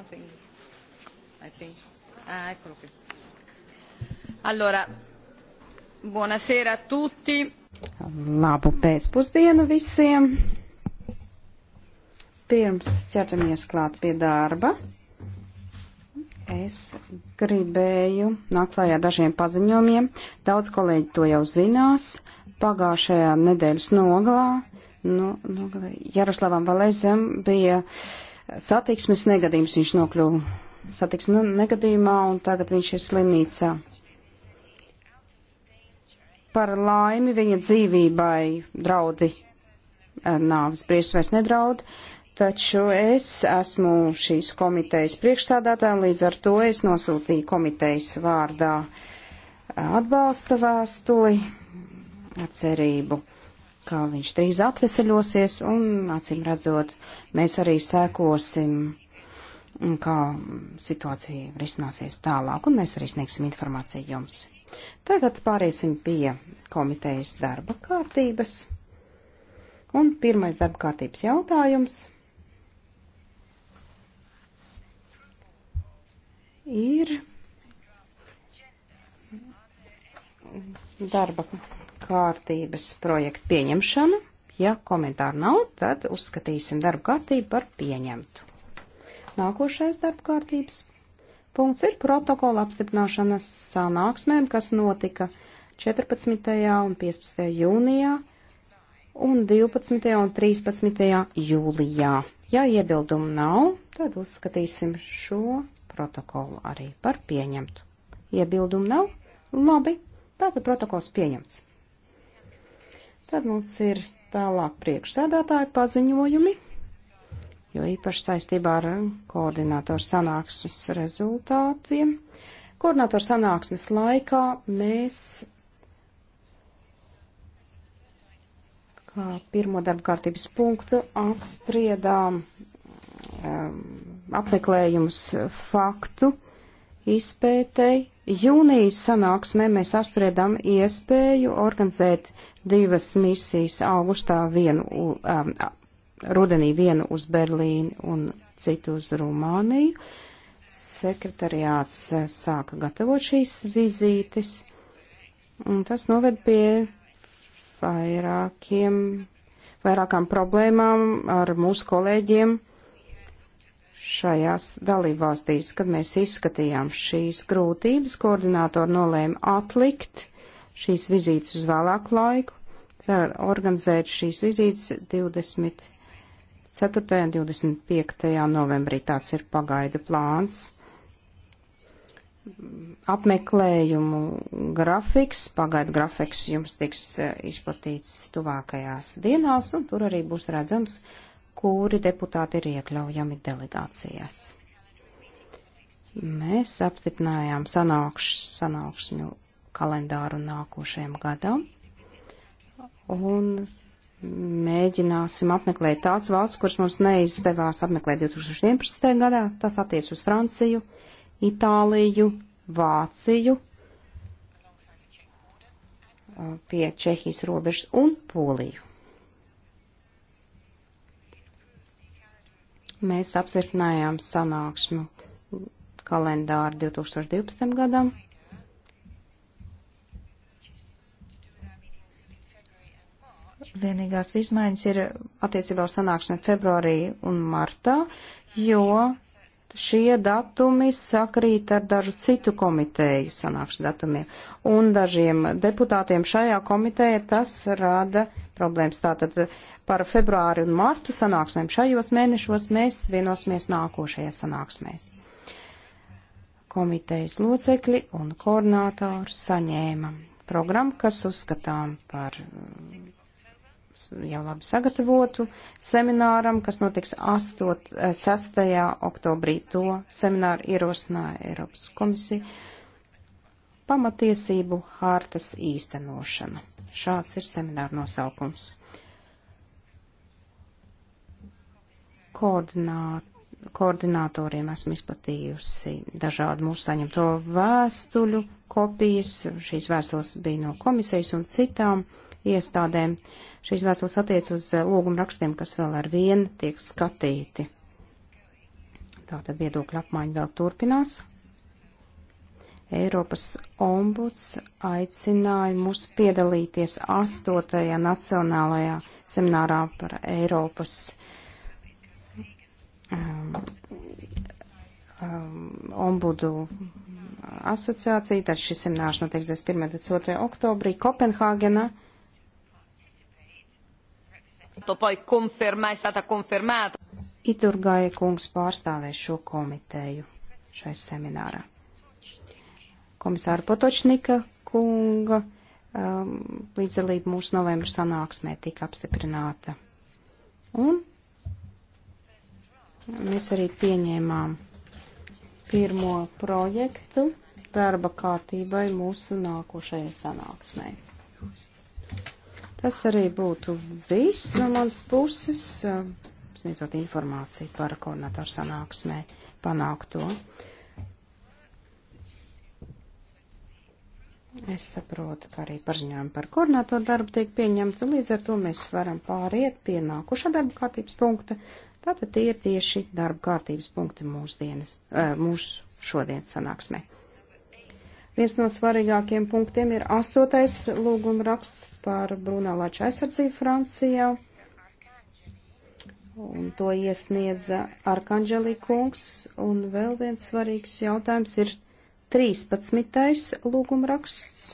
nothing, I think. Ah, eccolo qui. Allora, buonasera a tutti. Labu pēcpusdienu visiem. Pirms ķeramies klāt pie darba, es gribēju nākt klājā dažiem paziņojumiem. Daudz kolēģi to jau zinās. Pagājušajā nedēļas nogalā nu, nu, Jaroslavam Valēzem bija uh, satiksmes negadījums viņš nokļuva satiksmes negadījumā un tagad viņš ir slimnīcā. Par laimi viņa dzīvībai draudi eh, nāvis briesmas vairs nedraud, taču es esmu šīs komitejas priekšstādātāja, līdz ar to es nosūtīju komitejas vārdā eh, atbalsta vēstuli ar cerību ka viņš drīz atveseļosies un, acīm redzot, mēs arī sēkosim, kā situācija risināsies tālāk, un mēs arī sniegsim informāciju jums. Tagad pāriesim pie komitejas darba kārtības. Un pirmais darba kārtības jautājums ir darba kārtības projektu pieņemšanu. Ja komentāru nav, tad uzskatīsim darba kārtību par pieņemtu. Nākošais darba kārtības punkts ir protokola apstiprināšanas sanāksmēm, kas notika 14. un 15. jūnijā un 12. un 13. jūlijā. Ja iebildumu nav, tad uzskatīsim šo protokolu arī par pieņemtu. Iebildumu nav? Labi, tātad protokols pieņemts. Tad mums ir tālāk priekšsēdētāju paziņojumi, jo īpaši saistībā ar koordinātoru sanāksmes rezultātiem. Koordinātoru sanāksmes laikā mēs kā pirmo darba kārtības punktu apspriedām um, apmeklējumus faktu izpētei. Jūnijas sanāksmē mēs apspriedām iespēju organizēt divas misijas augustā, vienu um, rudenī, vienu uz Berlīni un citu uz Rumāniju. Sekretariāts e, sāka gatavot šīs vizītes, un tas noved pie vairākiem, vairākām problēmām ar mūsu kolēģiem šajās dalībvalstīs, kad mēs izskatījām šīs grūtības, koordinātori nolēma atlikt uh, šīs vizītes uz vēlāku laiku, organizēt šīs vizītes 24. un 25. novembrī. Tāds ir pagaida plāns. Apmeklējumu grafiks, pagaida grafiks jums tiks e, izplatīts tuvākajās dienās, un tur arī būs redzams, kuri deputāti ir iekļaujami delegācijās. Mēs apstiprinājām sanākš, sanākšņu kalendāru nākošajam gadam. Un mēģināsim apmeklēt tās valsts, kuras mums neizdevās apmeklēt 2011. gadā. Tas attiec uz Franciju, Itāliju, Vāciju, uh, pie Čehijas robežas un Poliju. Mēs apstiprinājām sanāksmu kalendāru 2012. gadam. Vienīgās izmaiņas ir attiecībā uz sanākšanu februārī un martā, jo šie datumi sakrīt ar dažu citu komiteju sanākšanu datumiem. Un dažiem deputātiem šajā komiteja tas rada problēmas. Tātad par februāri un martu sanāksmēm šajos mēnešos mēs vienosimies nākošajā sanāksmēs. Komitejas locekļi un koordinātori saņēma programmu, kas uzskatām par jau labi sagatavotu semināram, kas notiks 8, 6. Eh, oktobrī. To semināru ierosināja Eiropas komisija pamatiesību hārtas īstenošana. Šāds ir semināra nosaukums. Koordināt, koordinatoriem esmu izplatījusi dažādu mūsu saņemto vēstuļu kopijas. Šīs vēstules bija no komisijas un citām iestādēm. Uh, Šīs vēstules attiec uz eh, lūguma rakstiem, kas vēl ar vienu tiek skatīti. Tātad viedokļa apmaiņa vēl turpinās. Eiropas ombuds aicināja mūs piedalīties 8. nacionālajā seminārā par Eiropas um, um, ombudu asociāciju. Tad šis seminārs notiek 21. un 22. oktobrī Kopenhāgenā. Uh, Iturgaja kungs pārstāvēs šo komiteju šai seminārā. Komisāra Potočnika kunga um, līdzdalība mūsu novembra sanāksmē tika apstiprināta. Un mēs arī pieņēmām pirmo projektu darba kārtībai mūsu nākošajai sanāksmē. Tas arī būtu viss no manas puses, sniedzot informāciju par koordinatoru sanāksmē panākto. Es saprotu, ka arī paziņojumi par koordinatoru darbu tiek pieņemti, līdz ar to mēs varam pāriet pie nākošā darba kārtības punkta. Tātad tie ir tieši darba kārtības punkti mūsu dienas, mūsu šodienas sanāksmē. Viens no svarīgākiem punktiem ir astotais lūguma raksts par brūnā lača aizsardzību Francijā. Un to iesniedza Arkanģelī kungs. Un vēl viens svarīgs jautājums ir 13. lūguma raksts.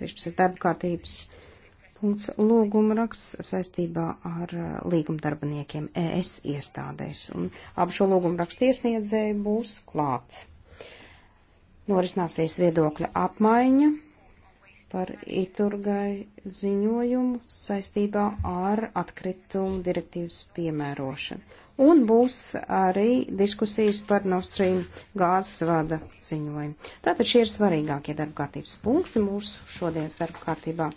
13. darba kārtības punkts lūguma raksts saistībā ar uh, līgumdarbiniekiem ES iestādēs. Un ap šo lūguma rakstu iesniedzēju būs klāts. Norisināsies viedokļa apmaiņa par iturgai ziņojumu saistībā ar atkritumu direktīvas piemērošanu. Un būs arī diskusijas par Nord Stream gāzes vada ziņojumu. Tātad šie ir svarīgākie darba kārtības punkti mūsu šodienas darba kārtībā.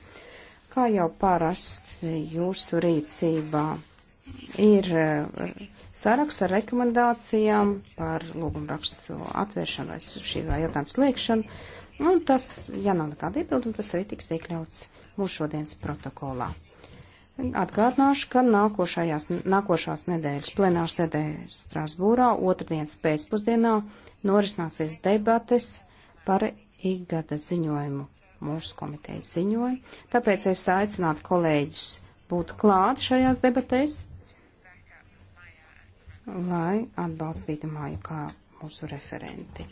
Kā jau parasti jūsu rīcībā ir eh, saraksts ar rekomendācijām par lūgumrakstu atvēršanu vai šī jautājuma slēgšanu. Un nu, tas, ja nav nekāda iebilduma, tas arī tiks iekļauts mūsu šodienas protokolā. Atgādināšu, ka nākošajās, nākošās nedēļas plenārs sēdē Strasbūrā otrdienas pēcpusdienā norisināsies debates par ikgada ziņojumu, mūsu komitejas ziņojumu. Tāpēc es aicinātu kolēģus būt klāt šajās debatēs lai atbalstītu māju kā mūsu referenti.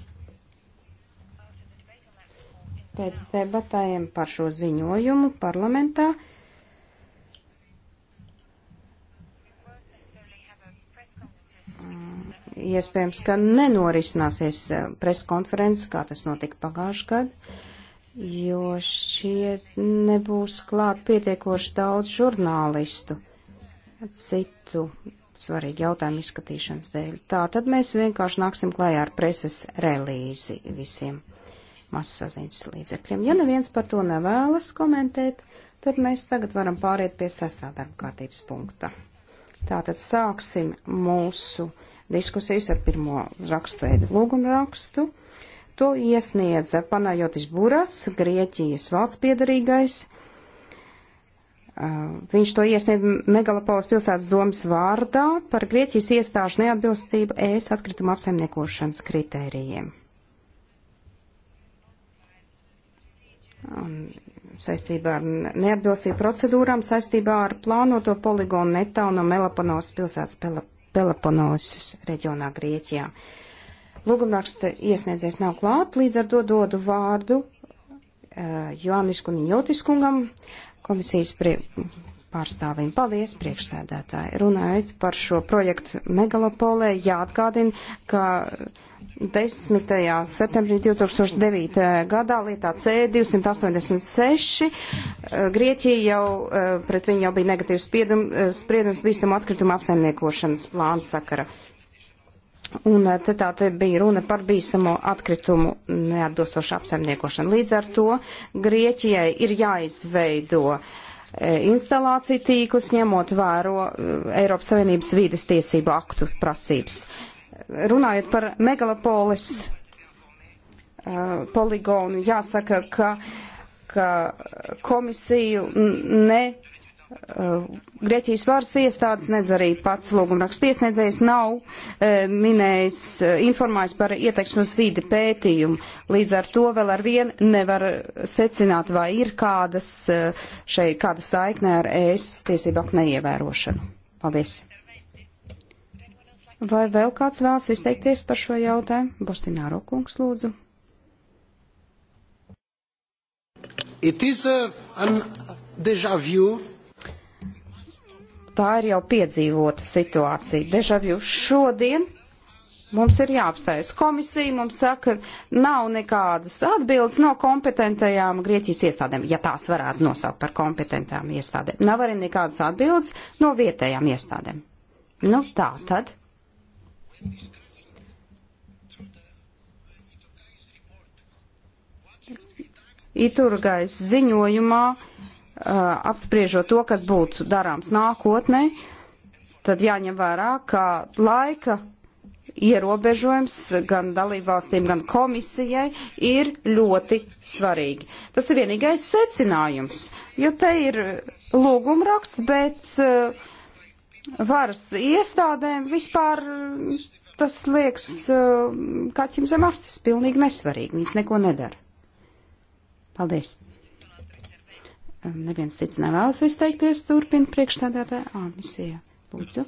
Pēc debatājiem par šo ziņojumu parlamentā mm, iespējams, ka nenorisināsies eh, preskonferences, kā tas notika pagājušajā gadā, jo šie nebūs klāt pietiekoši daudz žurnālistu, citu svarīgi jautājumi izskatīšanas dēļ. Tā tad mēs vienkārši nāksim klājā ar preses relīzi visiem masasaziņas līdzekļiem. Ja neviens par to nevēlas komentēt, tad mēs tagad varam pāriet pie sestā darba kārtības punkta. Tātad sāksim mūsu diskusijas ar pirmo rakstveidu lūgumu rakstu. To iesniedza Panajotis Buras, Grieķijas valsts piedarīgais Uh, viņš to iesniedz megalopolas pilsētas domas vārdā par Grieķijas iestāžu neatbilstību ēs atkrituma apsaimniekošanas kritērijiem. Un saistībā ar neatbilstību procedūrām, saistībā ar plānoto poligonu netālu no Melaponos pilsētas Peloponosas reģionā Grieķijā. Lūgumraksta iesniedzējs nav klāt, līdz ar to dodu vārdu uh, Joannis Kuniņotis kungam, komisijas prie, pārstāvim. Paldies, priekšsēdētāji. Runājot par šo projektu Megalopolē, jāatgādina, ka 10. septembrī 2009. gadā lietā C286 eh, Grieķija jau, eh, pret viņu jau bija negatīvs eh, spriedums bīstamu atkritumu apsaimniekošanas plāna sakara Un eh, te tā te bija runa par bīstamo atkritumu neatbilstošu apsaimniekošanu. Līdz ar to Grieķijai ir jāizveido eh, instalācija tīkls, ņemot vēro eh, Eiropas Savienības vīdes tiesību aktu prasības. Runājot par megalopolis poligonu, jāsaka, ka, ka komisiju ne Eh, Grieķijas varas iestādes, nedz arī pats lūgumraksts iesniedzējs nav eh, minējis, eh, informējis par ieteiksmes vidi pētījumu. Līdz ar to vēl ar vienu nevar secināt, vai ir kādas šeit kāda saikne ar ES tiesību aktu neievērošanu. Paldies. Vai vēl kāds vēlas izteikties par šo jautājumu? Bostināro kungs, lūdzu. It is a, an déjà vu tā ir jau piedzīvota situācija. Dežavju šodien mums ir jāapstājas. Komisija mums saka, nav nekādas atbildes no kompetentajām Grieķijas iestādēm, ja tās varētu nosaukt par kompetentajām iestādēm. Nav arī nekādas atbildes no vietējām iestādēm. Nu, tā tad. Iturgais ziņojumā Uh, apspriežot to, kas būtu darāms nākotnē, tad jāņem vērā, ka laika ierobežojums gan dalībvalstīm, gan komisijai ir ļoti svarīgi. Tas ir vienīgais secinājums, jo te ir lūguma raksts, bet uh, varas iestādēm vispār uh, tas liekas kaķim zem astes pilnīgi nesvarīgi. Viņas neko nedara. Paldies! Ehm, neviens cits nevēlas izteikties, turpina priekšsēdētāja Amisija. Lūdzu.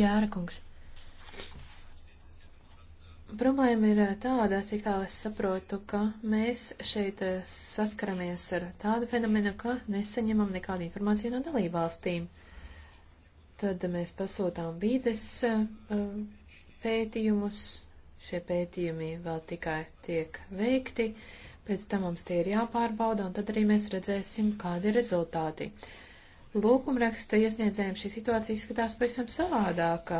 Jāra kungs. Problēma ir eh, tāda, cik tālu es saprotu, ka mēs šeit eh, saskaramies ar tādu fenomenu, ka nesaņemam nekādu informāciju no dalībvalstīm. Tad mēs pasūtām vīdes eh, pētījumus, šie pētījumi vēl tikai tiek veikti, pēc tam mums tie ir jāpārbauda, un tad arī mēs redzēsim, kādi ir rezultāti. Lūkumraksta iesniedzējiem šī situācija izskatās pavisam savādāka.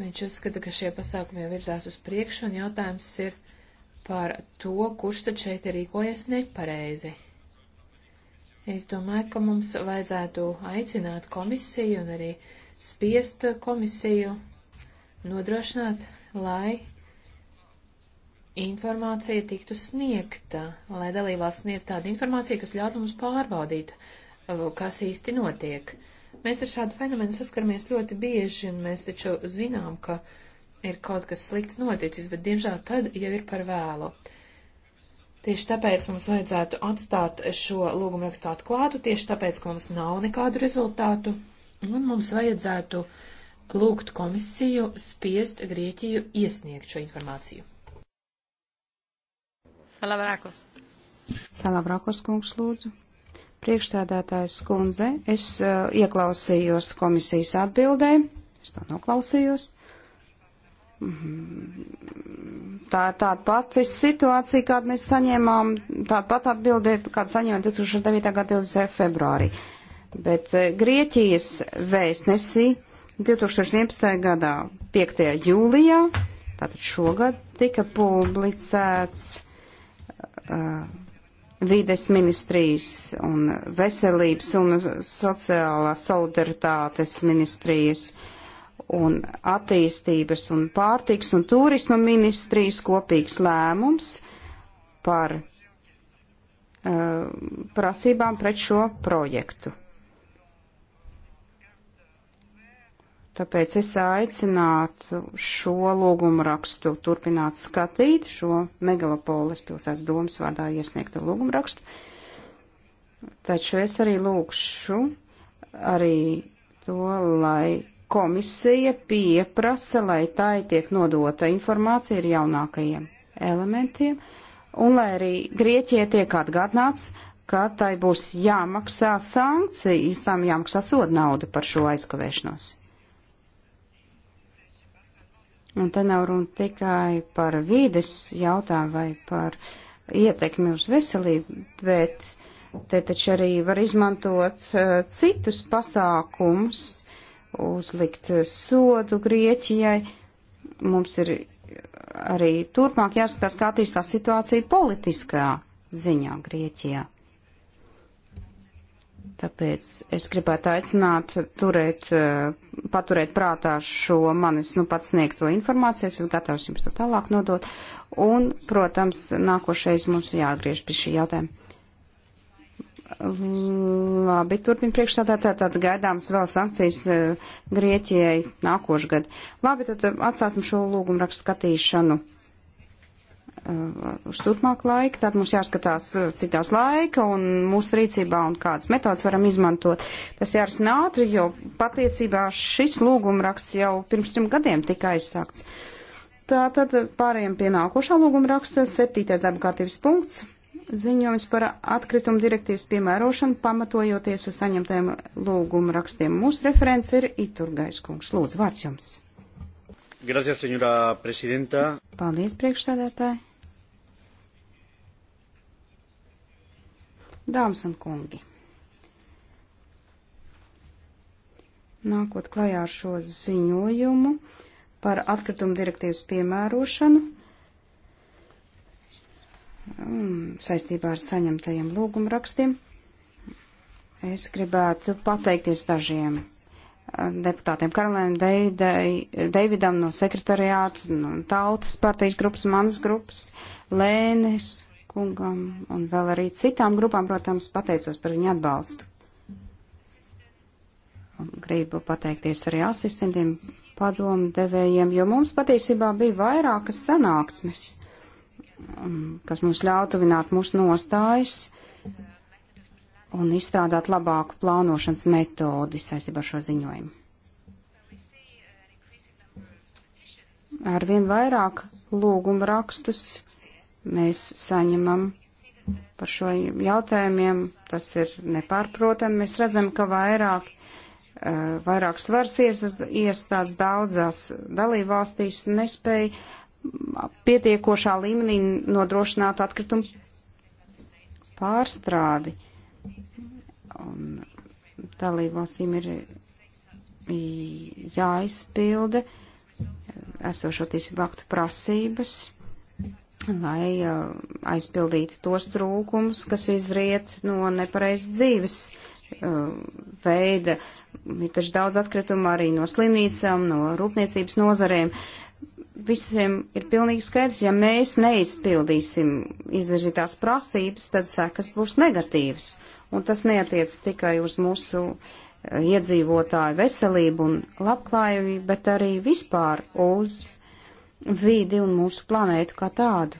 Viņš uzskata, ka šie pasākumi jau virzās uz priekšu, un jautājums ir par to, kurš tad šeit ir rīkojies nepareizi. Es domāju, ka mums vajadzētu aicināt komisiju un arī spiest komisiju nodrošināt, lai informācija tiktu sniegta, lai dalībās sniedz tādu informāciju, kas ļautu mums pārbaudīt, uh, kas īsti notiek. Mēs ar šādu fenomenu saskaramies ļoti bieži, un mēs taču zinām, ka ir kaut kas slikts noticis, bet diemžēl tad jau ir par vēlu. Tieši tāpēc mums vajadzētu atstāt šo lūgumu rakstu atklātu, tieši tāpēc, ka mums nav nekādu rezultātu, un mums vajadzētu lūgt komisiju spiest Grieķiju iesniegt šo informāciju. Salavrākos. Salavrākos kungs lūdzu. Priekšsēdētājs kundze, es uh, ieklausījos komisijas atbildē, es to noklausījos. Mhm. Tā ir tāda pati situācija, kādu mēs saņēmām, tāda pat atbildi, kādu saņēmām 2009. gada 20. februārī. Bet eh, Grieķijas vēstnesī 2011. gadā 5. jūlijā, tātad šogad, tika publicēts Uh, vides ministrijas un veselības un sociālās solidaritātes ministrijas un attīstības un pārtiks un turisma ministrijas kopīgs lēmums par uh, prasībām pret šo projektu. Tāpēc es aicinātu šo lūgumu rakstu turpināt skatīt, šo megalopoles pilsētas domas vārdā iesniegto lūgumu rakstu. Taču es arī lūkšu arī to, lai komisija pieprasa, lai tai tiek nodota informācija ar jaunākajiem elementiem, un lai arī Grieķijai tiek atgādināts, ka tai būs jāmaksā sankcija, īsām jāmaksā soda nauda par šo aizkavēšanos. Un te nav runa tikai par vīdes jautājumu vai par ietekmi uz veselību, bet te taču arī var izmantot uh, citus pasākumus, uzlikt sodu Grieķijai. Mums ir arī turpmāk jāskatās, kā attīstās situācija politiskā ziņā Grieķijā. Tāpēc es gribētu aicināt turēt, eh, paturēt prātā šo manis nu pats sniegto informāciju, es esmu gatavs jums to tālāk nodot. Un, protams, nākošais mums jāatgriež pie šī jautājuma. Labi, turpin priekšstādātā, tad gaidāms vēl sankcijas eh, Grieķijai nākošgad. Labi, tad eh, atstāsim šo lūgumu rakstu skatīšanu Uh, uz turpmāk laika, tad mums jāskatās, uh, cik daudz laika un mūsu rīcībā un kādas metodas varam izmantot. Tas jārasina ātri, jo patiesībā šis lūgumraksts jau pirms trim gadiem tika aizsākts. Tā tad pārējiem pie nākošā lūgumraksta, septītais darba kārtības punkts, ziņojums par atkritumu direktīvas piemērošanu, pamatojoties uz saņemtajiem lūgumrakstiem. Mūsu referents ir Iturgais kungs. Lūdzu, vārds jums! Gracias, señora presidenta. Paldies, priekšsēdētāji. Dāmas un kungi, nākot klajā ar šo ziņojumu par atkritumu direktīvas piemērošanu um, saistībā ar saņemtajiem lūgumrakstiem, es gribētu pateikties dažiem uh, deputātiem Karolēnam Deividam no sekretariāta, no Tautas partijas grupas, manas grupas, Lēnes kungam un vēl arī citām grupām, protams, pateicos par viņu atbalstu. Un gribu pateikties arī asistentiem, padomdevējiem, jo mums patiesībā bija vairākas sanāksmes, kas mums ļauj tuvināt mūsu nostājas un izstrādāt labāku plānošanas metodi saistībā ar šo ziņojumu. Arvien vairāk lūgumu rakstus mēs saņemam par šo jautājumiem. Tas ir nepārprotami. Mēs redzam, ka vairāk, eh, vairāk svars iestādes daudzās dalībvalstīs nespēja pietiekošā līmenī nodrošināt atkritumu pārstrādi. Un dalībvalstīm ir jāizpilda esošo tiesību aktu prasības lai uh, aizpildītu tos trūkums, kas izriet no nepareizas dzīves uh, veida. Ir taču daudz atkritumu arī no slimnīcām, no rūpniecības nozarēm. Visiem ir pilnīgi skaidrs, ja mēs neizpildīsim izvirzītās prasības, tad sekas būs negatīvas. Un tas neatiec tikai uz mūsu uh, iedzīvotāju veselību un labklājību, bet arī vispār uz vīdi un mūsu planētu kā tādu.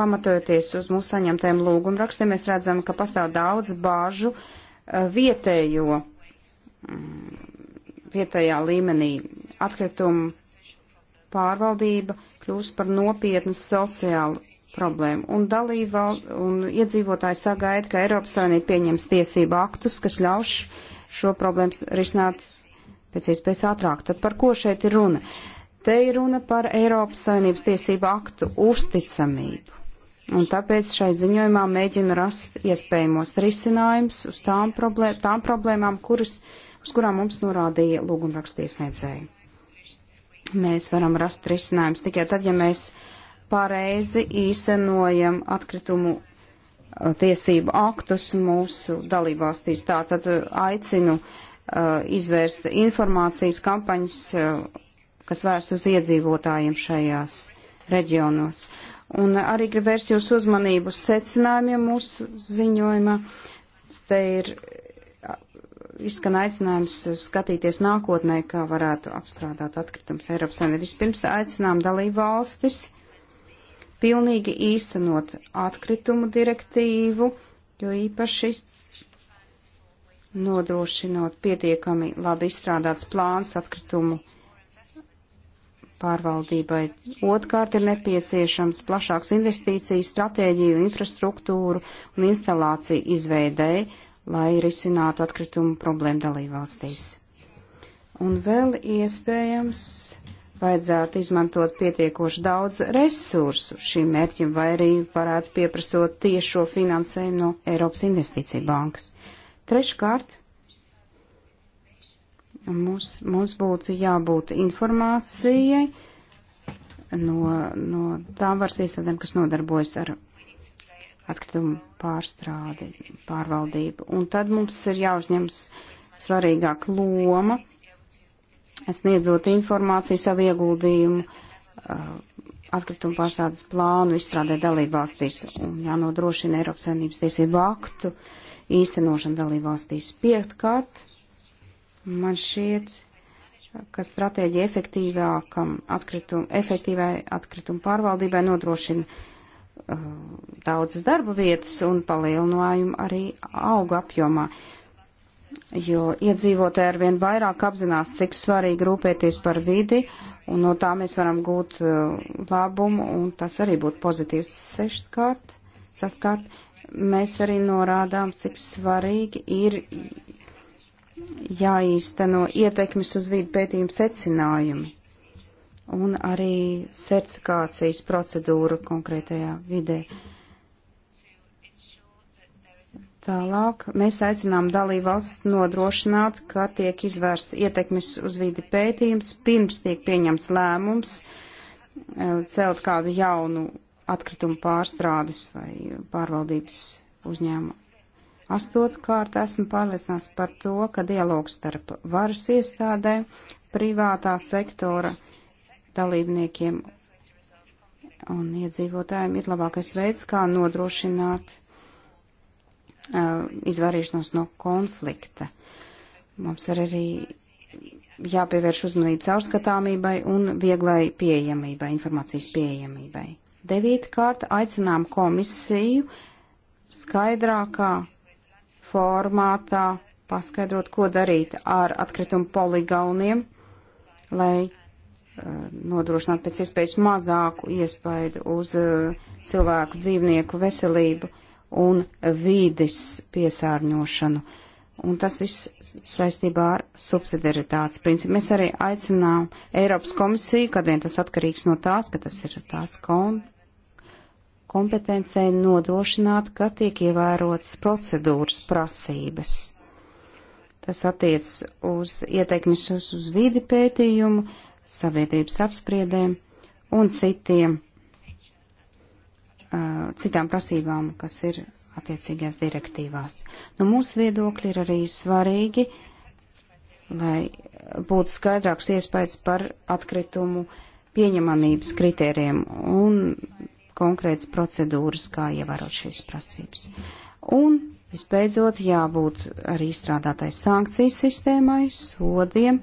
Pamatojoties uz mūsu saņemtajiem lūgumrakstiem, mēs redzam, ka pastāv daudz bāžu eh, vietējo, mm, vietējā līmenī atkritumu pārvaldība kļūst par nopietnu sociālu problēmu, un dalība un iedzīvotāji sagaida, ka Eiropas Savienība pieņems tiesību aktus, kas ļauš šo problēmas risināt pēc iespējas ātrāk. Tad par ko šeit ir runa? Uh, Te ir runa par Eiropas Savienības tiesību aktu uzticamību. Un tāpēc šai ziņojumā mēģinu rast iespējamos risinājumus uz tām, problēm, tām problēmām, kuras, uz kurām mums norādīja lūgumrakstiesniedzēji. Mēs varam rast risinājumus tikai tad, ja mēs pareizi īstenojam atkritumu uh, tiesību aktus mūsu dalībvalstīs. Tātad uh, aicinu uh, izvērst informācijas kampaņas uh, kas vērsts uz iedzīvotājiem šajās reģionos. Un arī grib vērst jūsu uzmanību secinājumiem mūsu ziņojumā. Te ir izskan aicinājums skatīties nākotnē, kā varētu apstrādāt atkritumus Eiropas Savienībā. Vispirms aicinām dalību valstis pilnīgi īstenot atkritumu direktīvu, jo īpaši nodrošinot pietiekami labi izstrādāts plāns atkritumu pārvaldībai. Otkārt ir nepieciešams plašāks investīciju stratēģiju, infrastruktūru un instalāciju izveidēji, lai risinātu atkritumu problēmu dalībvalstīs. Un vēl iespējams vajadzētu izmantot pietiekoši daudz resursu šīm mērķim, vai arī varētu pieprasot tiešo finansējumu no Eiropas Investīcija bankas. Treškārt, Mums, mums būtu jābūt informācijai no, no tām varas iestādēm, kas nodarbojas ar atkritumu pārstrādi, pārvaldību. Un tad mums ir jāuzņems svarīgāk loma, sniedzot informāciju savu ieguldījumu uh, atkritumu pārstrādes plānu izstrādē dalībvalstīs un jānodrošina Eiropas saimnības tiesību aktu īstenošana dalībvalstīs piektkārt. Man šķiet, ka stratēģija efektīvākam atkritumu, efektīvai atkritumu pārvaldībai nodrošina uh, daudzas darba vietas un palielinājumu arī auga apjomā, jo iedzīvotāji arvien vairāk apzinās, cik svarīgi rūpēties par vidi, un no tā mēs varam gūt uh, labumu, un tas arī būtu pozitīvs seškārt, sastkārt. Mēs arī norādām, cik svarīgi ir jāīsteno ietekmes uz vidu pētījumu secinājumi un arī certifikācijas procedūra konkrētajā vidē. Tālāk mēs aicinām dalībvalsts nodrošināt, ka tiek izvērsts ietekmes uz vidi pētījums, pirms tiek pieņemts lēmums eh, celt kādu jaunu atkritumu pārstrādes vai pārvaldības uzņēmumu Astotkārt esmu pārliecināts par to, ka dialogs starp varas iestādēm, privātā sektora dalībniekiem un iedzīvotājiem ir labākais veids, kā nodrošināt uh, izvairīšanos no konflikta. Mums ir arī jāpievērš uzmanība caurskatāmībai un vieglai pieejamībai, informācijas pieejamībai. Devītkārt aicinām komisiju skaidrākā formātā paskaidrot, ko darīt ar atkritumu poligoniem, lai eh, nodrošināt pēc iespējas mazāku iespaidu uz eh, cilvēku, dzīvnieku veselību un vīdes piesārņošanu. Un tas viss saistībā ar subsidiaritātes principu. Mēs arī aicinām Eiropas komisiju, kad vien tas atkarīgs no tās, ka tas ir tās kom kompetencē nodrošināt, ka tiek ievērotas procedūras prasības. Tas attiec uz ieteikmes uz, uz vidi pētījumu, sabiedrības apspriedēm un citiem, uh, citām prasībām, kas ir attiecīgās direktīvās. No nu, mūsu viedokļa ir arī svarīgi, lai būtu skaidrāks iespējas par atkritumu pieņemamības kritērijiem un konkrētas procedūras, kā ievarot šīs prasības. Un, visbeidzot, jābūt arī izstrādātai sankcijas sistēmai, sodiem,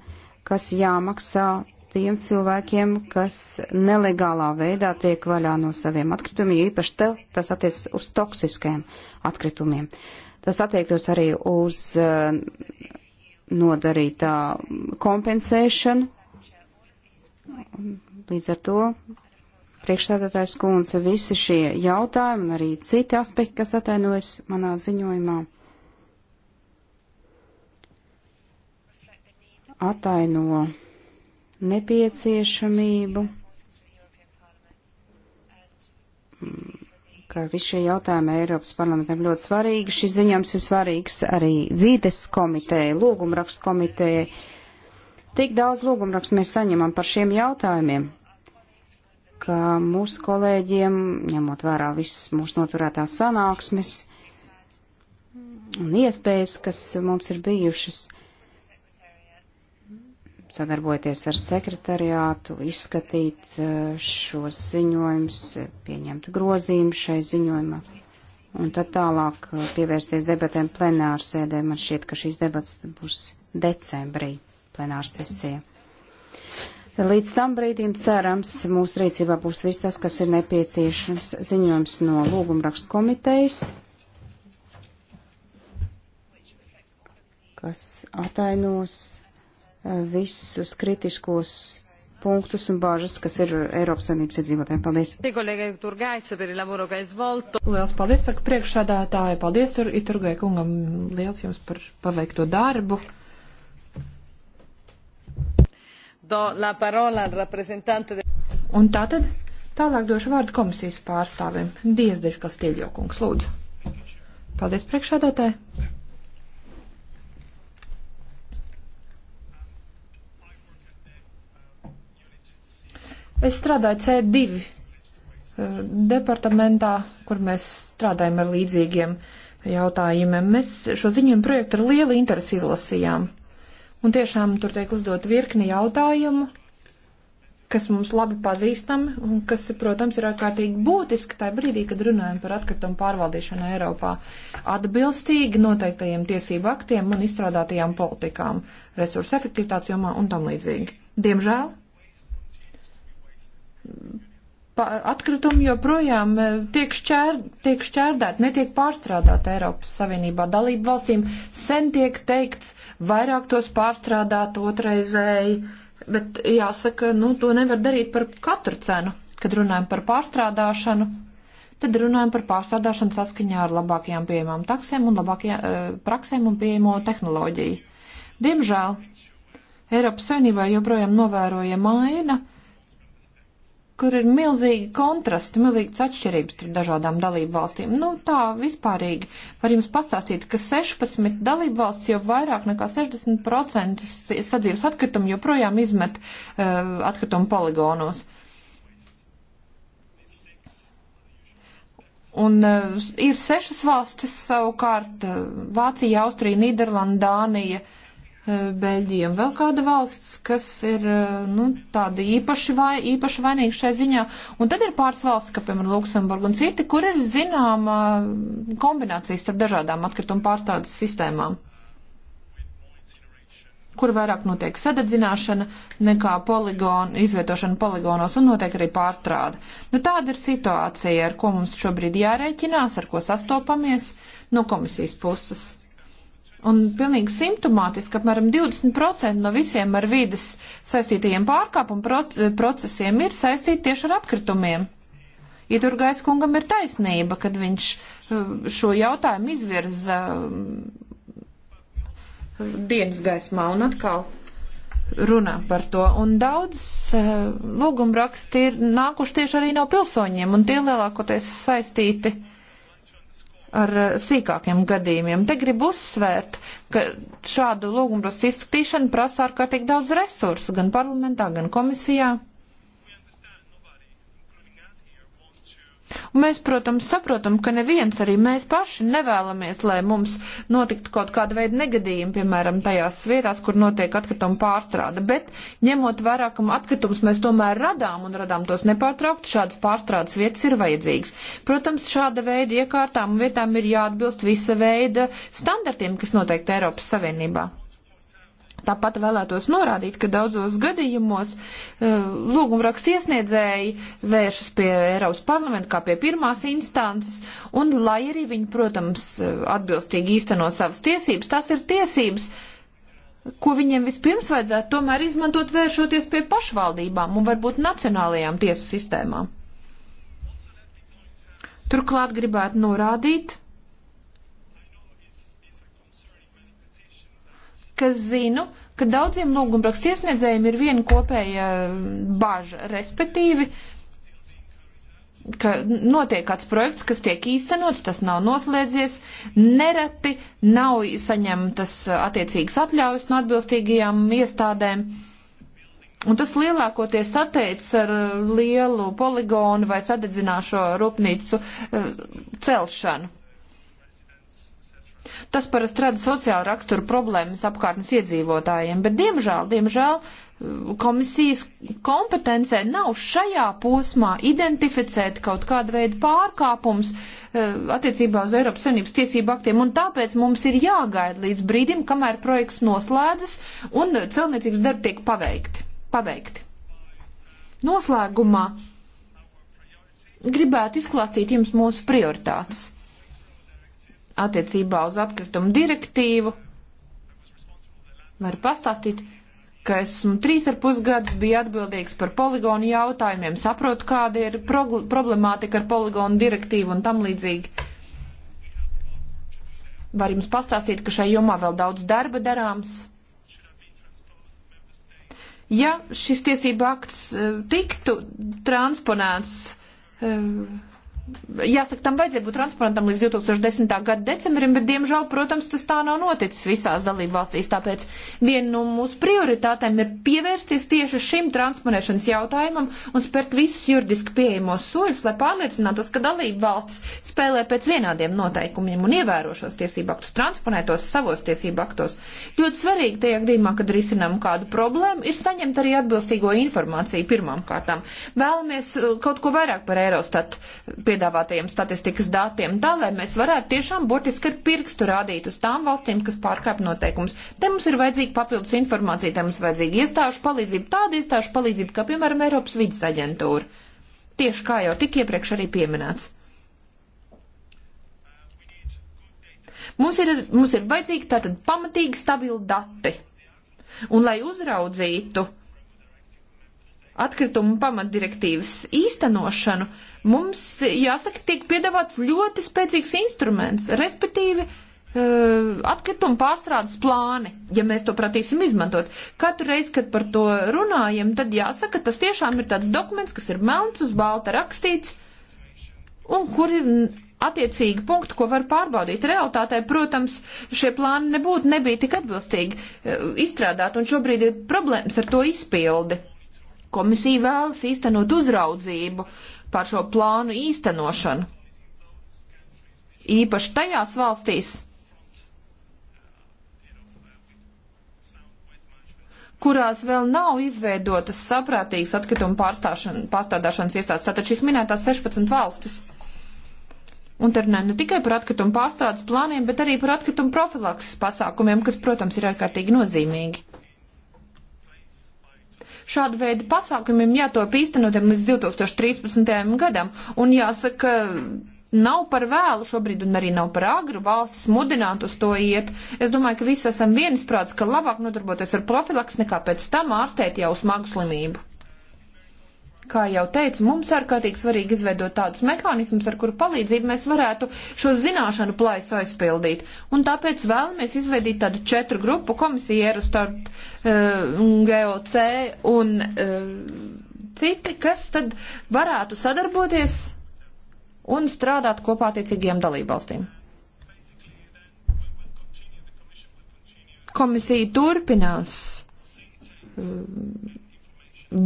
kas jāmaksā tiem cilvēkiem, kas nelegālā veidā tiek vaļā no saviem atkritumiem, jo īpaši tev tas attiec uz toksiskiem atkritumiem. Tas attiektos arī uz uh, nodarītā kompensēšanu. Līdz ar to priekšstādātājs kundze, visi šie jautājumi un arī citi aspekti, kas atainojas manā ziņojumā, ataino nepieciešamību, ka visi šie jautājumi Eiropas parlamentam ļoti svarīgi. Šis ziņojums ir svarīgs arī vides komitejai, lūgumrakstu komitejai. Tik daudz lūgumrakstu mēs saņemam par šiem jautājumiem ka mūsu kolēģiem, ņemot vērā visas mūsu noturētās sanāksmes un iespējas, kas mums ir bijušas, sadarbojoties ar sekretariātu, izskatīt e, šos ziņojumus, pieņemt grozījumus šai ziņojumā. Un tad tālāk e, pievērsties debatēm plenārsēdē. Man šķiet, ka šīs debats būs decembrī plenārsesija. Līdz tam brīdim cerams, mūsu rīcībā būs viss tas, kas ir nepieciešams ziņojums no lūgumrakstu komitejas, kas atainos eh, visus kritiskos punktus un bāžas, kas ir Eiropas Savienības iedzīvotājiem. Paldies! Lielas paldies, saka priekšsādātāja, paldies tur Iturgai kungam, liels jums par paveikto darbu! Un tātad tālāk došu vārdu komisijas pārstāvim. Diezdeļ, kas tieļokungs, lūdzu. Paldies priekšādātē. Es strādāju C2 eh, departamentā, kur mēs strādājam ar līdzīgiem jautājumiem. Mēs šo ziņojumu projektu ar lielu interesi izlasījām. Un tiešām tur tiek uzdot virkni jautājumu, kas mums labi pazīstami un kas, protams, ir ārkārtīgi būtiski tajā brīdī, kad runājam par atkritumu pārvaldīšanu Eiropā atbilstīgi noteiktajiem tiesību aktiem un izstrādātajām politikām, resursu efektivitātes jomā un tam līdzīgi. Diemžēl atkritumi joprojām eh, tiek, šķēr, tiek šķērdēti, netiek pārstrādāti Eiropas Savienībā. Dalību valstīm sen tiek teikts vairāk tos pārstrādāt otraizēji, bet jāsaka, nu to nevar darīt par katru cenu. Kad runājam par pārstrādāšanu, tad runājam par pārstrādāšanu saskaņā ar labākajām pieejamām taksēm un labākajām eh, praksēm un pieejamo tehnoloģiju. Diemžēl Eiropas Savienībā joprojām novērojama aina kur ir milzīgi kontrasti, milzīgas atšķirības starp dažādām dalību valstīm. Nu, tā vispārīgi var jums pastāstīt, ka 16 dalību valsts jau vairāk nekā 60% sadzīves atkritumu joprojām izmet uh, atkritumu poligonos. Un uh, ir sešas valstis savukārt uh, - Vācija, Austrija, Nīderlanda, Dānija. Uh, Eh, Beļģija un vēl kāda valsts, kas ir eh, nu, tāda īpaši, vai, īpaši vainīga šai ziņā. Un tad ir pāris valsts, kā piemēram Luksemburga un citi, kur ir zināma kombinācijas starp dažādām atkritumu pārstādes sistēmām kur vairāk notiek sadedzināšana nekā poligonu, izvietošana poligonos un notiek arī pārstrāde. Nu, tāda ir situācija, ar ko mums šobrīd jārēķinās, ar ko sastopamies no komisijas puses Un pilnīgi simptomātiski apmēram 20% no visiem ar vīdes saistītajiem pārkāpumu procesiem ir saistīti tieši ar atkritumiem. Iturgais ja kungam ir taisnība, kad viņš eh, šo jautājumu izvirza eh, dienas gaismā un atkal runā par to. Un daudz eh, lūgumraksti ir nākuši tieši arī no pilsoņiem, un tie lielākoties saistīti ar eh, sīkākiem gadījumiem. Te gribu uzsvērt, ka šādu lūgumu izskatīšana prasa ārkārtīgi daudz resursu gan parlamentā, gan komisijā. Un mēs, protams, saprotam, ka neviens arī mēs paši nevēlamies, lai mums notiktu kaut kāda veida negadījumi, piemēram, tajās vietās, kur notiek atkrituma pārstrāde. Bet, ņemot vērā, ka atkritumus mēs tomēr radām un radām tos nepārtraukti, šādas pārstrādes vietas ir vajadzīgas. Protams, šāda veida iekārtām un vietām ir jāatbilst visa veida standartiem, kas noteikti Eiropas Savienībā. Tāpat vēlētos norādīt, ka daudzos gadījumos e, lūgumrakstu iesniedzēji vēršas pie Eiropas parlamenta kā pie pirmās instances, un lai arī viņi, protams, e, atbilstīgi īstenot savas tiesības, tas ir tiesības, ko viņiem vispirms vajadzētu tomēr izmantot vēršoties pie pašvaldībām un varbūt nacionālajām tiesu sistēmām. Turklāt gribētu norādīt, ka zinu, ka daudziem lūgumrakstu iesniedzējiem ir viena kopēja mm, baža, respektīvi, ka notiek kāds projekts, kas tiek īstenots, tas nav noslēdzies, nereti nav saņemtas attiecīgas atļaujas no atbilstīgajām iestādēm. Un tas lielākoties attiec ar lielu poligonu vai sadedzināšo rūpnīcu eh, celšanu. Tas parasti rada sociāla rakstura problēmas apkārtnes iedzīvotājiem, bet diemžēl, diemžēl eh, komisijas kompetencē nav šajā posmā identificēt kaut kādu veidu pārkāpums eh, attiecībā uz Eiropas Savienības tiesību aktiem, un tāpēc mums ir jāgaida līdz brīdim, kamēr projekts noslēdzas un celniecības darbi tiek paveikti. paveikti. Noslēgumā gribētu izklāstīt jums mūsu prioritātes attiecībā uz atkritumu direktīvu. Varu pastāstīt, ka esmu trīs ar pusgadus bija atbildīgs par poligonu jautājumiem, saprotu, kāda ir problemātika ar poligonu direktīvu un tam līdzīgi. Var jums pastāstīt, ka šai jomā vēl daudz darba darāms. Ja šis tiesība akts eh, tiktu transponēts eh, Jāsaka, tam vajadzēja būt transplantam līdz 2010. gada decembrim, bet, diemžēl, protams, tas tā nav noticis visās dalību valstīs. Tāpēc viena no mūsu prioritātēm ir pievērsties tieši šim transponēšanas jautājumam un spērt visus juridiski pieejamos soļus, lai pārliecinātos, ka dalību valstis spēlē pēc vienādiem noteikumiem un ievēro šos tiesību aktus, transponētos savos tiesību aktos. Ļoti svarīgi tajā gadījumā, kad risinām kādu problēmu, ir saņemt arī atbilstīgo informāciju pirmām kārtām. Vēlamies uh, kaut ko vairāk par Eurostat piedāvātajiem statistikas datiem, tā lai mēs varētu tiešām burtiski ar pirkstu rādīt uz tām valstīm, kas pārkāp noteikumus. Te mums ir vajadzīga papildus informācija, te mums vajadzīga iestāžu palīdzība, tāda iestāžu palīdzība, kā piemēram Eiropas vidas aģentūra. Tieši kā jau tik iepriekš arī pieminēts. Mums ir, mums ir vajadzīgi tātad pamatīgi stabili dati. Un lai uzraudzītu atkritumu pamatdirektīvas īstenošanu, uh, mums, jāsaka, tiek piedāvāts ļoti spēcīgs instruments, respektīvi e, atkrituma pārstrādes plāni, ja mēs to pratīsim izmantot. Katru reizi, kad par to runājam, tad jāsaka, tas tiešām ir tāds dokuments, kas ir melns uz balta rakstīts, un kur ir attiecīgi punkti, ko var pārbaudīt. Realtātē, protams, šie plāni nebūtu, nebija tik atbilstīgi e, izstrādāt, un šobrīd ir problēmas ar to izpildi. Komisija vēlas īstenot uzraudzību par šo plānu īstenošanu. Īpaši tajās valstīs, kurās vēl nav izveidotas saprātīgas atkrituma pārstādāšanas iestādes. Tātad šīs minētās 16 valstis. Un te runājam ne tikai par atkritumu pārstrādes plāniem, bet arī par atkritumu profilakses pasākumiem, kas, protams, ir ārkārtīgi nozīmīgi. Šāda veida pasākumiem jātop īstenotiem līdz 2013. gadam, un jāsaka, nav par vēlu šobrīd un arī nav par agru valstis mudināt uz to iet. Es domāju, ka visi esam viensprāts, ka labāk nodarboties ar profilaks nekā pēc tam ārstēt jau smagu slimību. Kā jau teicu, mums ārkārtīgi svarīgi izveidot tādus mehānismus, ar kuru palīdzību mēs varētu šo zināšanu plaisu aizpildīt. Un tāpēc vēlamies izveidīt tādu četru grupu komisieru starp uh, eh, GOC un uh, citi, kas tad varētu sadarboties un strādāt kopā attiecīgajām dalībvalstīm. Komisija turpinās eh,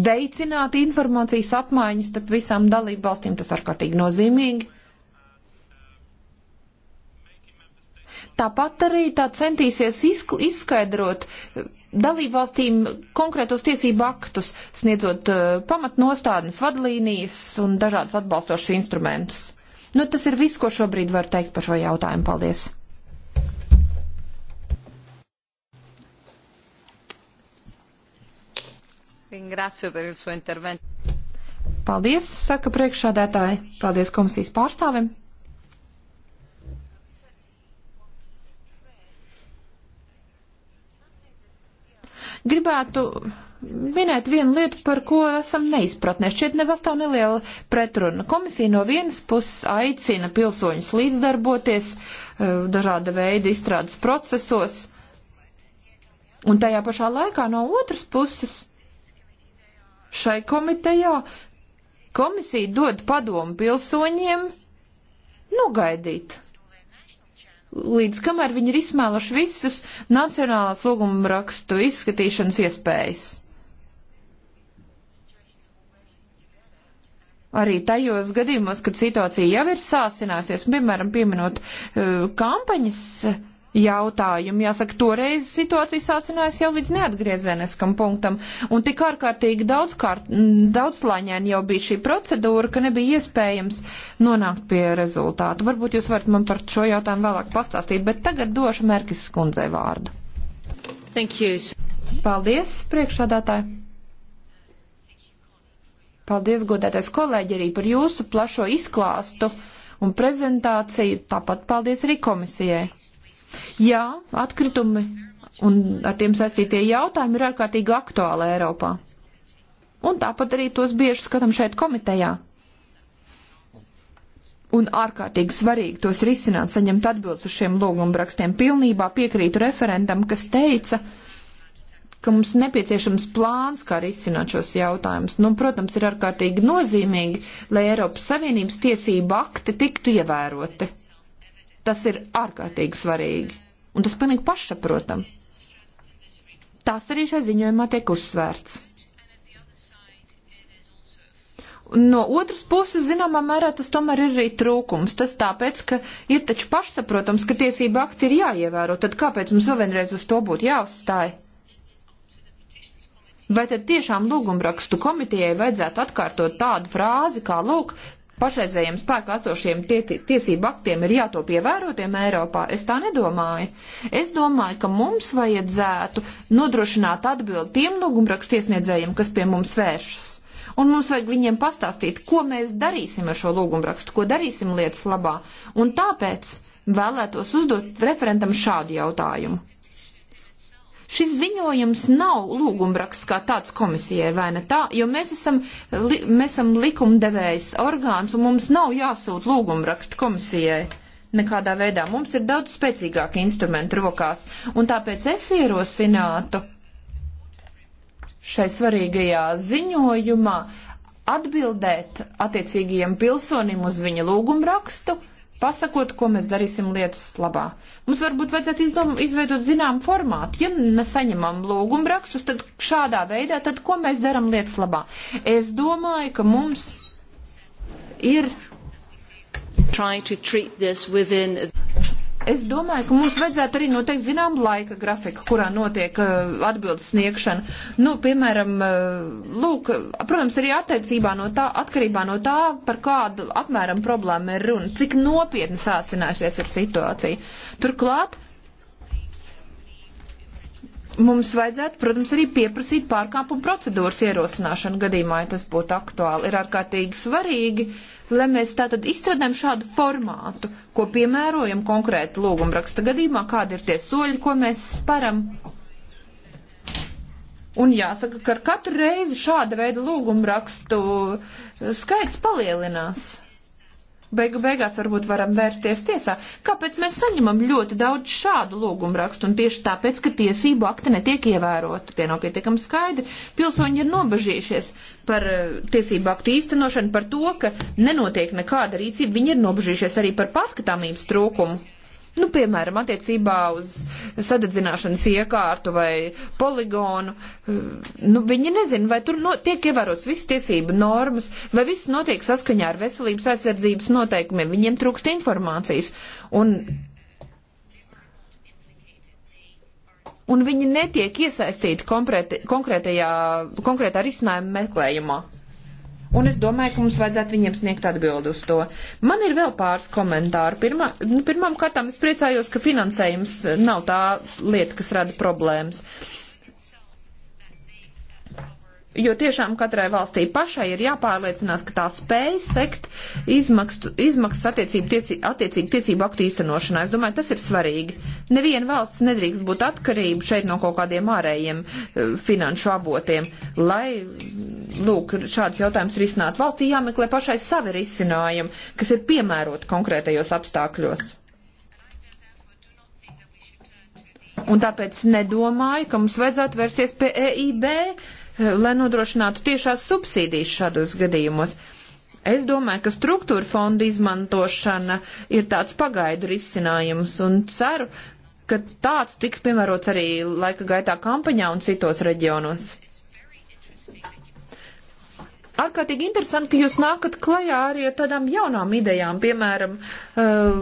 veicināt informācijas apmaiņas starp visām dalību valstīm. Tas ārkārtīgi nozīmīgi. Tāpat arī tā centīsies izskaidrot dalībvalstīm konkrētos tiesību aktus, sniedzot uh, pamatnostādnes, vadlīnijas un dažādas atbalstošas instrumentus. Nu, tas ir viss, ko šobrīd var teikt par šo jautājumu. Paldies! Ringrazio par jūsu intervenciju. Paldies, saka priekšādētāji. Paldies komisijas pārstāvim. gribētu minēt vienu lietu, par ko esam neizpratnē. Šķiet, nepastāv neliela pretruna. Komisija no vienas puses aicina pilsoņus līdzdarboties eh, dažāda veida izstrādes procesos, un tajā pašā laikā no otras puses Šai komitejā komisija dod padomu pilsoņiem nogaidīt. Līdz kamēr viņi ir izsmēluši visus nacionālās lūguma rakstu izskatīšanas iespējas. arī tajos gadījumos, kad situācija jau ir sāsinājusies, piemēram, pieminot uh, kampaņas uh, jautājumu. Jāsaka, toreiz situācija sāsinājās jau līdz neatgriezeniskam punktam, un tik ārkārtīgi daudzkārt, daudzslāņēni jau bija šī procedūra, ka nebija iespējams nonākt pie rezultātu. Varbūt jūs varat man par šo jautājumu vēlāk pastāstīt, bet tagad došu Merkis skundzei vārdu. Thank you. Paldies, priekšādātāji! Paldies, godētais kolēģi, arī par jūsu plašo izklāstu un prezentāciju. Tāpat paldies arī komisijai. Jā, atkritumi un ar tiem saistītie jautājumi ir ārkārtīgi aktuāli Eiropā. Un tāpat arī tos bieži skatām šeit komitejā. Un ārkārtīgi svarīgi tos risināt, saņemt atbildes uz šiem lūgumrakstiem. Pilnībā piekrītu referendam, kas teica, ka mums nepieciešams plāns, kā risināt šos jautājumus. Nu, protams, ir ārkārtīgi nozīmīgi, lai Eiropas Savienības tiesība akti tiktu ievēroti. Tas ir ārkārtīgi svarīgi. Un tas pilnīgi pašsaprotam. Tas arī šai ziņojumā tiek uzsvērts. No otras puses, zināmā mērā, tas tomēr ir arī trūkums. Tas tāpēc, ka ir taču pašsaprotams, ka tiesība akti ir jāievēro. Tad kāpēc mums vēl vienreiz uz to būtu jāuzstāj? Vai tad tiešām lūgumrakstu komitejai vajadzētu atkārtot tādu frāzi, kā lūk, pašreizējiem spēkā esošiem tie, tiesību aktiem ir jātop ievērotiem Eiropā? Es tā nedomāju. Es domāju, ka mums vajadzētu nodrošināt atbildi tiem lūgumrakstu iesniedzējiem, kas pie mums vēršas. Un mums vajag viņiem pastāstīt, ko mēs darīsim ar šo lūgumrakstu, ko darīsim lietas labā. Un tāpēc vēlētos uzdot referentam šādu jautājumu. Šis ziņojums nav lūgumraksts kā tāds komisijai, vai ne tā, jo mēs esam, li, mēs esam likumdevējs orgāns un mums nav jāsūt lūgumrakstu komisijai nekādā veidā. Mums ir daudz spēcīgāki instrumenti rokās, un tāpēc es ierosinātu šai svarīgajā ziņojumā atbildēt attiecīgajiem pilsonim uz viņa lūgumrakstu rakstu pasakot, ko mēs darīsim lietas labā. Mums varbūt vajadzētu izdom, izveidot zinām formātu. Ja nesaņemam lūgumu rakstus, tad šādā veidā, tad ko mēs daram lietas labā? Es domāju, ka mums ir. Within... Es domāju, ka mums vajadzētu arī noteikt zinām laika grafiku, kurā notiek uh, atbildes sniegšana. Nu, piemēram, uh, lūk, protams, arī attiecībā no tā, atkarībā no tā, par kādu apmēram problēmu ir runa, cik nopietni sāsinājusies ir situācija. Turklāt, mums vajadzētu, protams, arī pieprasīt pārkāpumu procedūras ierosināšanu gadījumā, ja tas būtu aktuāli. Ir ārkārtīgi svarīgi. Uh, lai mēs tātad izstrādājam šādu formātu, ko piemērojam konkrēti lūguma raksta gadījumā, kādi ir tie soļi, ko mēs sparam. Un jāsaka, ka ar katru reizi šāda veida lūguma rakstu skaits palielinās beigu beigās varbūt varam vērsties tiesā. Kāpēc mēs saņemam ļoti daudz šādu lūgumu rakstu? Un tieši tāpēc, ka tiesību akti netiek ievēroti, tie nav pietiekami skaidri. Pilsoņi ir nobežījušies par eh, tiesību aktu īstenošanu, par to, ka nenotiek nekāda rīcība. Viņi ir nobežījušies arī par paskatāmības trūkumu. Nu, piemēram, attiecībā uz sadedzināšanas iekārtu vai poligonu, eh, nu, viņi nezina, vai tur no, tiek ievērots visas tiesību normas, vai viss notiek saskaņā ar veselības aizsardzības noteikumiem, viņiem trūkst informācijas. Un, un viņi netiek iesaistīti konkrēti, konkrētajā, konkrētā risinājuma meklējumā un es domāju, ka mums vajadzētu viņiem sniegt atbildu uz to. Man ir vēl pāris komentāru. Pirmā, nu, pirmām kārtām es priecājos, ka finansējums nav tā lieta, kas rada problēmas. Uh, Jo tiešām katrai valstī pašai ir jāpārliecinās, ka tā spēja sekt izmakstu, izmaksas attiecību tiesi, attiecīgi tiesību aktu īstenošanā. Es domāju, tas ir svarīgi. Neviena valsts nedrīkst būt atkarība šeit no kaut kādiem ārējiem eh, finanšu avotiem. Lai, lūk, šāds jautājums risinātu valstī, jāmeklē pašai savi risinājumi, kas ir piemēroti konkrētajos apstākļos. un tāpēc nedomāju, ka mums vajadzētu vērsties pie EIB, lai nodrošinātu tiešās subsīdijas šādos gadījumos. Es domāju, ka struktūra fonda izmantošana ir tāds pagaidu risinājums un ceru, ka tāds tiks piemērots arī laika gaitā kampaņā un citos reģionos ārkārtīgi interesanti, ka jūs nākat klajā arī ar tādām jaunām idejām, piemēram, eh,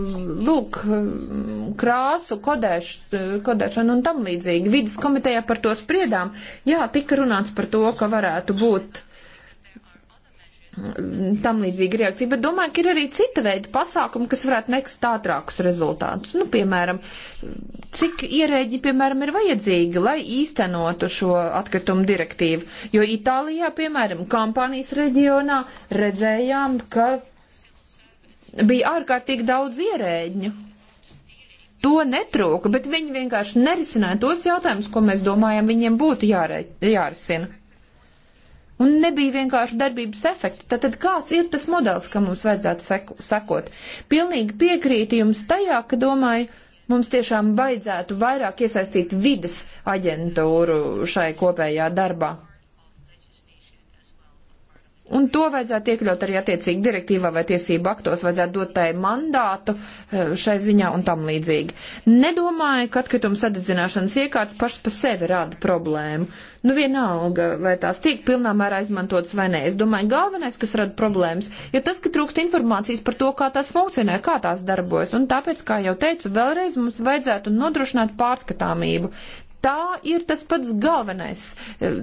lūk, mm, krāsu kodēš, eh, kodēšanu un tam līdzīgi. Vides komitejā par to spriedām. Jā, tika runāts par to, ka varētu būt tam līdzīga reakcija, bet domāju, ka ir arī cita veida pasākumi, kas varētu nekst ātrākus rezultātus. Nu, piemēram, cik ierēģi, piemēram, ir vajadzīgi, lai īstenotu šo atkritumu direktīvu, jo Itālijā, piemēram, kampānijas reģionā redzējām, ka bija ārkārtīgi daudz ierēģiņu. To netrūka, bet viņi vienkārši nerisināja tos jautājumus, ko mēs domājam, viņiem būtu jārē, jārisina. Un nebija vienkārši darbības efekti. Tad, tad kāds ir tas modelis, kam mums vajadzētu seku, sekot? Pilnīgi piekrīti jums tajā, ka domāju, mums tiešām vajadzētu vairāk iesaistīt vides aģentūru šai kopējā darbā. Un to vajadzētu iekļaut arī attiecīgi direktīvā vai tiesību aktos, vajadzētu dot tai mandātu e, šai ziņā un tam līdzīgi. Nedomāju, ka atkrituma sadedzināšanas iekārts pašas pa sevi rada problēmu Nu vienalga, vai tās tiek pilnā mērā izmantotas vai nē. Es domāju, galvenais, kas rada problēmas, ir tas, ka trūkst informācijas par to, kā tās funkcionē, kā tās darbojas. Un tāpēc, kā jau teicu, vēlreiz mums vajadzētu nodrošināt pārskatāmību. Tā ir tas pats galvenais eh,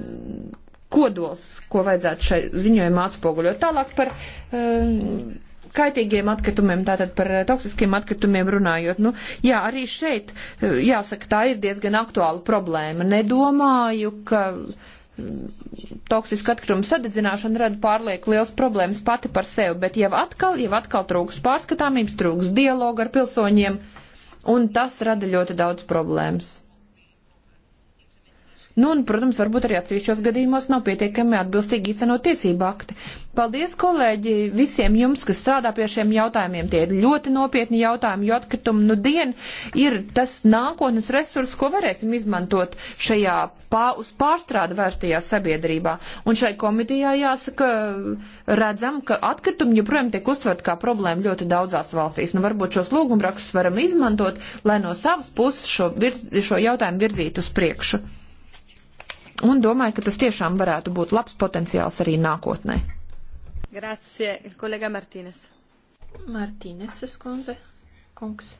kodols, ko vajadzētu šai ziņojumā atspoguļot. Tālāk par um, kaitīgiem atkritumiem, tātad par eh, toksiskiem atkritumiem runājot. Nu, jā, arī šeit, eh, jāsaka, tā ir diezgan aktuāla problēma. Nedomāju, ka mm, toksiska atkrituma sadedzināšana rada pārlieku liels problēmas pati par sevi, bet jau atkal, jau atkal trūks pārskatāmības, trūks dialogu ar pilsoņiem, un tas rada ļoti daudz problēmas. Nu, un, protams, varbūt arī atsevišķos gadījumos nav pietiekami atbilstīgi īstenot tiesību akti. Paldies, kolēģi, visiem jums, kas strādā pie šiem jautājumiem. Tie ir ļoti nopietni jautājumi, jo atkritumi nu dien ir tas nākotnes resurs, ko varēsim izmantot šajā pā, uz pārstrādu vērstajā sabiedrībā. Un šai komitijā jāsaka, redzam, ka atkritumi joprojām tiek uztvert kā problēma ļoti daudzās valstīs. Nu, varbūt šos lūgumrakstus varam izmantot, lai no savas puses šo, virz, šo jautājumu virzītu uz priekšu un domāju, ka tas tiešām varētu būt labs potenciāls arī nākotnē. Grazie, kolēģa Martīnes. Martīneses kundze, kungs.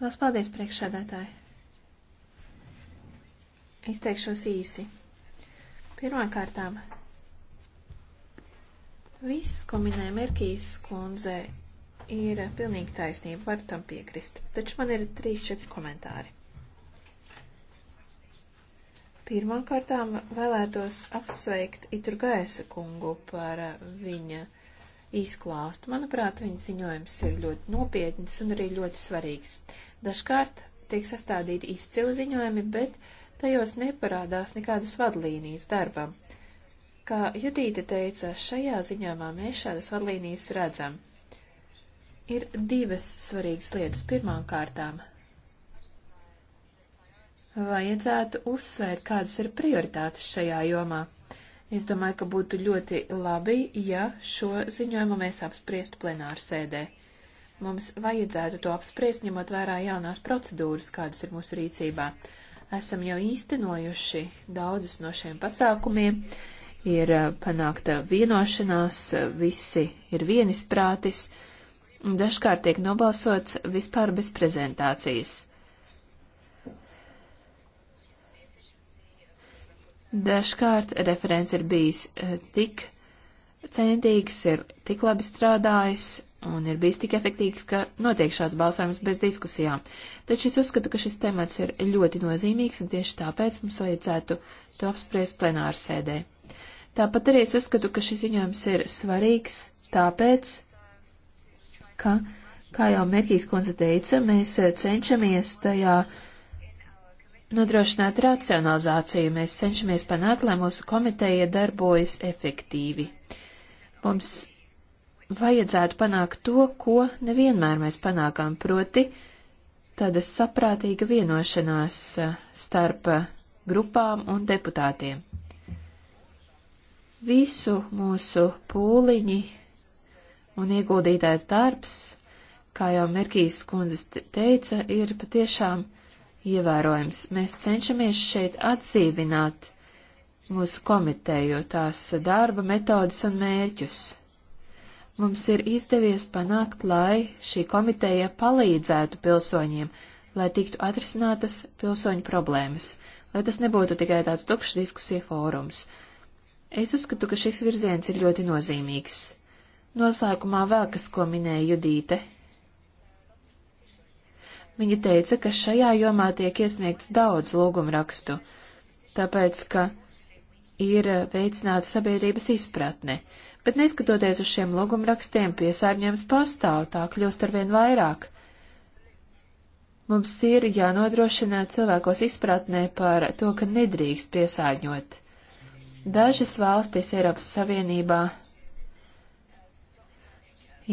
Lielas paldies, priekšsēdētāji. Izteikšos īsi. Pirmkārtām, viss, ko minēja Merkīs kundze, ir pilnīgi taisnība, varu tam piekrist. Taču man ir 3-4 komentāri. Pirmkārtām vēlētos apsveikt Itur Gaisa kungu par viņa izklāstu. Manuprāt, viņa ziņojums ir ļoti nopietns un arī ļoti svarīgs. Dažkārt tiek sastādīti izcili ziņojumi, bet tajos neparādās nekādas vadlīnijas darbam. Kā Judīte teica, šajā ziņojumā mēs šādas vadlīnijas redzam. Ir divas svarīgas lietas. Pirmām kārtām vajadzētu uzsvērt, kādas ir prioritātes šajā jomā. Es domāju, ka būtu ļoti labi, ja šo ziņojumu mēs apspriestu plenāru sēdē. Mums vajadzētu to apspriest, ņemot vērā jaunās procedūras, kādas ir mūsu rīcībā. Esam jau īstenojuši daudzus no šiem pasākumiem, ir eh, panākta vienošanās, visi ir vienisprātis, dažkārt tiek nobalsots vispār bez prezentācijas. Dažkārt referents ir bijis eh, tik centīgs, ir tik labi strādājis un ir bijis tik efektīvs, ka notiek šāds balsojums bez diskusijām. Taču es uzskatu, ka šis temats ir ļoti nozīmīgs un tieši tāpēc mums vajadzētu to apspriest plenārsēdē. Tāpat arī es uzskatu, ka šis ziņojums ir svarīgs tāpēc, ka, kā jau Merkīs konstatēja, mēs eh, cenšamies tajā uh, nodrošināt racionalizāciju. Mēs cenšamies panākt, lai mūsu komiteja darbojas efektīvi. Mums vajadzētu panākt to, ko nevienmēr mēs panākam, proti tāda saprātīga vienošanās eh, starp grupām un deputātiem. Visu mūsu pūliņi un ieguldītais darbs, kā jau Merkīs kundzes teica, ir patiešām ievērojams. Mēs cenšamies šeit atdzīvināt mūsu komiteju, tās darba metodas un mērķus. Mums ir izdevies panākt, lai šī komiteja palīdzētu pilsoņiem, lai tiktu atrisinātas pilsoņu problēmas, lai tas nebūtu tikai tāds tukšs diskusija fórums. Es uzskatu, ka šis virziens ir ļoti nozīmīgs. Noslēgumā vēl kas, ko minēja Judīte Viņa teica, ka šajā jomā tiek iesniegts daudz lūgumrakstu, tāpēc, ka ir veicināta sabiedrības izpratne, bet neskatoties uz šiem lūgumrakstiem, piesārņojums pastāv, tā kļūst arvien vairāk. Mums ir jānodrošina cilvēkos izpratnē par to, ka nedrīkst piesārņot. Dažas valstis Eiropas Savienībā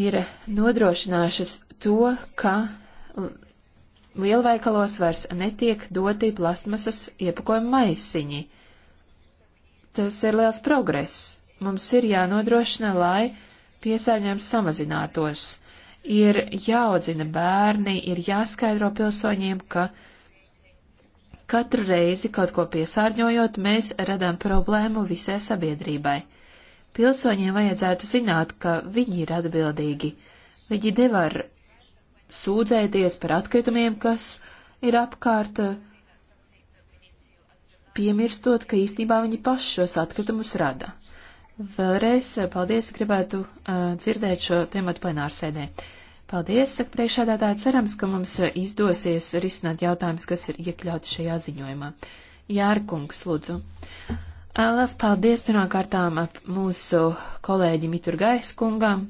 ir nodrošinājušas to, ka lielveikalos vairs netiek doti plasmasas iepakojuma maisiņi. Tas ir liels progress. Mums ir jānodrošina, lai piesārņojums samazinātos. Ir jāaudzina bērni, ir jāskaidro pilsoņiem, ka katru reizi kaut ko piesārņojot, mēs radām problēmu visai sabiedrībai. Pilsoņiem vajadzētu zināt, ka viņi ir atbildīgi. Viņi nevar sūdzēties par atkritumiem, kas ir apkārt, piemirstot, ka īstenībā viņi paši šos atkritumus rada. Vēlreiz paldies, gribētu uh, dzirdēt šo tematu plenārsēdē. Paldies, saka priekšādātāji, cerams, ka mums izdosies risināt jautājumus, kas ir iekļauti šajā ziņojumā. Jārkungs, lūdzu. Lās paldies pirmkārtām mūsu kolēģim Iturgais kungam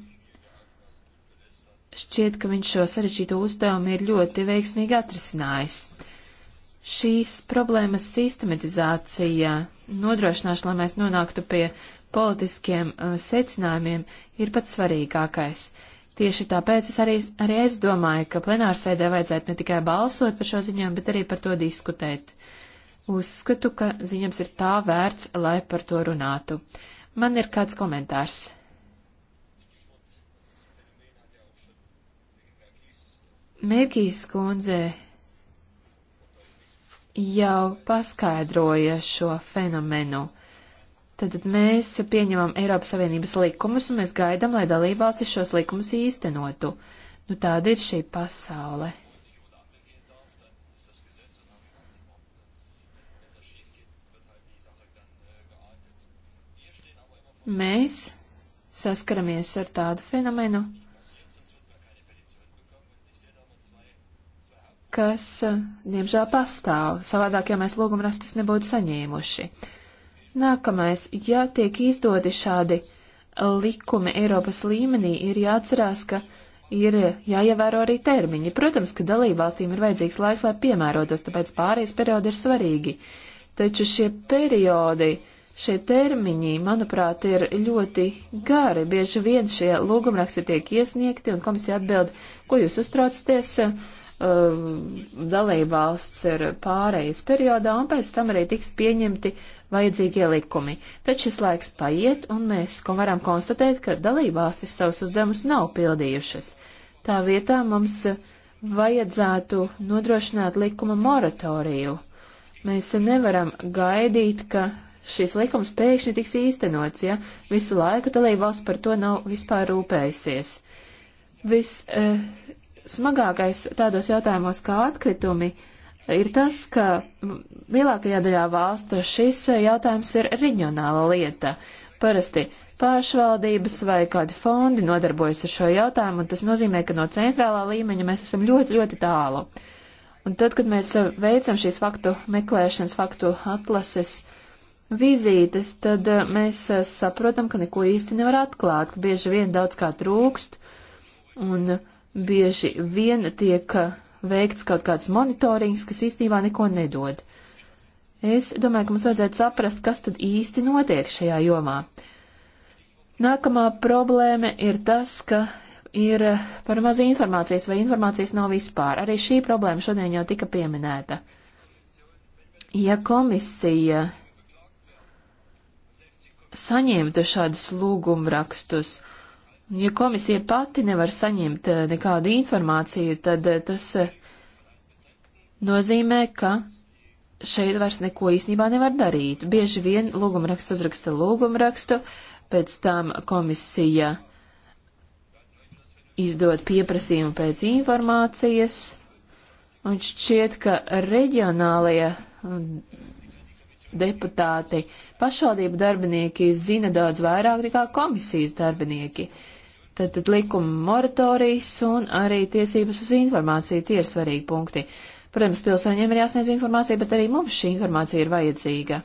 Šķiet, ka viņš šo sarežģīto uzdevumu ir ļoti veiksmīgi atrisinājis. Šīs problēmas sistematizācija, nodrošināšana, lai mēs nonāktu pie politiskiem uh, secinājumiem, ir pats svarīgākais. Tieši tāpēc es arī, arī es domāju, ka plenārsēdē vajadzētu ne tikai balsot par šo ziņām, bet arī par to diskutēt. Uzskatu, ka ziņams ir tā vērts, lai par to runātu. Man ir kāds komentārs. Merkīs kundze jau paskaidroja šo fenomenu. Tad mēs pieņemam Eiropas Savienības likumus un mēs gaidām, lai dalībvalstis šos likumus īstenotu. Nu tāda ir šī pasaule. Mēs saskaramies ar tādu fenomenu, kas, eh, diemžēl, pastāv. Savādāk, ja mēs lūgumrakstus nebūtu saņēmuši. Nākamais, ja tiek izdodi šādi likumi Eiropas līmenī, ir jāatcerās, ka ir jāievēro arī termiņi. Protams, ka dalībvalstīm ir vajadzīgs laiks, lai piemērotos, tāpēc pārējais periodi ir svarīgi. Taču šie periodi, šie termiņi, manuprāt, ir ļoti gari. Bieži vien šie lūgumraksti tiek iesniegti un komisija atbild, ko jūs uztraucaties. Uh, Uh, dalībvalsts ir pārējais periodā, un pēc tam arī tiks pieņemti vajadzīgie likumi. Taču šis laiks paiet, un mēs varam konstatēt, ka dalībvalstis savus uzdevumus nav pildījušas. Tā vietā mums vajadzētu nodrošināt likuma moratoriju. Mēs nevaram gaidīt, ka šis likums pēkšņi tiks īstenots, ja visu laiku dalībvalsts par to nav vispār rūpējusies. Viss e, eh, smagākais tādos jautājumos kā atkritumi ir tas, ka lielākajā daļā valstu šis jautājums ir reģionāla lieta. Parasti pārvaldības vai kādi fondi nodarbojas ar šo jautājumu, un tas nozīmē, ka no centrālā līmeņa mēs esam ļoti, ļoti tālu. Un tad, kad mēs veicam šīs faktu meklēšanas, faktu atlases vizītes, tad mēs saprotam, ka neko īsti nevar atklāt, ka bieži vien daudz kā trūkst, un uh, bieži vien tiek uh, veikts kaut kāds monitorings, kas īstenībā neko nedod. Es domāju, ka mums vajadzētu saprast, kas tad īsti notiek šajā jomā. Nākamā problēma ir tas, ka ir uh, par maz informācijas vai informācijas nav vispār. Arī šī problēma šodien jau tika pieminēta. Ja komisija saņemtu šādus lūgumrakstus, Ja komisija pati nevar saņemt eh, nekādu informāciju, tad eh, tas eh, nozīmē, ka šeit vairs neko īstenībā nevar darīt. Bieži vien lūgumraksts uzraksta lūgumrakstu, pēc tam komisija izdod pieprasījumu pēc informācijas, un šķiet, ka reģionālajie mm, deputāti, pašvaldību darbinieki zina daudz vairāk nekā komisijas darbinieki. Uh, Tad, tad likuma moratorijas un arī tiesības uz informāciju tie ir svarīgi punkti. Protams, pilsoņiem ir jāsniedz informācija, bet arī mums šī informācija ir vajadzīga.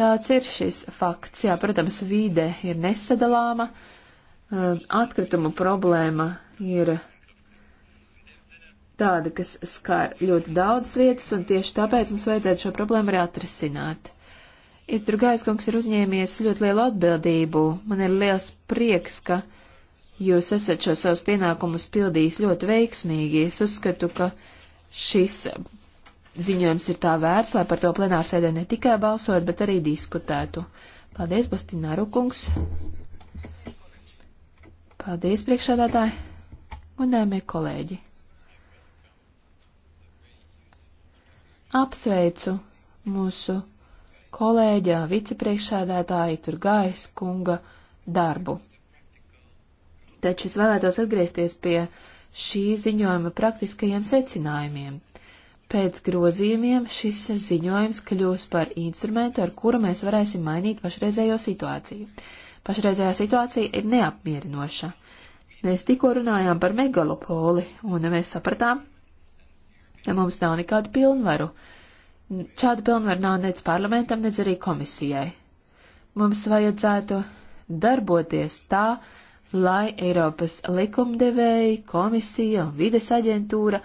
Tāds ir šis fakts. Jā, protams, vide ir nesadalāma, eh, atkritumu problēma ir tāda, kas skar ļoti daudzas vietas, un tieši tāpēc mums vajadzētu šo problēmu arī atrisināt. Ir tur gaiskungs ir uzņēmies ļoti lielu atbildību. Man ir liels prieks, ka Jūs esat šo savus pienākumus pildījis ļoti veiksmīgi. Es uzskatu, ka šis ziņojums ir tā vērts, lai par to plenārsēdē ne tikai balsot, bet arī diskutētu. Paldies, Bastināru kungs! Paldies, priekšādātāji! Godājumie kolēģi! Apsveicu mūsu kolēģa vicepriekšsēdētāja Turgais kunga darbu taču es vēlētos atgriezties pie šī ziņojuma praktiskajiem secinājumiem. Pēc grozījumiem šis ziņojums kļūs par instrumentu, ar kuru mēs varēsim mainīt pašreizējo situāciju. Pašreizējā situācija ir neapmierinoša. Mēs tikko runājām par megalopoli, un mēs sapratām, ka mums nav nekādu pilnvaru. Šādu pilnvaru nav nec parlamentam, nec arī komisijai. Mums vajadzētu darboties tā, lai Eiropas likumdevēji, komisija un vides aģentūra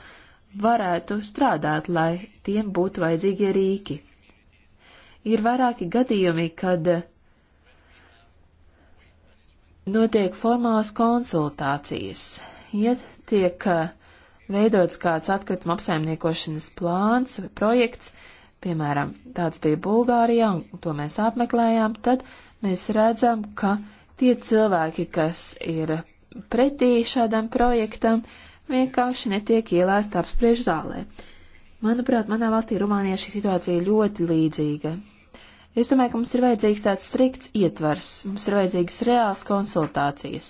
varētu strādāt, lai tiem būtu vajadzīgie rīki. Ir vairāki gadījumi, kad notiek formālas konsultācijas, ja tiek uh, veidots kāds atkrituma apsaimniekošanas plāns vai projekts, piemēram, tāds bija Bulgārijā, un to mēs apmeklējām, tad mēs redzam, ka uh, Tie cilvēki, kas ir pretī šādam projektam, vienkārši netiek ielēst apspriež zālē. Manuprāt, manā valstī Rumānijā šī situācija ļoti līdzīga. Es domāju, ka mums ir vajadzīgs tāds strikts ietvars, mums ir vajadzīgas reāls konsultācijas.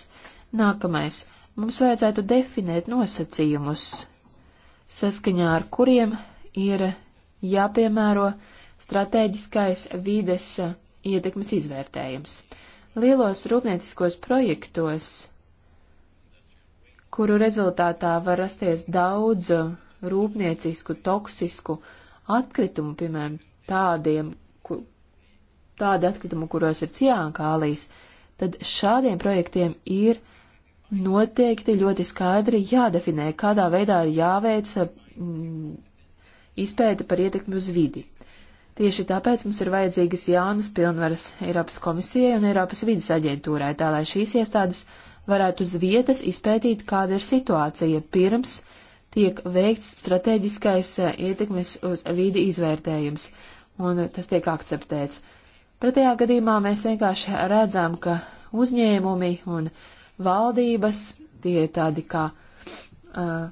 Nākamais, mums vajadzētu definēt nosacījumus, saskaņā ar kuriem ir jāpiemēro stratēģiskais vides ietekmes izvērtējums lielos rūpnieciskos projektos, kuru rezultātā var rasties daudz rūpniecisku, toksisku atkritumu, piemēram, tādiem, ku, tādi atkritumu, kuros ir ciānkālīs, tad šādiem projektiem ir noteikti ļoti skaidri jādefinē, kādā veidā ir jāveic mm, izpēta par ietekmi uz vidi. Tieši tāpēc mums ir vajadzīgas jaunas pilnvaras Eiropas komisijai un Eiropas vidas aģentūrai, tā lai šīs iestādes varētu uz vietas izpētīt, kāda ir situācija pirms tiek veikts strateģiskais eh, ietekmes uz vidi izvērtējums, un eh, tas tiek akceptēts. Pretējā gadījumā mēs vienkārši redzam, ka uzņēmumi un valdības, tie ir tādi kā uh,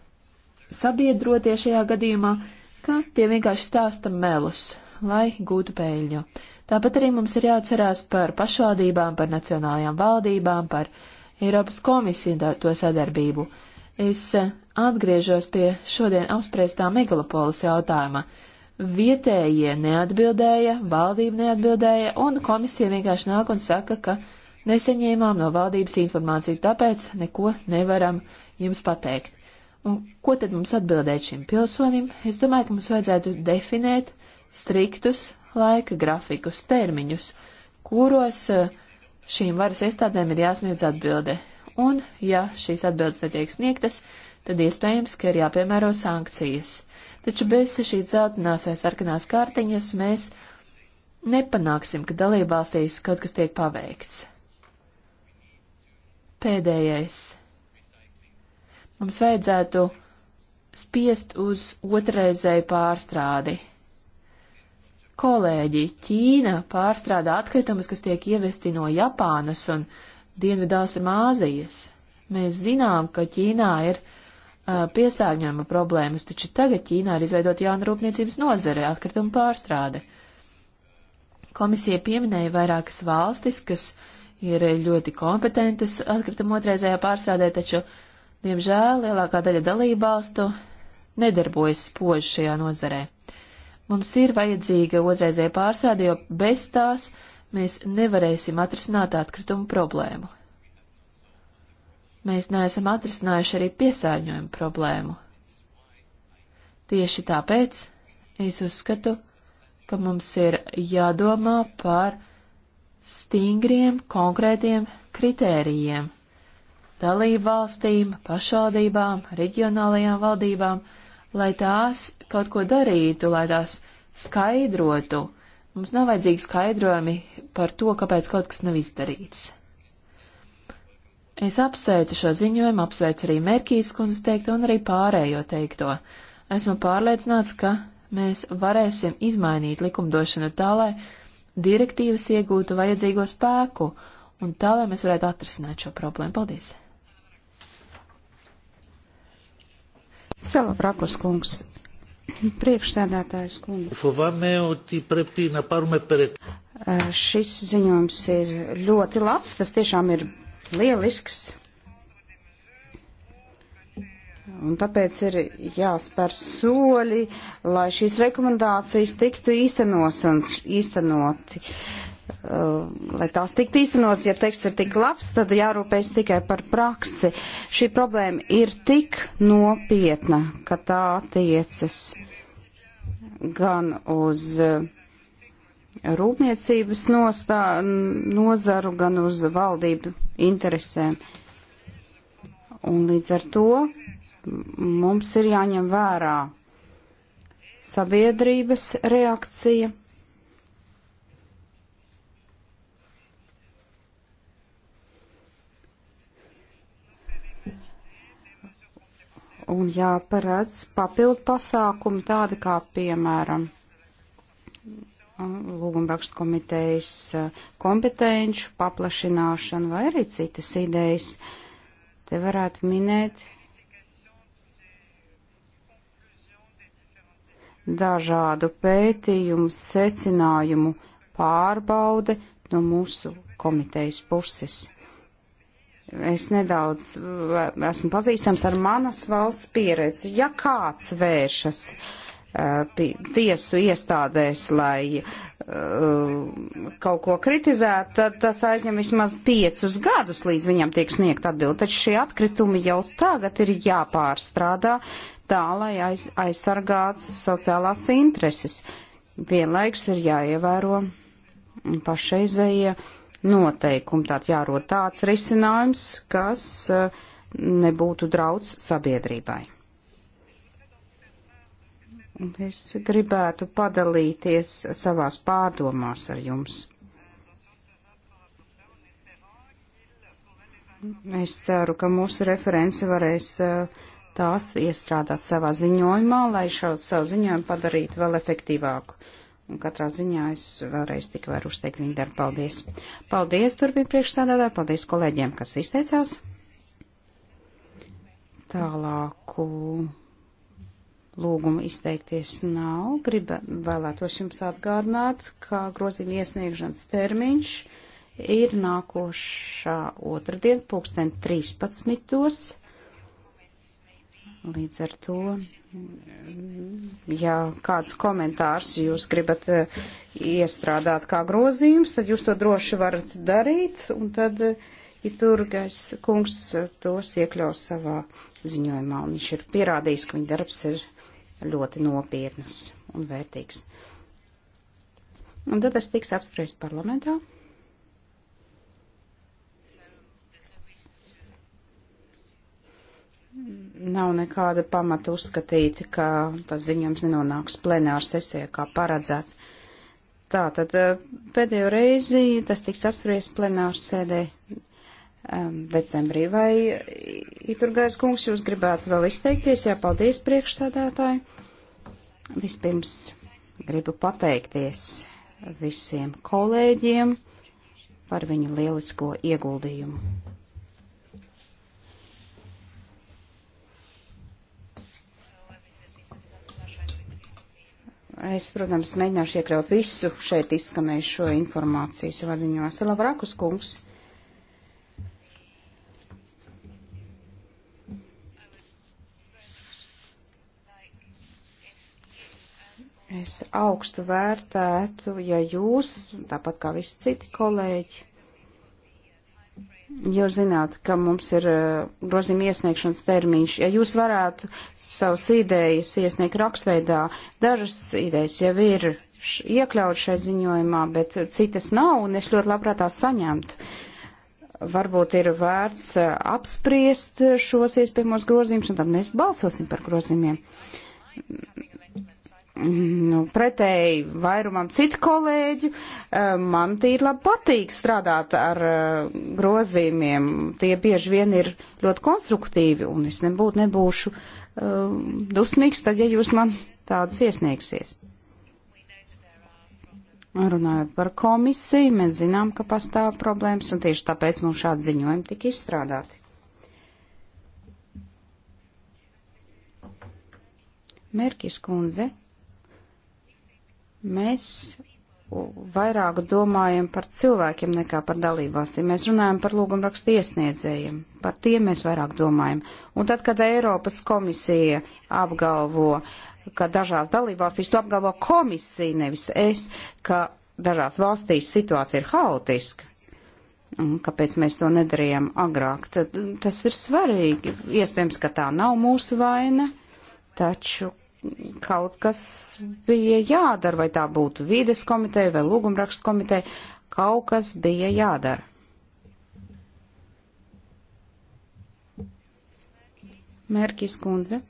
sabiedrotie šajā gadījumā, ka tie vienkārši stāsta melus lai gūtu peļņu. Tāpat arī mums ir jāatcerās par pašvaldībām, par nacionālajām valdībām, par Eiropas komisiju un to sadarbību. Es eh, atgriežos pie šodien apspriestā megalopolis jautājuma. Vietējie neatbildēja, valdība neatbildēja, un komisija vienkārši nāk un saka, ka nesaņēmām no valdības informāciju, tāpēc neko nevaram jums pateikt. Un ko tad mums atbildēt šim pilsonim? Es domāju, ka mums vajadzētu definēt striktus laika grafikus, termiņus, kuros eh, šīm varas iestādēm ir jāsniedz atbilde. Un, ja šīs atbildes netiek sniegtas, tad iespējams, ka ir jāpiemēro sankcijas. Taču bez šīs zeltainās vai sarkanās kārtiņas mēs nepanāksim, ka dalībvalstīs kaut kas tiek paveikts. Pēdējais. Mums vajadzētu spiest uz otrreizēju pārstrādi. Kolēģi, Ķīna pārstrādā atkritumus, kas tiek ievesti no Japānas un Dienvidāzijas. Mēs zinām, ka Ķīnā ir uh, piesārņojuma problēmas, taču tagad Ķīnā ir izveidot jauna rūpniecības nozare - atkrituma pārstrāde. Komisija pieminēja vairākas valstis, kas ir ļoti kompetentas atkrituma otrreizējā pārstrādē, taču, diemžēl, lielākā daļa dalībvalstu nedarbojas spoži šajā nozarē. Mums ir vajadzīga otrreizēja pārsāde, jo bez tās mēs nevarēsim atrisināt atkritumu problēmu. Mēs neesam atrisinājuši arī piesārņojumu problēmu. Tieši tāpēc es uzskatu, ka mums ir jādomā par stingriem, konkrētiem kritērijiem dalību valstīm, pašvaldībām, reģionālajām valdībām – lai tās kaut ko darītu, lai tās skaidrotu. Mums nav vajadzīgi skaidrojumi par to, kāpēc kaut kas nav izdarīts. Es apsveicu šo ziņojumu, apsveicu arī Merkīs kundzes teikto un arī pārējo teikto. Esmu pārliecināts, ka mēs varēsim izmainīt likumdošanu tā, lai direktīvas iegūtu vajadzīgo spēku un tā, lai mēs varētu atrisināt šo problēmu. Paldies! Salabrakos kungs. Priekšsēdētājs kungs. Šis ziņojums ir ļoti labs, tas tiešām ir lielisks. Un tāpēc ir jāspēr soļi, lai šīs rekomendācijas tiktu īstenoti. Uh, lai tās tiktu īstenotas, ja teksts ir tik labs, tad jārūpējas tikai par praksi. Šī problēma ir tik nopietna, ka tā attiecas gan uz uh, rūpniecības nostā, nozaru, gan uz valdību interesēm. Un līdz ar to mums ir jāņem vērā sabiedrības reakcija un jāparedz papildu pasākumi tādi kā, piemēram, lūgumrakstu komitejas eh, kompetenču paplašināšana vai arī citas idejas. Te varētu minēt dažādu pētījumu, secinājumu pārbaude no mūsu komitejas puses es nedaudz e, esmu pazīstams ar manas valsts pieredzi. Ja kāds vēršas e, pie tiesu iestādēs, lai e, kaut ko kritizētu, tad tas aizņem vismaz piecus gadus, līdz viņam tiek sniegt atbildi. Taču šie atkritumi jau tagad ir jāpārstrādā tā, lai aiz, aizsargātu sociālās intereses. Vienlaikus ir jāievēro pašreizējie. Ja noteikumi. Tātad jārod tāds risinājums, kas eh, nebūtu draudz sabiedrībai. Es gribētu padalīties savās pārdomās ar jums. Es ceru, ka mūsu referenci varēs eh, tās iestrādāt savā ziņojumā, lai šo savu ziņojumu padarītu vēl efektīvāku. Un katrā ziņā es vēlreiz tik varu uzteikt viņu darbu. Paldies! Paldies, turpina priekšsādātāji, paldies kolēģiem, kas izteicās. Tālāku lūgumu izteikties nav. Gribu vēlētos jums atgādināt, ka grozījuma iesniegšanas termiņš ir nākošā otrdien, pulksten 13. Līdz ar to, ja kāds komentārs jūs gribat eh, iestrādāt kā grozījums, tad jūs to droši varat darīt, un tad eh, Iturgais kungs tos iekļaus savā ziņojumā, un viņš ir pierādījis, ka viņa darbs ir ļoti nopietnas un vērtīgs. Un tad tas tiks apspriests parlamentā. nav nekāda pamata uzskatīt, ka tas ziņojums nenonāks plenāra sesijā, kā paredzēts. Tā tad eh, pēdējo reizi tas tiks apspriests plenāra sēdē um, decembrī. Vai eh, Iturgais kungs jūs gribētu vēl izteikties? Jā, paldies priekšstādātāji. Vispirms gribu pateikties visiem kolēģiem par viņu lielisko ieguldījumu. Es, protams, mēģināšu iekļaut visu šeit izskanējušo informāciju savā ziņos. Lavrakus kungs. Es augstu vērtētu, ja jūs, tāpat kā visi citi kolēģi, Jūs zināt, ka mums ir uh, grozījuma iesniegšanas termiņš. Ja jūs varētu savas idejas iesniegt rakstveidā, dažas idejas jau ir iekļaut šai ziņojumā, bet citas nav, un es ļoti labprāt tās saņemtu. Varbūt ir vērts uh, apspriest šos iespējamos grozījumus, un tad mēs balsosim par grozījumiem nu, pretēji vairumam citu kolēģu, eh, man tīri labi patīk strādāt ar eh, grozījumiem. Tie bieži vien ir ļoti konstruktīvi, un es nebūtu nebūšu eh, dusmīgs, tad, ja jūs man tādus iesniegsiet. Runājot par komisiju, mēs zinām, ka pastāv problēmas, un tieši tāpēc mums šādi ziņojumi tika izstrādāti. Merkis kundze Mēs vairāk domājam par cilvēkiem nekā par dalībvalstīm. Mēs runājam par lūgumrakstu iesniedzējiem, par tiem mēs vairāk domājam. Un tad, kad Eiropas komisija apgalvo, ka dažās dalībvalstīs to apgalvo komisija, nevis es, ka dažās valstīs situācija ir haotiska. Un kāpēc mēs to nedarījām agrāk? Tad, tas ir svarīgi. Iespējams, ka tā nav mūsu vaina, taču kaut kas bija jādara, vai tā būtu vīdes komiteja vai lūgumrakstu komiteja, kaut kas bija jādara. Mērķis kundze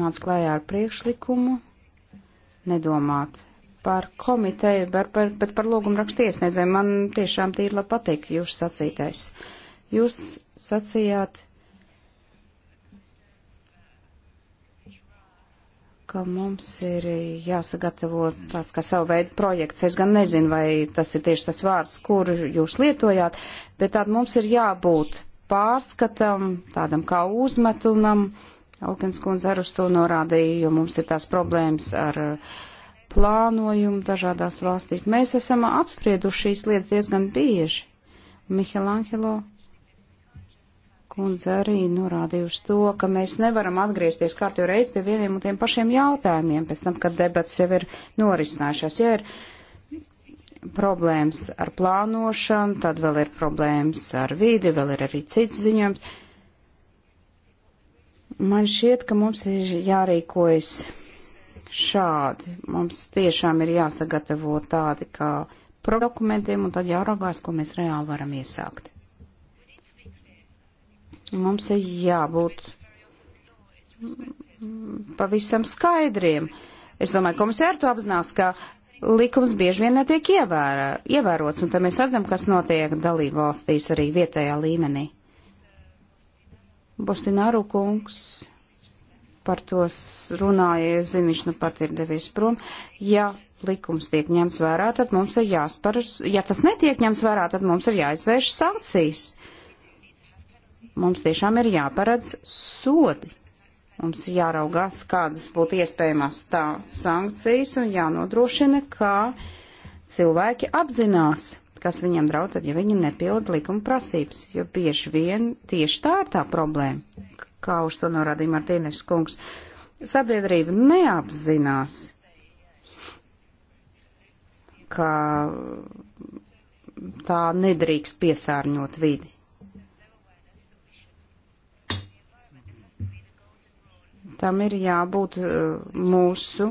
nāca klājā ar priekšlikumu nedomāt par komiteju, par, par, bet par lūgumu rakstiesniedzēju. Man tiešām tīri labi patīk jūs sacītais. Jūs sacījāt, ka mums ir jāsagatavo tās kā savu veidu projekts. Es gan nezinu, vai tas ir tieši tas vārds, kur jūs lietojāt, bet tād mums ir jābūt pārskatam, tādam kā uzmetumam. Alkins kundze ar uz to norādīja, jo mums ir tās problēmas ar uh, plānojumu dažādās valstīs. Mēs esam apsprieduši šīs lietas diezgan bieži. Mihelangelo kundze arī norādījuši to, ka mēs nevaram atgriezties kārtīgi reiz pie vieniem un tiem pašiem jautājumiem, pēc tam, kad debats jau ir norisinājušās. Ja ir problēmas ar plānošanu, tad vēl ir problēmas ar vīdi, vēl ir arī cits ziņojums. Man šķiet, ka mums ir jārīkojas šādi. Mums tiešām ir jāsagatavo tādi kā dokumentiem un tad jāraugās, ko mēs reāli varam iesākt. Mums ir jābūt pavisam skaidriem. Es domāju, komisāri to apzinās, ka likums bieži vien netiek ievērā, ievērots, un tad mēs redzam, kas notiek dalību valstīs arī vietējā līmenī. Bostināru kungs par to runāja, es zinu, viņš nu pat ir devies prom. Ja likums tiek ņemts vērā, tad mums ir jāspar, ja tas netiek ņemts vērā, tad mums ir jāizvērš sankcijas. Mums tiešām ir jāparedz sodi. Mums jāraugās, kādas būtu iespējamās tā sankcijas un jānodrošina, kā cilvēki apzinās, kas viņam draud, tad, ja viņi nepilda likuma prasības. Jo bieži vien tieši tā ir tā problēma, kā uz to norādīja Martīnešs kungs. Sabiedrība neapzinās, ka tā nedrīkst piesārņot vidi. tam ir jābūt eh, mūsu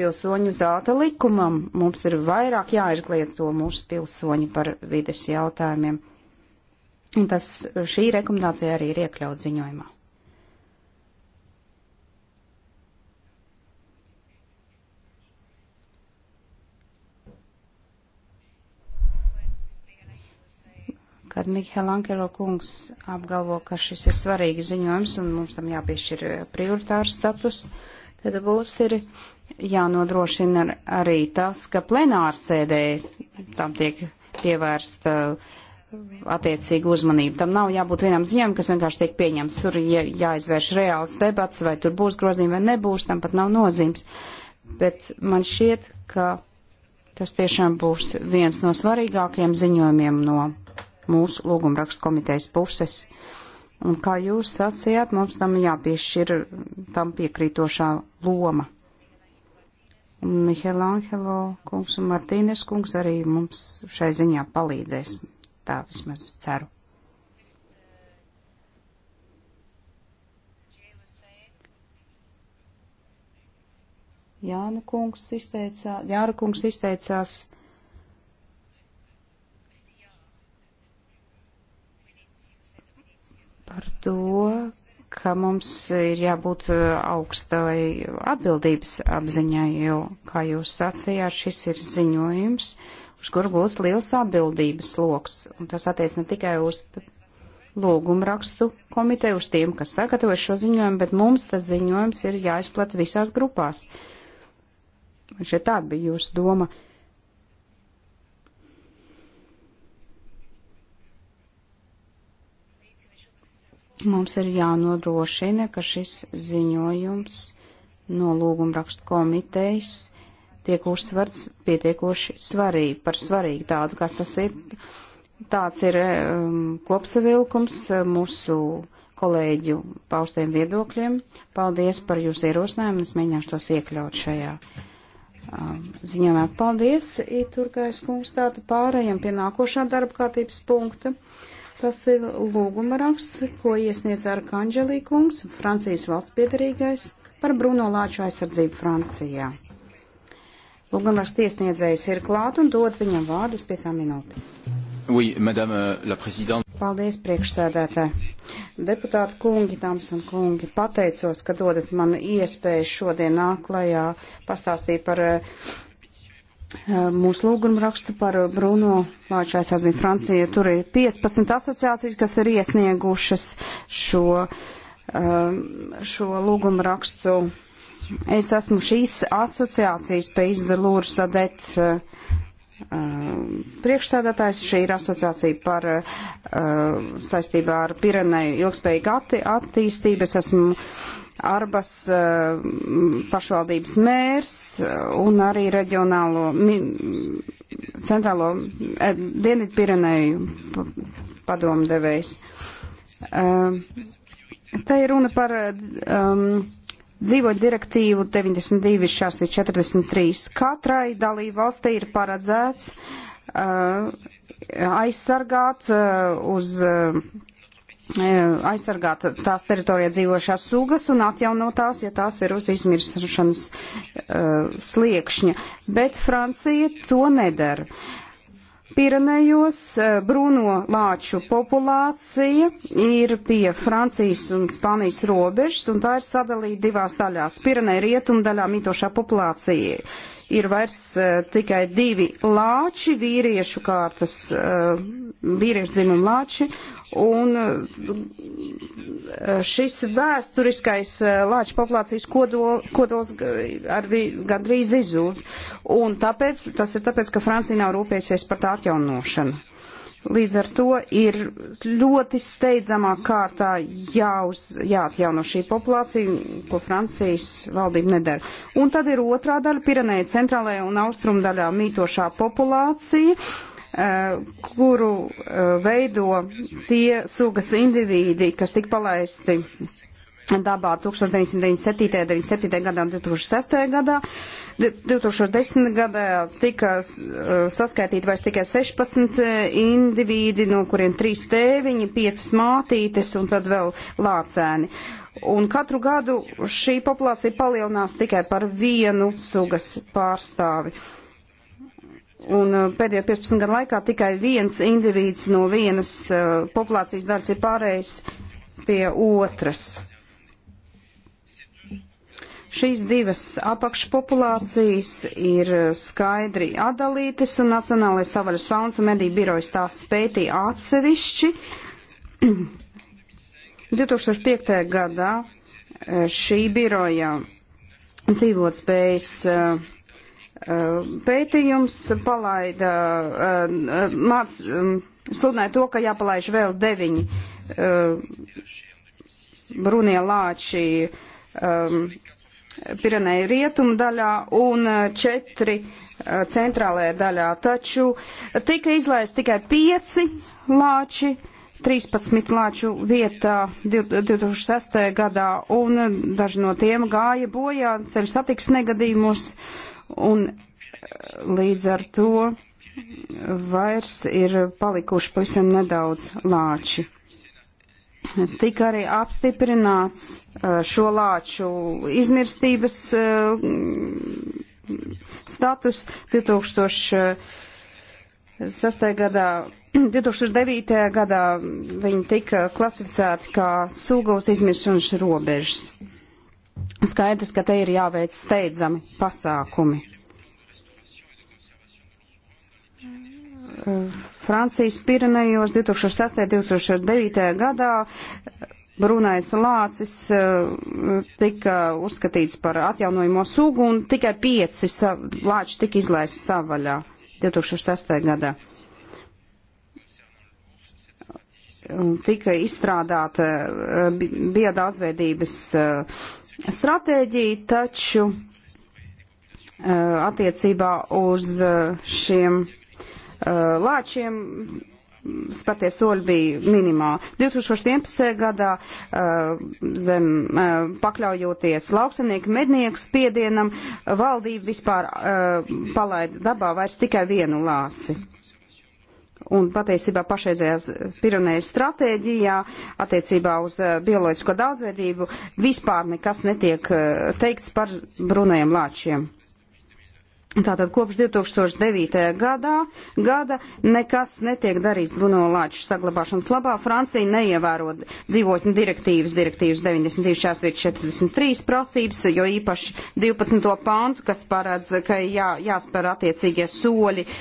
pilsoņu zelta likumam. Mums ir vairāk jāizglieto mūsu pilsoņi par vides jautājumiem. Un tas šī rekomendācija arī ir iekļaut ziņojumā. kad Mihēl Ankelo kungs apgalvo, ka šis ir svarīgi ziņojums un mums tam jāpiešķir eh, prioritārs status, tad būs ir jānodrošina arī tas, ka plenārsēdē tam tiek pievērsta eh, attiecīga uzmanība. Tam nav jābūt vienam ziņam, kas vienkārši tiek pieņemts. Tur jā, jāizvērš reāls debats, vai tur būs grozījumi vai nebūs, tam pat nav nozīmes. Bet man šķiet, ka tas tiešām būs viens no svarīgākajiem ziņojumiem no mūsu lūgumrakstu komitejas puses. Un kā jūs sacījāt, mums tam jāpiešķir tam piekrītošā loma. Mihēl Angelo kungs un Martīnes kungs arī mums šai ziņā palīdzēs. Tā vismaz ceru. Jāna kungs izteicās, Jāra kungs izteicās par to, ka mums ir jābūt uh, augstai atbildības apziņai, jo, kā jūs sacījāt, šis ir ziņojums, uz kuru būs liels atbildības loks. Un tas attiec ne tikai uz lūgumu rakstu komiteju, uz tiem, kas sagatavo šo ziņojumu, bet mums tas ziņojums ir jāizplat visās grupās. Un šeit tāda bija jūsu doma. Uh, Mums ir jānodrošina, ka šis ziņojums no lūgumrakstu komitejas tiek uztverts pietiekoši svarīgi, par svarīgu tādu, kas tas ir. Tāds ir um, kopsavilkums uh, mūsu kolēģu paustiem viedokļiem. Paldies par jūsu ierosinājumu, es mēģināšu tos iekļaut šajā um, ziņojumā. Paldies, Iturgais kungs, tātad pārējiem pie nākošā darba kārtības punkta. Uh, Tas ir lūguma raksts, ko iesniedz Arkanģelī kungs, Francijas valsts piedarīgais, par Bruno Lāču aizsardzību Francijā. Lūguma raksts iesniedzējs ir klāt un dod viņam vārdu uz piecām minūtēm. Oui, madame euh, la présidente. Paldies, priekšsēdētāji. Deputāti kungi, dāmas un kungi, pateicos, ka dodat man iespēju šodien nāklajā pastāstīt par uh, Eh, mūsu lūgumu rakstu par Bruno Vāčā sazinu Franciju. Tur ir 15 asociācijas, kas ir iesniegušas šo, eh, šo lūgumu rakstu. Es esmu šīs asociācijas pēc Lūras Adet eh, priekšstādātājs. Šī ir asociācija par saistībā ar Pireneju ilgspējīgu attīstību. Es esmu Arbas eh, pašvaldības mērs eh, un arī reģionālo centrālo eh, Dienvidpirenēju padomdevējs. Te ir runa par um, dzīvoļu direktīvu 92 šās ir 43. Katrai dalību valstī ir paredzēts uh, aizsargāt uh, uz. Uh, E, aizsargāt tās teritorijā dzīvošās sugas un atjaunot tās, ja tās ir uz izmiršanas uh, sliekšņa. Bet Francija to nedara. Pirenejos uh, e, brūno lāču populācija ir pie Francijas un Spānijas robežas, un tā ir sadalīta divās daļās. Pireneja rietumdaļā mītošā populācija ir vairs uh, tikai divi lāči, vīriešu kārtas, uh, vīriešu dzimuma lāči, un uh, šis vēsturiskais uh, lāču populācijas kodol, kodols arvi gandrīz izzūd. Un tāpēc, tas ir tāpēc, ka Francija nav rūpējusies par tā atjaunošanu. Līdz ar to ir ļoti steidzamā kārtā jāuz, jāatjauno šī populācija, ko Francijas valdība nedara. Un tad ir otrā daļa, Pirenēja centrālajā un austrumu daļā mītošā populācija, eh, kuru eh, veido tie sugas indivīdi, kas tika palaisti dabā 1997. 97. gadā un 2006. gadā. 2010. gadā tika uh, saskaitīti vairs tikai 16 uh, indivīdi, no kuriem 3 tēviņi, 5 mātītes un tad vēl lācēni. Un katru gadu šī populācija palielinās tikai par vienu sugas pārstāvi. Un uh, pēdējo 15 gadu laikā tikai viens indivīds no vienas populācijas daļas ir pārējis pie otras. Šīs divas apakšpopulācijas ir skaidri atdalītas, un Nacionālais savaļas fauns un mediju birojas tās pētīja atsevišķi. 2005. gadā eh, šī biroja dzīvotspējas uh, eh, eh, pētījums palaida, uh, māc, um, sludināja to, ka jāpalaiž vēl deviņi uh, brunie lāči um, Pirenei rietumu daļā un eh, četri eh, centrālajā daļā, taču tika izlaist tikai pieci lāči, 13 lāču vietā 2006. gadā, un eh, daži no tiem gāja bojā ceļu satiks negadījumus, un līdz ar to vairs ir palikuši pavisam nedaudz lāči tika arī apstiprināts uh, šo lāču izmirstības uh, status 2006. Uh, gadā. 2009. gadā viņi tika klasificēti kā suga uz izmiršanas robežas. Skaidrs, ka te ir jāveic steidzami pasākumi. Uh Francijas Pirenejos 2008-2009. gadā brūnais lācis eh, tika uzskatīts par atjaunojamo sugu un tikai pieci lāči tika izlaists savaļā 2006. gadā. Tika izstrādāta eh, biodaudzveidības eh, stratēģija, taču attiecībā uz šiem Uh, lāčiem spatie soļi bija minimāli. 2011. gadā uh, zem uh, pakļaujoties lauksanieku mednieku spiedienam, valdība vispār palaida dabā vairs tikai vienu lāci. Un patiesībā pašreizējās Pironēja stratēģijā attiecībā uz bioloģisko daudzveidību vispār nekas netiek teikts par brunējiem lāčiem. Tātad kopš 2009. gadā, gada nekas netiek darīts Bruno Lāča saglabāšanas labā. Francija neievēro dzīvotņu direktīvas, direktīvas 93.43 prasības, jo īpaši 12. pāntu, kas paredz, ka jā, jāspēr attiecīgie soļi uh,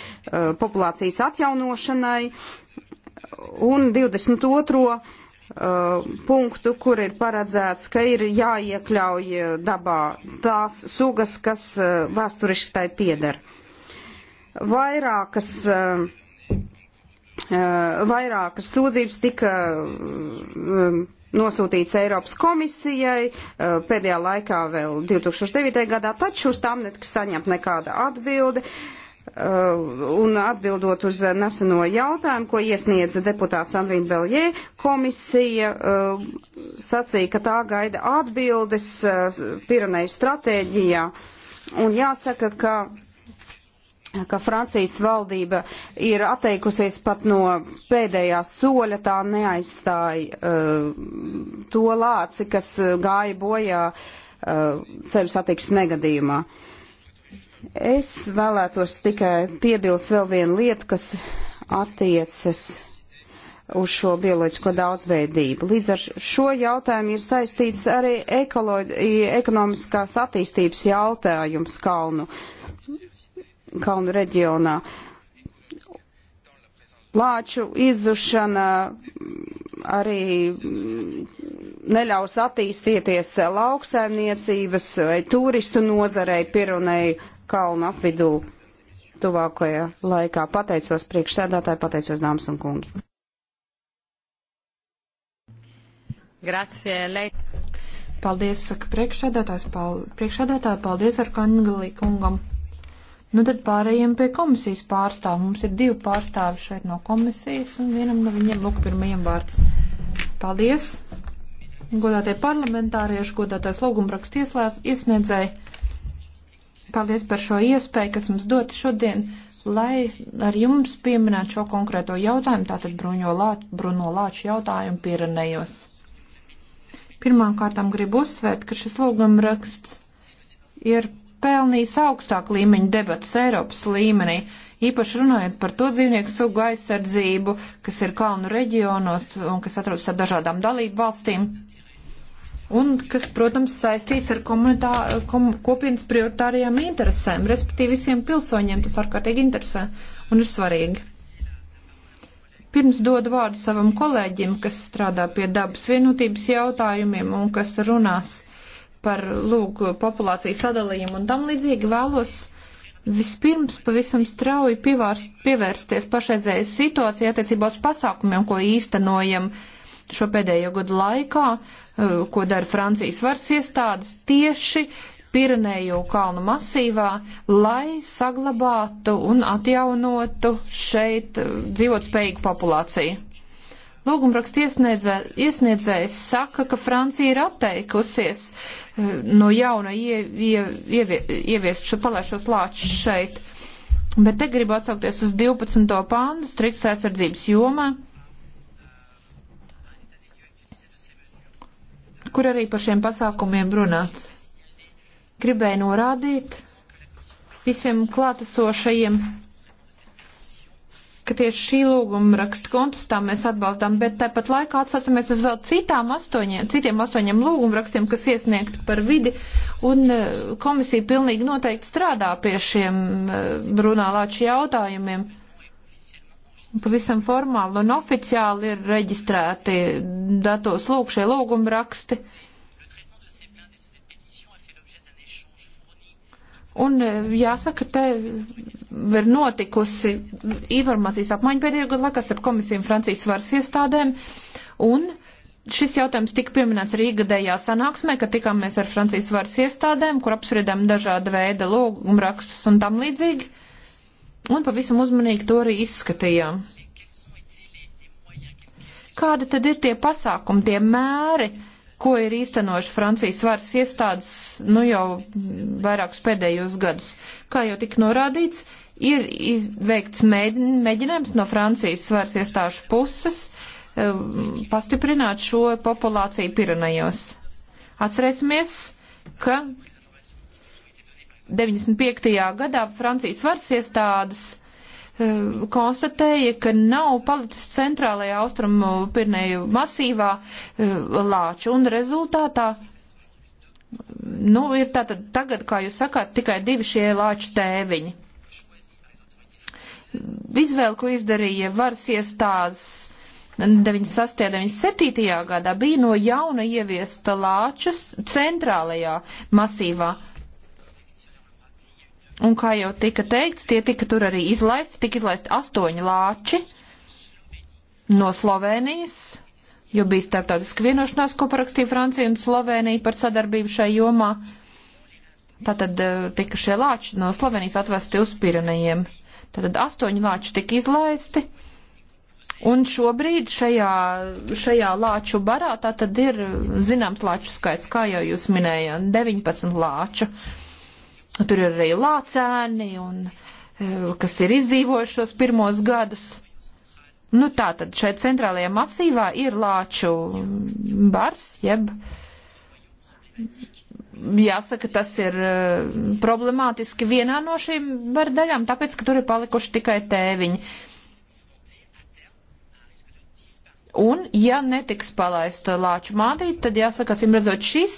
populācijas atjaunošanai, un 22. Uh, punktu, kur ir paredzēts, ka ir jāiekļauj uh, dabā tās sugas, kas uh, vēsturiski tai pieder. Vairākas, vairākas sūdzības tika um, nosūtīts Eiropas komisijai pēdējā laikā vēl 2009. gadā, taču uz tām netika saņemt nekāda atbilde. Uh, Uh, un atbildot uz neseno jautājumu, ko iesniedza deputāts Andrīna Beljē, komisija uh, sacīja, ka tā gaida atbildes uh, Pirenei stratēģijā. Un jāsaka, ka ka Francijas valdība ir atteikusies pat no pēdējā soļa, tā neaizstāja uh, to lāci, kas uh, gāja bojā uh, ceļu satiksmes negadījumā. Uh, Es vēlētos tikai piebilst vēl vienu lietu, kas attiecas uz šo bioloģisko daudzveidību. Līdz ar šo jautājumu ir saistīts arī ekonomiskās attīstības jautājums kalnu, kalnu reģionā. Lāču izzušana arī neļaus attīstīties lauksaimniecības vai turistu nozarei Pirunei kalnu apvidū tuvākajā laikā. Pateicos priekšsēdētāji, pateicos dāmas un kungi. Grazie, Leit. Paldies, saka priekšsēdētājs. Pal, priekšsēdētāji, paldies ar Kangalī kungam. Nu tad pārējiem pie komisijas pārstāv. Mums ir divi pārstāvi šeit no komisijas un vienam no viņiem lūk pirmajam vārds. Paldies. Godātie parlamentārieši, godātais lūgumraksts iesniedzēji. Paldies par šo iespēju, kas mums dot šodien, lai ar jums pieminētu šo konkrēto jautājumu, tātad lāč, Bruno Lāču jautājumu Pirenejos. Pirmkārtām gribu uzsvērt, ka šis lūgumraksts ir pelnījis augstāk līmeņa debatas Eiropas līmenī, īpaši runājot par to dzīvnieku sugu aizsardzību, kas ir kalnu reģionos un kas atrodas ar dažādām dalību valstīm un kas, protams, saistīts ar komunitā, kom, kopienas prioritārajām interesēm, respektīvi visiem pilsoņiem tas ārkārtīgi interesē un ir svarīgi. Pirms dodu vārdu savam kolēģim, kas strādā pie dabas vienotības jautājumiem un kas runās par, lūk, populāciju sadalījumu un tam līdzīgi vēlos vispirms pavisam strauji pievārst, pievērsties pašreizējai situācijai attiecībā uz pasākumiem, ko īstenojam šo pēdējo gadu laikā Eh, ko dara Francijas varas iestādes tieši Pirenēju kalnu masīvā, lai saglabātu un atjaunotu šeit eh, dzīvotspējīgu populāciju. Lūgumraksta iesniedzējs saka, ka Francija ir atteikusies eh, no jauna ie, ie, ievie, ieviest šo palaišos lāčus šeit, bet te gribu atsaukties uz 12. pāndu strikts aizsardzības jomā kur arī par šiem pasākumiem runāts. Gribēju norādīt visiem klātesošajiem, ka tieši šī lūguma raksta kontestā mēs atbalstām, bet tāpat laikā atsaucamies uz vēl citām astoņiem, citiem astoņiem lūguma rakstiem, kas iesniegti par vidi, un eh, komisija pilnīgi noteikti strādā pie šiem eh, runālāču jautājumiem pavisam formāli un oficiāli ir reģistrēti datos lūk šie lūguma raksti. Un e, jāsaka, te ir notikusi informācijas apmaiņa pēdējo gadu laikā starp komisiju un Francijas varas iestādēm. Un šis jautājums tika pieminēts arī gadējā sanāksmē, kad tikāmies ar Francijas varas iestādēm, kur apspriedām dažāda veida lūgumrakstus un tam līdzīgi. Uh, un pavisam uzmanīgi to arī izskatījām. Kādi tad ir tie pasākumi, tie mēri, ko ir īstenojuši Francijas varas iestādes nu jau vairākus pēdējos gadus? Kā jau tik norādīts, ir veikts mēģinājums no Francijas varas iestāžu puses um, pastiprināt šo populāciju Pirenejos. Atcerēsimies, ka 95. gadā Francijas varas iestādes eh, konstatēja, ka nav palicis centrālajā austrumu pirnēju masīvā eh, lāču un rezultātā. Nu, ir tātad tagad, kā jūs sakāt, tikai divi šie lāču tēviņi. Izvēle, ko izdarīja varas iestādes 96. un 97. gadā, bija no jauna ieviesta lāčas centrālajā masīvā Un kā jau tika teikts, tie tika tur arī izlaisti, tika izlaisti astoņi lāči no Slovenijas, jo bija starptautiska vienošanās, ko parakstīja Francija un Slovenija par sadarbību šai jomā. Tātad eh, tika šie lāči no Slovenijas atvesti uz Pirenejiem. Tātad astoņi lāči tika izlaisti. Un šobrīd šajā, šajā lāču barā tātad ir zināms lāču skaits, kā jau jūs minējāt, 19 lāču. Uh, Nu, tur ir arī lācēni, un, e, kas ir izdzīvojuši šos pirmos gadus. Nu tā tad šeit centrālajā masīvā ir lāču bars, jeb jāsaka, tas ir e, problemātiski vienā no šīm bardaļām, tāpēc, ka tur ir palikuši tikai tēviņi. Un, ja netiks palaista lāču mādīt, tad jāsaka, acīm redzot, šis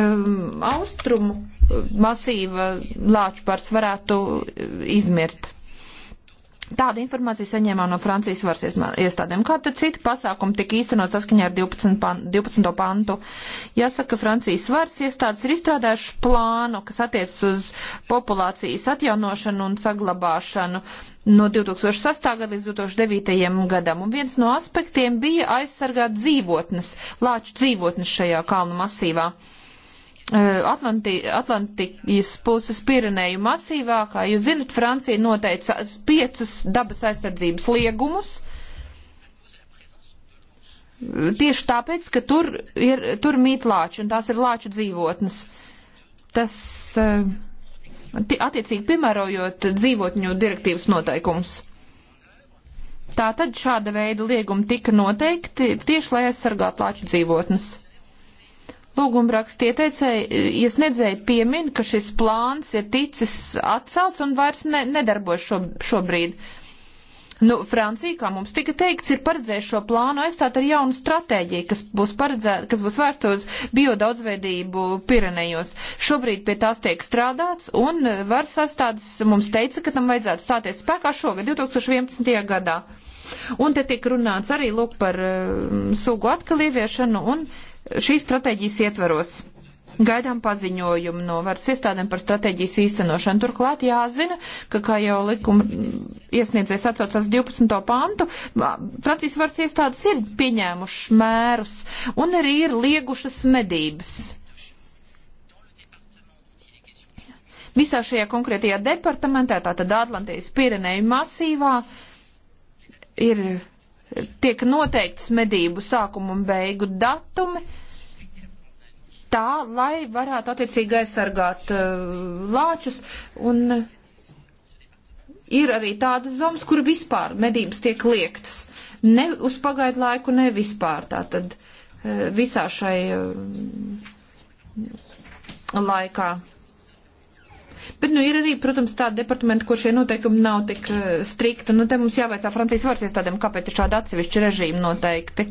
um, austrumu uh, masīva lāču pārs varētu uh, izmirt. Tādu informāciju saņēmām no Francijas varas iestādēm. Kāda cita pasākuma tika īstenot saskaņā ar 12. Pan, 12. pantu? Jāsaka, Francijas varas iestādes ir izstrādājuši plānu, kas attiec uz populācijas atjaunošanu un saglabāšanu no 2008. gada līdz 2009. gadam. Un viens no aspektiem bija aizsargāt dzīvotnes, lāču dzīvotnes šajā kalnu masīvā. Atlanti, Atlantijas puses Pirenēju masīvā, kā jūs zinat, Francija noteica piecus dabas aizsardzības liegumus. Tieši tāpēc, ka tur, ir, tur mīt lāči, un tās ir lāču dzīvotnes. Tas attiecīgi piemērojot dzīvotņu direktīvas noteikumus. Tā tad šāda veida liegumi tika noteikti tieši, lai aizsargātu lāču dzīvotnes. Lūgumraksta ieteicēji, iesniedzēji piemin, ka šis plāns ir ticis atcelts un vairs ne, nedarbojas šo, šobrīd. Nu, Francija, kā mums tika teikts, ir paredzējuši šo plānu aizstāt ar jaunu stratēģiju, kas būs, paredzē, kas būs vērsta uz biodaudzveidību Pirenejos. Šobrīd pie tās tiek strādāts, un varas astādes mums teica, ka tam vajadzētu stāties spēkā šogad, 2011. gadā. Un te tiek runāts arī, lūk, par uh, sugu atkal ieviešanu un. Uh, šīs stratēģijas ietvaros. Gaidām paziņojumu no varas iestādēm par stratēģijas īstenošanu. Turklāt jāzina, ka, kā jau likuma iesniedzējs atsaucās 12. pantu, Francijas varas iestādes ir pieņēmušas mērus un arī ir liegušas medības. Visā šajā konkrētajā departamentā, tātad Atlantijas Pirenēju masīvā, ir tiek noteikts medību sākumu un beigu datumi, tā, lai varētu attiecīgi aizsargāt uh, lāčus. Un ir arī tādas zonas, kur vispār medības tiek liektas. Ne uz pagaidu laiku, ne vispār. Tātad uh, visā šai uh, laikā. Bet, nu, ir arī, protams, tādi departamenti, kur šie noteikumi nav tik eh, strikti. Nu, te mums jāveicā Francijas varas iestādēm, kāpēc ir šādi atsevišķi režīmi noteikti.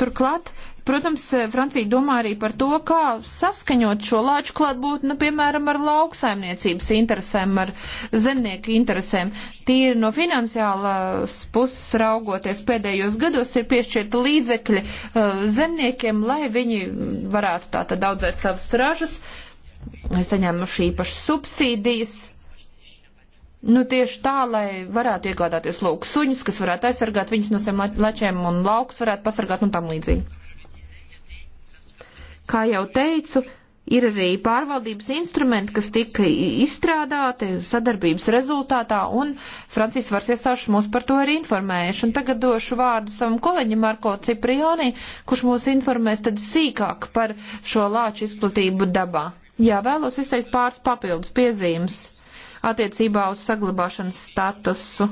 Turklāt, protams, eh, Francija domā arī par to, kā saskaņot šo lāču klātbūtni, nu, piemēram, ar lauksaimniecības interesēm, ar zemnieku interesēm. Tīri no finansiālas puses raugoties pēdējos gados ir piešķirta līdzekļi uh, zemniekiem, lai viņi varētu tātad audzēt savas ražas. Uh, saņēmuši īpašas subsīdijas. Nu, tieši tā, lai varētu iegādāties lūk suņus, kas varētu aizsargāt viņus no saviem lečiem un laukus varētu pasargāt un tam līdzīgi. Kā jau teicu, ir arī pārvaldības instrumenti, kas tika izstrādāti sadarbības rezultātā, un Francijas varas iestāžas mūs par to ir informējuši. Un tagad došu vārdu savam kolēģim Marko Ciprioni, kurš mūs informēs tad sīkāk par šo lāču izplatību dabā. Jā, vēlos izteikt pāris papildus piezīmes attiecībā uz saglabāšanas statusu.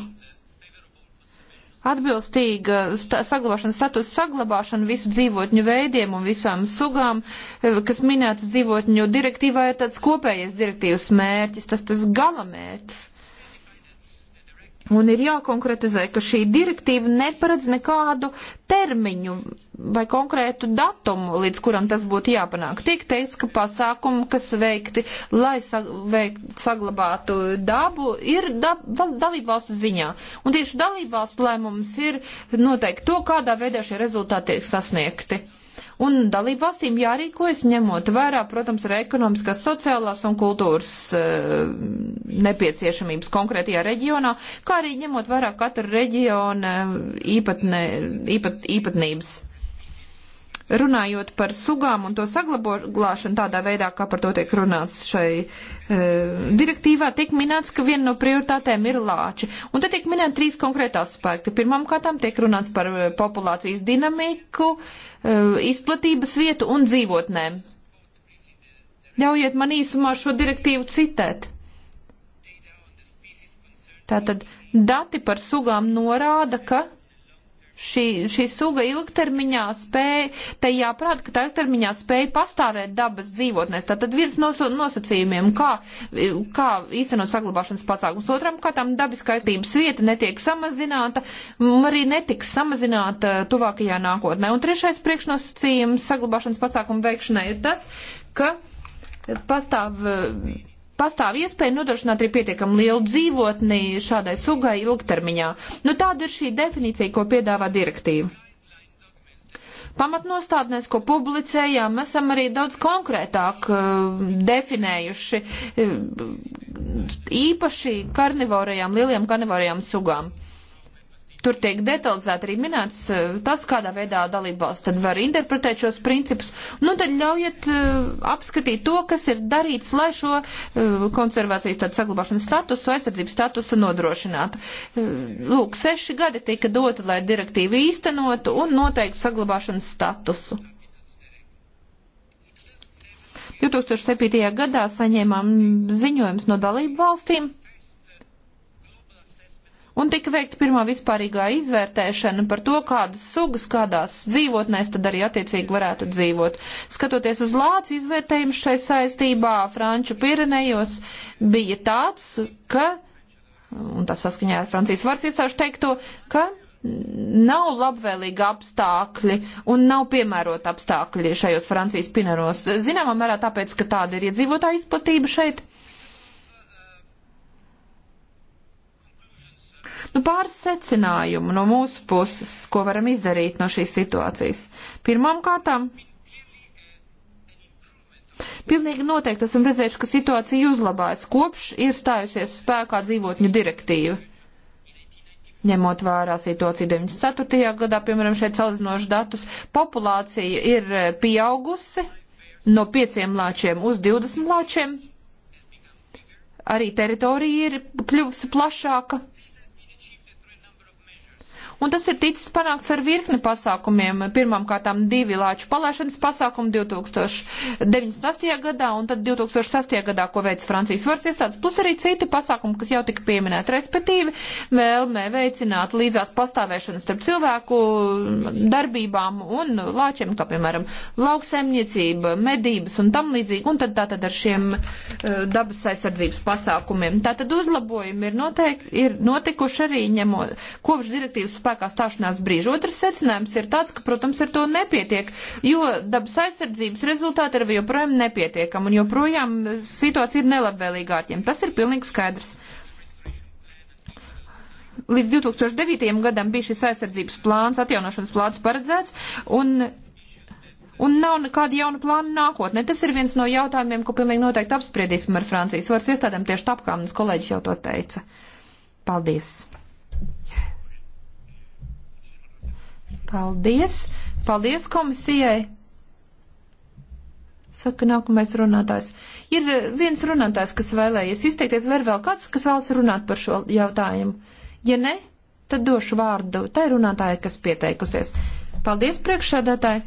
Atbilstīga sta saglabāšanas statusa saglabāšana visu dzīvotņu veidiem un visām sugām, eh, kas minētas dzīvotņu direktīvā, ir tāds kopējais direktīvas mērķis, tas tas galamērķis Un ir jākonkretizē, ka šī direktīva neparedz nekādu termiņu vai konkrētu datumu, līdz kuram tas būtu jāpanāk. Tiek teikts, ka pasākumi, kas veikti, lai sag veikt, saglabātu dabu, ir dab dalību valstu ziņā. Un tieši dalību valstu lēmums ir noteikti to, kādā veidā šie rezultāti tiek sasniegti un dalību valstīm jārīkojas ņemot vērā, protams, arī ekonomiskās, sociālās un kultūras e, nepieciešamības konkrētajā reģionā, kā arī ņemot vērā katra reģiona e, īpatne, īpat, īpatnības. Runājot par sugām un to saglabāšanu tādā veidā, kā par to tiek runāts šai e, direktīvā, tiek minēts, ka viena no prioritātēm ir lāči. Un te tiek minēti trīs konkrēti aspekti. Pirmām kārtām tiek runāts par e, populācijas dinamiku, e, izplatības vietu un dzīvotnēm. Ļaujiet man īsumā šo direktīvu citēt. Tātad dati par sugām norāda, ka šī, šī suga ilgtermiņā spēja, tai jāprāt, ka tā ilgtermiņā spēja pastāvēt dabas dzīvotnēs. Tātad viens no nosacījumiem, kā, kā īstenot saglabāšanas pasākums, otram, kā tam dabas kaitības vieta netiek samazināta, arī netiks samazināta tuvākajā nākotnē. Un trešais priekšnosacījums saglabāšanas pasākumu veikšanai ir tas, ka pastāv pastāv iespēja nodrošināt arī pietiekami lielu dzīvotni šādai sugai ilgtermiņā. Nu, tāda ir šī definīcija, ko piedāvā direktīva. Pamatnostādnēs, ko publicējām, esam arī daudz konkrētāk uh, definējuši uh, īpaši karnivorajām, lielajām karnivorajām sugām. Uh, Tur tiek detalizēti arī minēts eh, tas, kādā veidā dalībvalsts tad var interpretēt šos principus. Nu, tad ļaujiet eh, apskatīt to, kas ir darīts, lai šo eh, konservācijas tādu saglabāšanas statusu, aizsardzības statusu nodrošinātu. Lūk, seši gadi tika doti, lai direktīvu īstenotu un noteiktu saglabāšanas statusu. 2007. gadā saņēmām ziņojums no dalību valstīm un tika veikta pirmā vispārīgā izvērtēšana par to, kādas sugas, kādās dzīvotnēs tad arī attiecīgi varētu dzīvot. Skatoties uz lācu izvērtējumu šai saistībā, Franču Pirenejos bija tāds, ka, un tas saskaņā ar Francijas varas iestāžu teikto, ka nav labvēlīgi apstākļi un nav piemērot apstākļi šajos Francijas pineros. Zināmā mērā tāpēc, ka tāda ir iedzīvotāja izplatība šeit. Uh, Nu, pāris secinājumu no mūsu puses, ko varam izdarīt no šīs situācijas. Pirmām kārtām. Pilnīgi noteikti esam redzējuši, ka situācija uzlabājas kopš ir stājusies spēkā dzīvotņu direktīva. Ņemot vērā situāciju 94. gadā, piemēram, šeit salīdzinoši datus, populācija ir eh, pieaugusi no 5 lāčiem uz 20 lāčiem. Arī teritorija ir kļuvusi plašāka. Un tas ir ticis panākts ar virkni pasākumiem. Pirmkārtām divi lāču palaišanas pasākumi 2098. gadā un tad 2008. gadā, ko veids Francijas varas iestādes, plus arī citi pasākumi, kas jau tika pieminēti, respektīvi vēlmē veicināt līdzās pastāvēšanas starp cilvēku darbībām un lāčiem, kā piemēram lauksaimniecība, medības un tam līdzīgi, un tad tātad ar šiem uh, dabas aizsardzības pasākumiem. Tātad uzlabojumi ir, noteikti, ir notikuši arī ņemot kopš direktīvas spēkā stāšanās brīža. Otrs secinājums ir tāds, ka, protams, ar to nepietiek, jo dabas aizsardzības rezultāti ir joprojām nepietiekami un joprojām situācija ir nelabvēlīga ārķiem. Tas ir pilnīgi skaidrs. Līdz 2009. gadam bija šis aizsardzības plāns, atjaunošanas plāns paredzēts, un un nav nekāda jauna plāna nākotnē. Tas ir viens no jautājumiem, ko pilnīgi noteikti apspriedīsim ar Francijas varas iestādēm, tieši tāpēc, kā mans kolēģis jau to teica. Paldies! Paldies! Paldies komisijai! Saka nākamais runātājs. Ir eh, viens runātājs, kas vēlējies izteikties, vai ir vēl kāds, kas vēlas runāt par šo jautājumu? Ja ne, tad došu vārdu tai runātājai, kas pieteikusies. Paldies, priekšsēdētāji!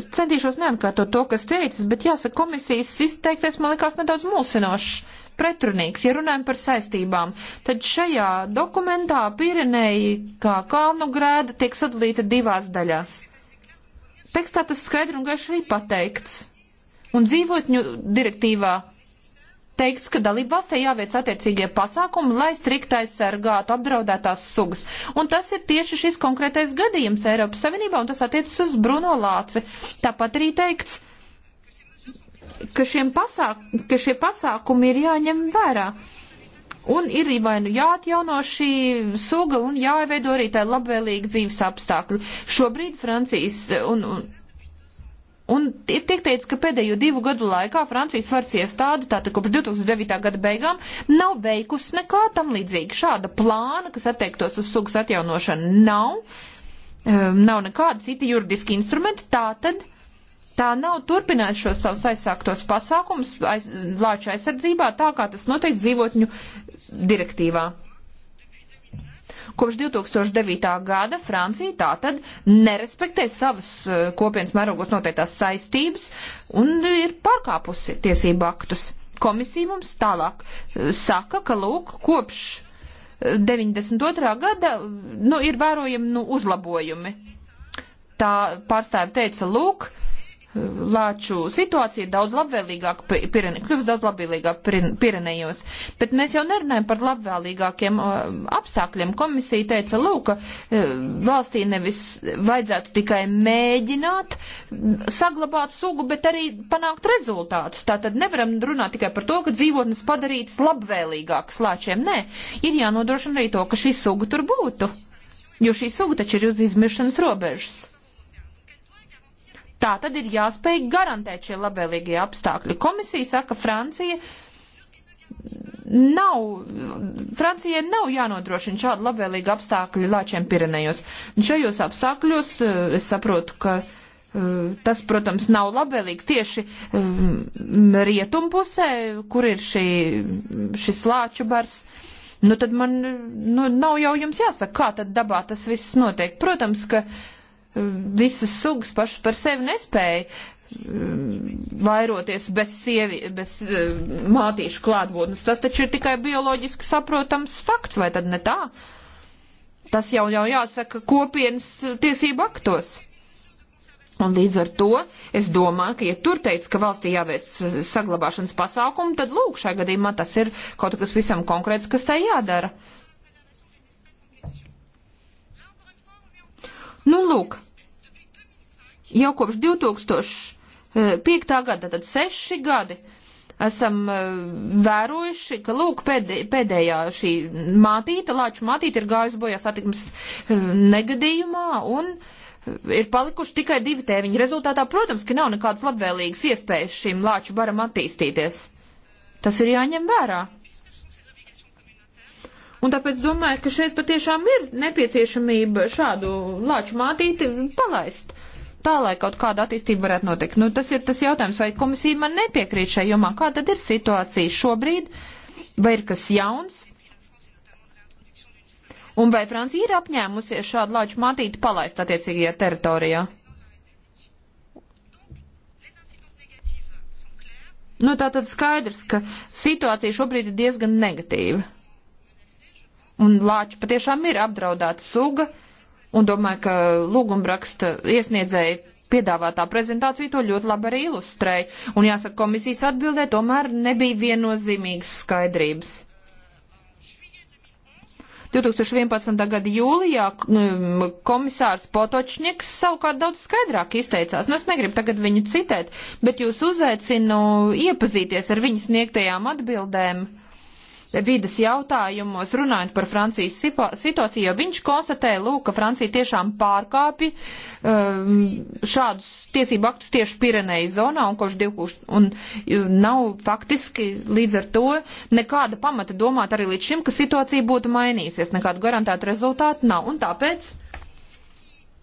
Es centīšos neatkārtot to, kas teicis, bet jāsaka, komisijas izteikties man likās nedaudz mulsinošs pretrunīgs. Ja runājam par saistībām, tad šajā dokumentā Pirenei kā kalnu grēda tiek sadalīta divās daļās. Tekstā tas skaidri un gaiši arī pateikts. Un dzīvotņu direktīvā teikts, ka dalībvalstī jāveic attiecīgie pasākumi, lai strikt aizsargātu apdraudētās sugas. Un tas ir tieši šis konkrētais gadījums Eiropas Savienībā, un tas attiecas uz Bruno Lāci. Tāpat arī teikts, ka, pasāk, ka šie pasākumi ir jāņem vērā. Un ir vai nu jāatjauno šī suga un jāveido arī tā labvēlīga dzīves apstākļi. Šobrīd Francijas un, un Un ir tiek teikts, ka pēdējo divu gadu laikā Francijas varas iestāde, tātad kopš 2009. gada beigām, nav veikusi nekā tam līdzīga. Šāda plāna, kas attiektos uz sugas atjaunošanu, nav. Um, nav nekāda cita juridiska instrumenta. Tātad tā nav turpinājusi šos savus aizsāktos pasākumus aiz, lāča aizsardzībā, tā kā tas noteikti dzīvotņu direktīvā. Kopš 2009. gada Francija tā tad nerespektē savas eh, kopienas mērogos noteiktās saistības un ir pārkāpusi tiesību aktus. Komisija mums tālāk eh, saka, ka lūk, kopš 92. Eh, gada nu, ir vērojami nu, uzlabojumi. Tā pārstāve teica, lūk, uh, Lāču situācija ir daudz labvēlīgāka, kļūst daudz labvēlīgāka Pirenejos, bet mēs jau nerunājam par labvēlīgākiem uh, apstākļiem. Komisija teica, lūk, ka uh, valstī nevis vajadzētu tikai mēģināt saglabāt sugu, bet arī panākt rezultātus. Tātad nevaram runāt tikai par to, ka dzīvotnes padarītas labvēlīgākas lāčiem. Nē, ir jānodrošina arī to, ka šī suga tur būtu, jo šī suga taču ir uz izmiršanas robežas. Tā tad ir jāspēj garantēt šie labvēlīgie apstākļi. Komisija saka, Francija nav, Francijai nav jānodrošina šādi labvēlīgi apstākļi Lāčiem Pirenejos. Un šajos apstākļos eh, es saprotu, ka eh, tas, protams, nav labvēlīgs tieši eh, rietumpusē, kur ir šī, šis Lāču bars. Nu, tad man nu, nav jau jums jāsaka, kā tad dabā tas viss notiek. Protams, ka uh, visas sugas pašas par sevi nespēja mm, vairoties bez, sievi, bez mm, mātīšu klātbūtnes. Tas taču ir tikai bioloģiski saprotams fakts, vai tad ne tā? Tas jau jau jāsaka kopienas tiesību aktos. Un līdz ar to es domāju, ka, ja tur teica, ka valstī jāveic saglabāšanas pasākumu, tad lūk, šajā gadījumā tas ir kaut kas visam konkrēts, kas tai jādara. Uh, Nu, lūk, jau kopš 2005. gada, tad seši gadi, esam e, vērojuši, ka, lūk, pēdējā šī mātīta, lāča mātīta ir gājusi bojā satikmes e, negadījumā un e, ir palikuši tikai divi tēviņi. Rezultātā, protams, ka nav nekādas labvēlīgas iespējas šīm lāču baram attīstīties. Tas ir jāņem vērā. Un tāpēc domāju, ka šeit patiešām ir nepieciešamība šādu lāču mātīti palaist. Tā, lai kaut kāda attīstība varētu notikt. Nu, tas ir tas jautājums, vai komisija man nepiekrīt šai jomā. Kā tad ir situācija šobrīd? Vai ir kas jauns? Un vai Francija ir apņēmusies šādu lāču mātīti palaist attiecīgajā teritorijā? Nu, tā tad skaidrs, ka situācija šobrīd ir diezgan negatīva. Un lāči patiešām ir apdraudēta suga, un domāju, ka lūgumraksta iesniedzēji piedāvātā prezentācija to ļoti labi arī ilustrēja. Un jāsaka, komisijas atbildē tomēr nebija viennozīmīgas skaidrības. 2011. gada jūlijā mm, komisārs Potočņiks savukārt daudz skaidrāk izteicās. Nu, es negribu tagad viņu citēt, bet jūs uzaicinu iepazīties ar viņas sniegtajām atbildēm. Uh, vidas jautājumos, runājot par Francijas situāciju, jo viņš konstatēja, lūk, ka Francija tiešām pārkāpi um, šādus tiesību aktus tieši Pirenei zonā un kopš 2000, un nav faktiski līdz ar to nekāda pamata domāt arī līdz šim, ka situācija būtu mainījusies, nekādu garantētu rezultātu nav, un tāpēc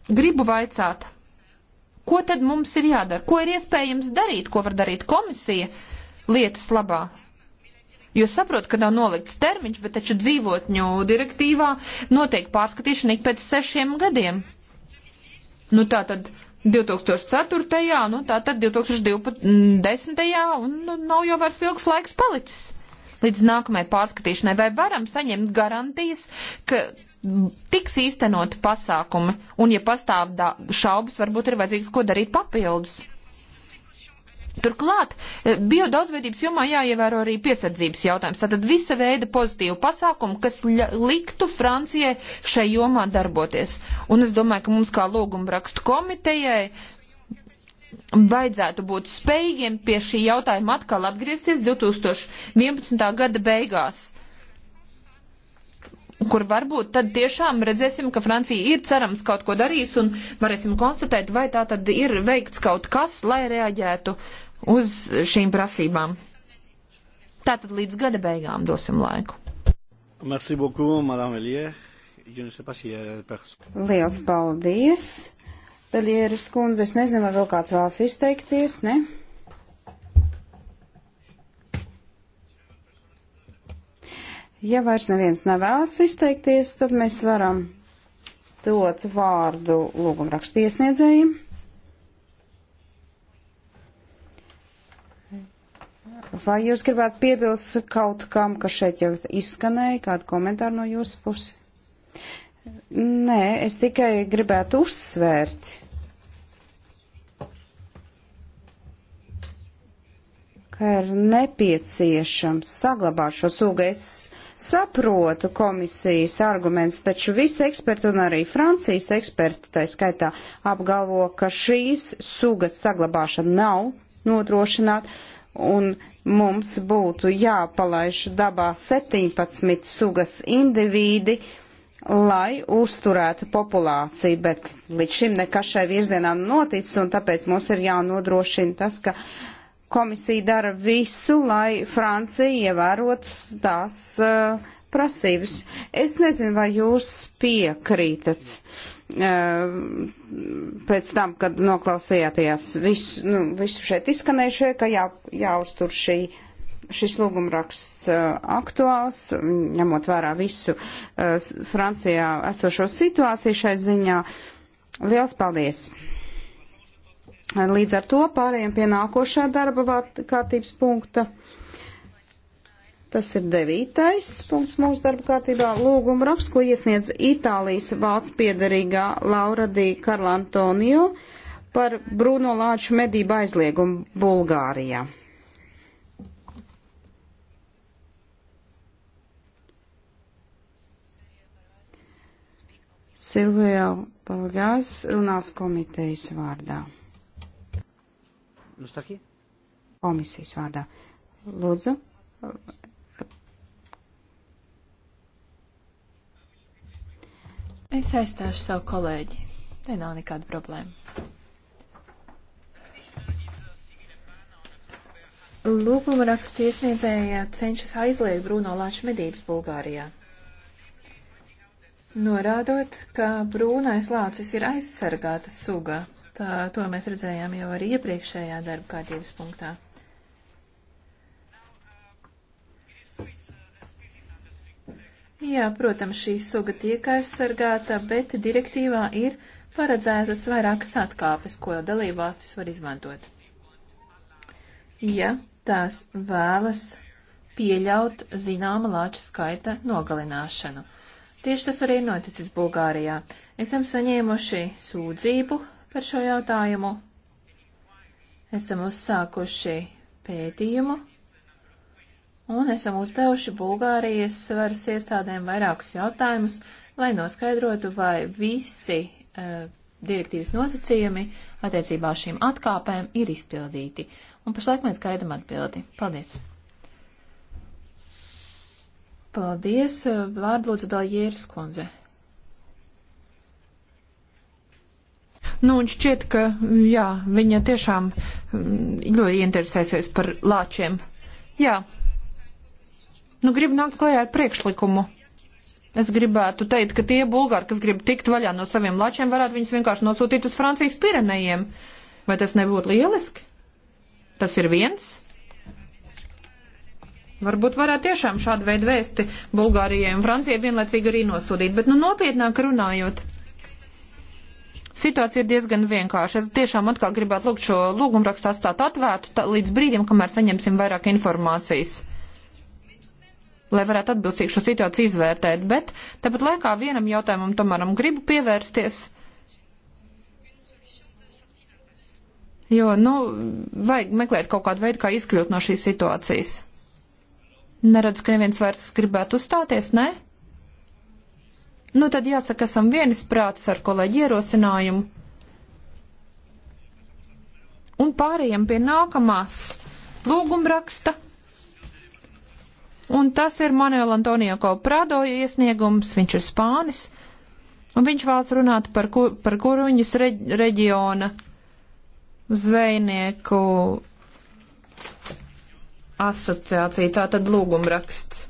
gribu vaicāt, ko tad mums ir jādara, ko ir iespējams darīt, ko var darīt komisija lietas labā. Jūs saprotat, ka nav nolikts termiņš, bet taču dzīvotņu direktīvā noteikti pārskatīšana ik pēc sešiem gadiem. Nu tā tad 2004. nu tā tad 2010. un nu, nav jau vairs ilgs laiks palicis. Līdz nākamajai pārskatīšanai vai varam saņemt garantijas, ka tiks īstenoti pasākumi, un ja pastāv šaubas, varbūt ir vajadzīgs ko darīt papildus. Turklāt eh, biodaudzveidības jomā jāievēro arī piesardzības jautājums. Tātad visa veida pozitīvu pasākumu, kas liktu Francijai šai jomā darboties. Un es domāju, ka mums kā lūguma rakstu komitejai vajadzētu būt spējīgiem pie šī jautājuma atkal atgriezties 2011. gada beigās kur varbūt tad tiešām redzēsim, ka Francija ir cerams kaut ko darīs un varēsim konstatēt, vai tā tad ir veikts kaut kas, lai reaģētu uz šīm prasībām. Tātad līdz gada beigām dosim laiku. Merci beaucoup, Madame Elie. Euh, Liels paldies, Pelieras kundze. Es nezinu, vai vēl kāds vēlas izteikties, ne? Ja vairs neviens nevēlas izteikties, tad mēs varam dot vārdu lūgumrakstu iesniedzējiem. Vai jūs gribētu piebilst kaut kam, kas šeit jau izskanēja, kādu komentāru no jūsu puses? Nē, es tikai gribētu uzsvērt, ka ir nepieciešams saglabāt šo sūgu. Es Saprotu komisijas arguments, taču visi eksperti un arī Francijas eksperti tā skaitā apgalvo, ka šīs sugas saglabāšana nav nodrošināta un mums būtu jāpalaiž dabā 17 sugas indivīdi, lai uzturētu populāciju, bet līdz šim nekas šai virzienā noticis, un tāpēc mums ir jānodrošina tas, ka uh, Komisija dara visu, lai Francija ievērotu tās uh, prasības. Es nezinu, vai jūs piekrītat uh, pēc tam, kad noklausījāties visu, nu, visu šeit izskanējušie, ka jā, jāuztur šī šis lūgumraksts uh, aktuāls, ņemot vērā visu uh, Francijā esošo situāciju šai ziņā. Liels paldies! Līdz ar to pārējiem pie nākošā darba kārtības punkta. Tas ir devītais punkts mūsu darba kārtībā. Lūguma raksts, ko iesniedz Itālijas valsts piedarīgā Laura Dī Karlantonio par Bruno Lāču medību aizliegumu Bulgārijā. Silvija Palgās runās komitejas vārdā. Mustaki? Komisijas vārdā. Lūdzu. Es aizstāšu savu kolēģi. Te nav nekāda problēma. Lūguma rakstu iesniedzēja cenšas aizliegt Bruno Lāča medības Bulgārijā. Norādot, ka brūnais lācis ir aizsargāta suga, Tā, to mēs redzējām jau arī iepriekšējā darba kārtības punktā. Jā, protams, šī suga tiek aizsargāta, bet direktīvā ir paredzētas vairākas atkāpes, ko dalībvalstis var izmantot. Ja tās vēlas pieļaut zināma lāču skaita nogalināšanu. Tieši tas arī ir noticis Bulgārijā. Esam saņēmuši sūdzību par šo jautājumu. Esam uzsākuši pētījumu un esam uzdevuši Bulgārijas varas iestādēm vairākus jautājumus, lai noskaidrotu, vai visi uh, direktīvas nosacījumi attiecībā uz šīm atkāpēm ir izpildīti. Un pašlaik mēs gaidām atbildi. Paldies! Paldies! Vārdu lūdzu Beljēras kundze. Nu, un šķiet, ka jā, viņa tiešām mm, ļoti interesēsies par lāčiem. Jā. Nu, gribu nākt klajā ar priekšlikumu. Es gribētu teikt, ka tie bulgāri, kas grib tikt vaļā no saviem lačiem, varētu viņus vienkārši nosūtīt uz Francijas Pirenejiem. Vai tas nebūtu lieliski? Tas ir viens. Varbūt varētu tiešām šādu veidu vēsti Bulgārijai un Francijai vienlaicīgi arī nosūtīt, bet nu nopietnāk runājot. Situācija ir diezgan vienkārša. Es tiešām atkal gribētu lūgt šo lūgumrakstu atstāt atvērtu tā, līdz brīdim, kamēr saņemsim vairāk informācijas lai varētu atbilstīgi šo situāciju izvērtēt, bet tāpat laikā vienam jautājumam tomēr gribu pievērsties. Jo, nu, vajag meklēt kaut kādu veidu, kā izkļūt no šīs situācijas. Neredzu, ka neviens vairs gribētu uzstāties, ne? Nu, tad jāsaka, esam vienisprātis ar kolēģi ierosinājumu. Un pārējiem pie nākamās lūgumraksta. Un tas ir Manuel Antonio Prado iesniegums, viņš ir spānis, un viņš vēlas runāt par, kur, par kuruņas reģiona zvejnieku asociāciju, tātad lūgumraksts.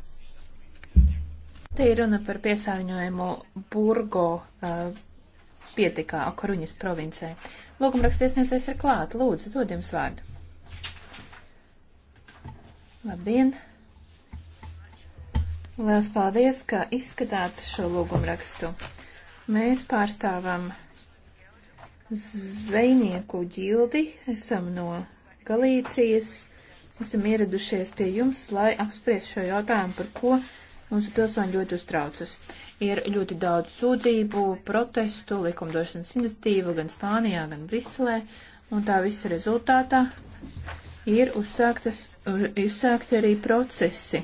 Te ir runa par piesārņojumu Burgo uh, pietikā, Okuruņas provincē. Lūgumrakstiesniecais ir klāt. Lūdzu, dod jums vārdu. Labdien! Lielas paldies, ka izskatāt šo lūgumrakstu. Mēs pārstāvam zvejnieku ģildi, esam no Galīcijas, esam ieradušies pie jums, lai apspriest šo jautājumu, par ko Mūsu pilsoņi ļoti uztraucas. Ir ļoti daudz sūdzību, protestu, likumdošanas iniciatīvu gan Spānijā, gan Briselē, un tā visa rezultātā ir uzsāktas, uzsākti uh, arī procesi,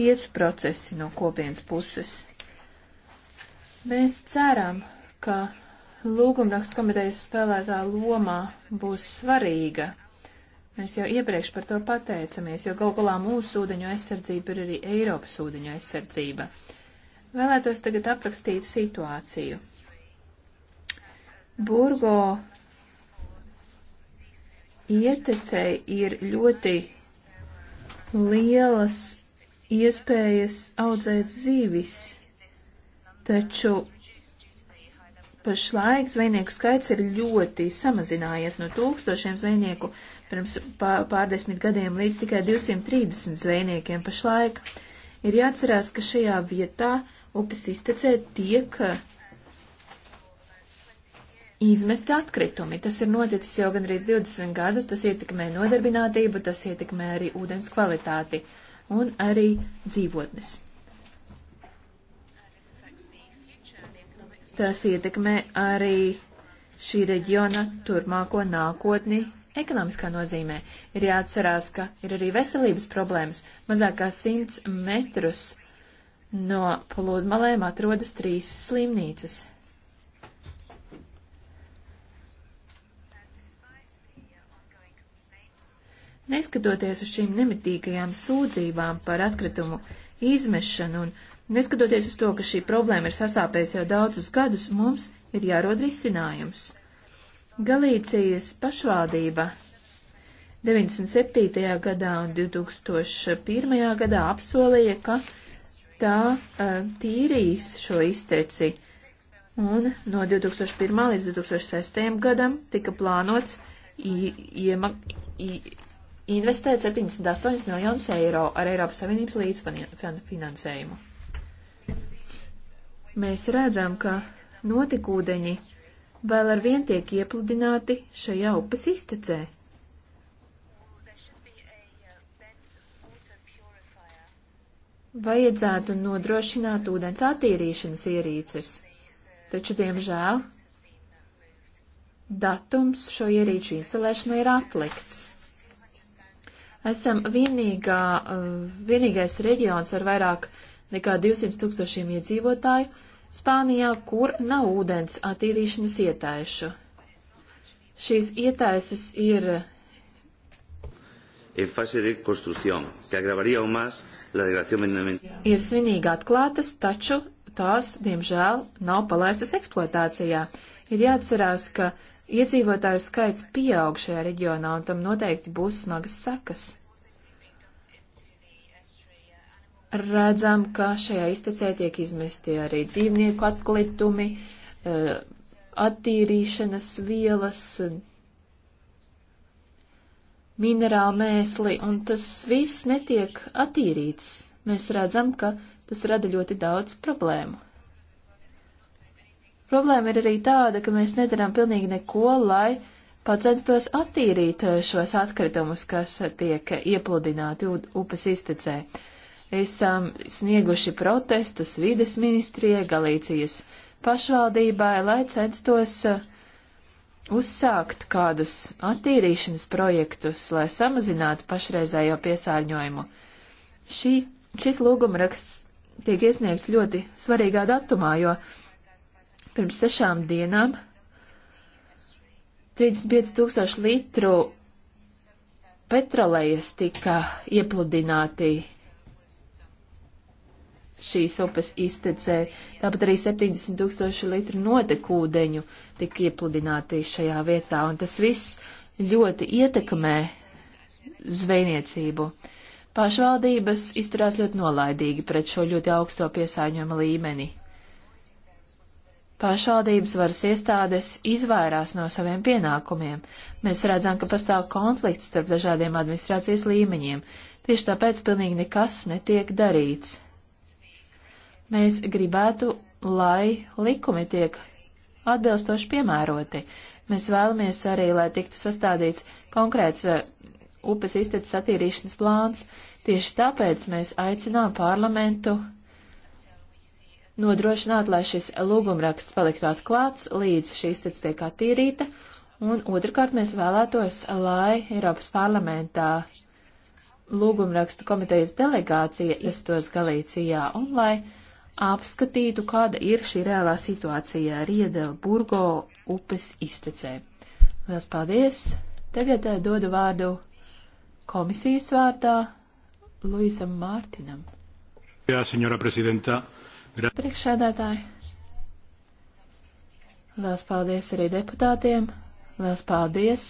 tiesu procesi no kopienas puses. Mēs ceram, ka lūgumrakstu komitejas spēlētā lomā būs svarīga Mēs jau iepriekš par to pateicamies, jo gal galā mūsu ūdeņu aizsardzība ir arī Eiropas ūdeņu aizsardzība. Vēlētos tagad aprakstīt situāciju. Burgo ietecei ir ļoti lielas iespējas audzēt zīvis, taču pašlaik zvejnieku skaits ir ļoti samazinājies no tūkstošiem zvejnieku pirms pārdesmit gadiem līdz tikai 230 zvejniekiem pašlaik. Ir jāatcerās, ka šajā vietā upes iztecē tiek eh, izmesti atkritumi. Tas ir noticis jau gandrīz 20 gadus, tas ietekmē nodarbinātību, tas ietekmē arī ūdens kvalitāti un arī dzīvotnes. Tas ietekmē arī šī reģiona turmāko nākotni ekonomiskā nozīmē. Ir jāatcerās, ka ir arī veselības problēmas. Mazākā simts metrus no pludmalēm atrodas trīs slimnīcas. Neskatoties uz šīm nemitīgajām sūdzībām par atkritumu izmešanu un neskatoties uz to, ka šī problēma ir sasāpējusi jau daudzus gadus, mums ir jārod risinājums. Galīcijas pašvaldība 97. gadā un 2001. gadā apsolīja, ka tā uh, tīrīs šo izteci. Un no 2001. līdz 2006. gadam tika plānots iema, investēt 78 miljonus eiro ar Eiropas Savienības līdzfinansējumu. Mēs redzam, ka notikūdeņi vēl ar vien tiek iepludināti šajā upes iztecē. Vajadzētu nodrošināt ūdens attīrīšanas ierīces, taču, diemžēl, datums šo ierīču instalēšanai ir atlikts. Esam vienīgā, uh, vienīgais reģions ar vairāk nekā 200 tūkstošiem iedzīvotāju, Spānijā, kur nav ūdens attīrīšanas ietaišu. Šīs ietaises ir en fase de construcción, que agravaría aún más la degradación medioambiental. Ir svinīgi atklātas, taču tās, diemžēl, nav palaistas eksploatācijā. Ir jāatcerās, ka iedzīvotāju skaits pieaug šajā reģionā, un tam noteikti būs smagas sekas. redzam, ka šajā iztecē tiek izmesti arī dzīvnieku atkritumi, e, attīrīšanas vielas, minerāli mēsli, un tas viss netiek attīrīts. Mēs redzam, ka tas rada ļoti daudz problēmu. Problēma ir arī tāda, ka mēs nedarām pilnīgi neko, lai pacenstos attīrīt e, šos atkritumus, kas tiek iepludināti upes iztecē. Uh, esam snieguši protestus vides ministrijai, Galīcijas pašvaldībai, lai censtos uh, uzsākt kādus attīrīšanas projektus, lai samazinātu pašreizējo piesārņojumu. Šī, šis lūgumraksts tiek iesniegts ļoti svarīgā datumā, jo pirms sešām dienām 35 tūkstoši litru petrolejas tika iepludināti šīs upes iztecē. Tāpat arī 70 tūkstoši litru notekūdeņu tika iepludināti šajā vietā, un tas viss ļoti ietekmē zvejniecību. Pašvaldības izturās ļoti nolaidīgi pret šo ļoti augsto piesāņojuma līmeni. Pašvaldības varas iestādes izvairās no saviem pienākumiem. Mēs redzam, ka pastāv konflikts starp dažādiem administrācijas līmeņiem. Tieši tāpēc pilnīgi nekas netiek darīts Mēs gribētu, lai likumi tiek atbilstoši piemēroti. Mēs vēlamies arī, lai tiktu sastādīts konkrēts eh, upes iztecas attīrīšanas plāns. Tieši tāpēc mēs aicinām parlamentu nodrošināt, lai šis lūgumraksts paliktu atklāts, līdz šī iztecas tiek attīrīta. Un otrkārt mēs vēlētos, lai Eiropas parlamentā lūgumrakstu komitejas delegācija iestos Galīcijā un lai apskatītu, kāda ir šī reālā situācija Riedelburgo upes iztecē. Lielas paldies! Tagad eh, dodu vārdu komisijas vārdā Luisam Mārtinam. Jā, senjora prezidenta. Gra... Priekšsēdētāji. Lielas paldies arī deputātiem. Lielas paldies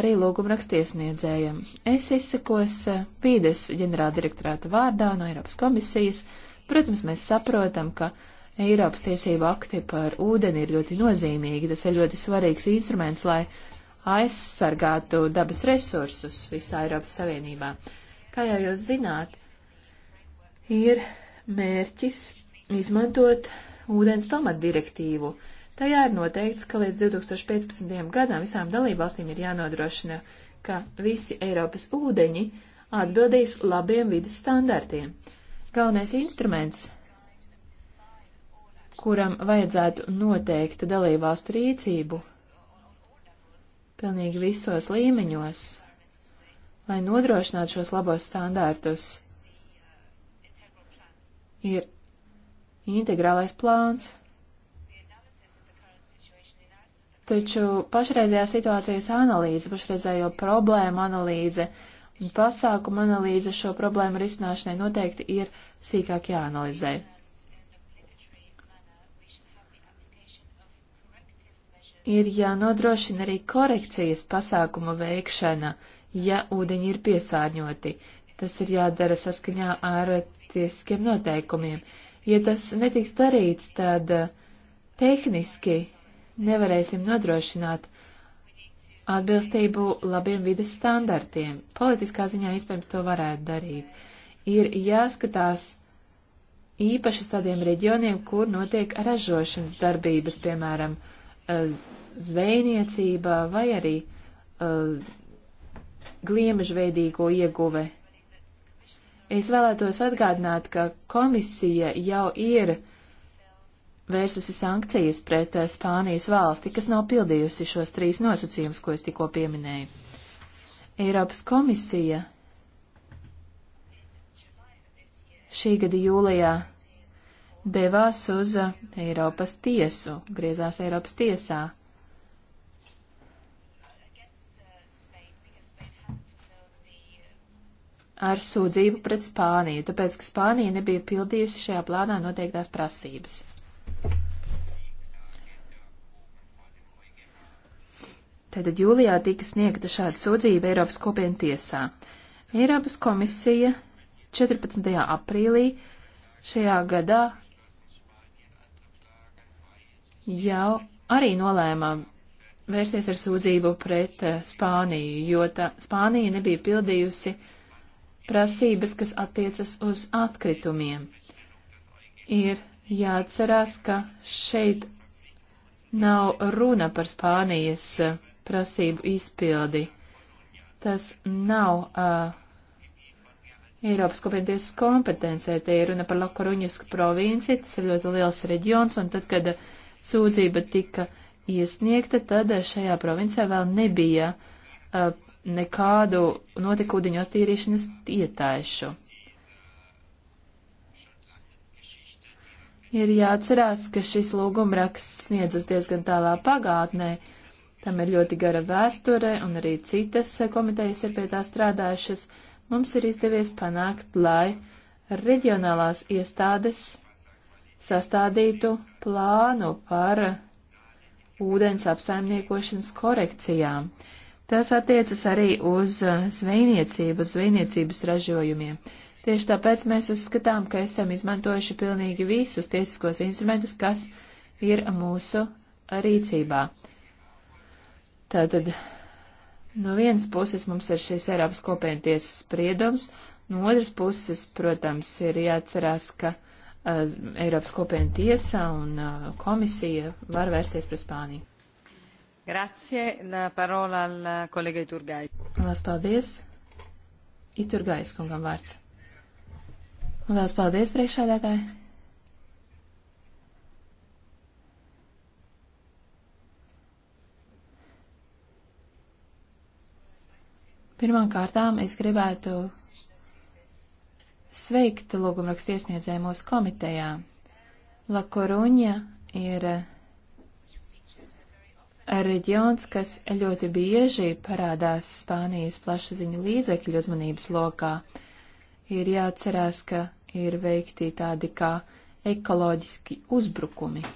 arī lūgumrakstiesniedzējiem. Es izsakos eh, Pīdes ģenerāldirektorāta vārdā no Eiropas komisijas. Protams, mēs saprotam, ka Eiropas tiesība akti par ūdeni ir ļoti nozīmīgi. Tas ir ļoti svarīgs instruments, lai aizsargātu dabas resursus visā Eiropas Savienībā. Kā jau jūs zināt, ir mērķis izmantot ūdens pamatdirektīvu. Tajā ir noteikts, ka līdz 2015. gadam visām dalībvalstīm ir jānodrošina, ka visi Eiropas ūdeņi atbildīs labiem vidas standartiem galvenais instruments, kuram vajadzētu noteikt dalībvalstu rīcību pilnīgi visos līmeņos, lai nodrošinātu šos labos standārtus, ir integrālais plāns. Taču pašreizējā situācijas analīze, pašreizējo problēmu analīze, uh, pasākuma analīze šo problēmu risināšanai noteikti ir sīkāk jāanalizē. Ir jānodrošina arī korekcijas pasākumu veikšana, ja ūdeņi ir piesārņoti. Tas ir jādara saskaņā ar tiesiskiem noteikumiem. Ja tas netiks darīts, tad eh, tehniski nevarēsim nodrošināt atbilstību labiem vides standartiem. Politiskā ziņā iespējams to varētu darīt. Ir jāskatās īpaši uz tādiem reģioniem, kur notiek ražošanas darbības, piemēram, eh, zvejniecība vai arī uh, gliemežveidīgo ieguve. Es vēlētos atgādināt, ka komisija jau ir uh, vērsusi sankcijas pret eh, Spānijas valsti, kas nav pildījusi šos trīs nosacījumus, ko es tikko pieminēju. Eiropas komisija šī gada jūlijā devās uz eh, Eiropas tiesu, griezās Eiropas tiesā. Ar sūdzību pret Spāniju, tāpēc, ka Spānija nebija pildījusi šajā plānā noteiktās prasības. Tātad jūlijā tika sniegta šāda sūdzība Eiropas kopienu tiesā. Eiropas komisija 14. aprīlī šajā gadā jau arī nolēma vērsties ar sūdzību pret eh, Spāniju, jo tā Spānija nebija pildījusi prasības, kas attiecas uz atkritumiem. Ir jāatcerās, ka šeit nav runa par Spānijas eh, prasību izpildi. Tas nav uh, Eiropas kopienties kompetencē, te ir runa par Lokoruņisku provinci, tas ir ļoti liels reģions, un tad, kad sūdzība tika iesniegta, tad šajā provincē vēl nebija uh, nekādu notekūdeņu attīrīšanas ietaišu. Ir jāatcerās, ka šis lūgumraksts sniedzas diezgan tālā pagātnē, Tam ir ļoti gara vēsture, un arī citas komitejas ir pie tā strādājušas. Mums ir izdevies panākt, lai reģionālās iestādes sastādītu plānu par ūdens apsaimniekošanas korekcijām. Tas attiecas arī uz zvejniecību, zvejniecības ražojumiem. Tieši tāpēc mēs uzskatām, ka esam izmantojuši pilnīgi visus tiesiskos instrumentus, kas ir mūsu rīcībā. Tātad no vienas puses mums ir šis Eiropas kopienu tiesas spriedums, no otras puses, protams, ir jāatcerās, ka uh, Eiropas kopienu tiesa un uh, komisija var vērsties pret Spāniju. Grazie, la parola al kolēģi Turgai. Lielas paldies. Iturgais kungam vārds. Lielas paldies, priekšādātāji. Pirmām kārtām es gribētu sveikt lūgumrakstu iesniedzēju mūsu komitejā. La Coruña ir reģions, kas ļoti bieži parādās Spānijas plašsaziņu līdzekļu uzmanības lokā. Ir jāatcerās, ka ir veikti tādi kā ekoloģiski uzbrukumi.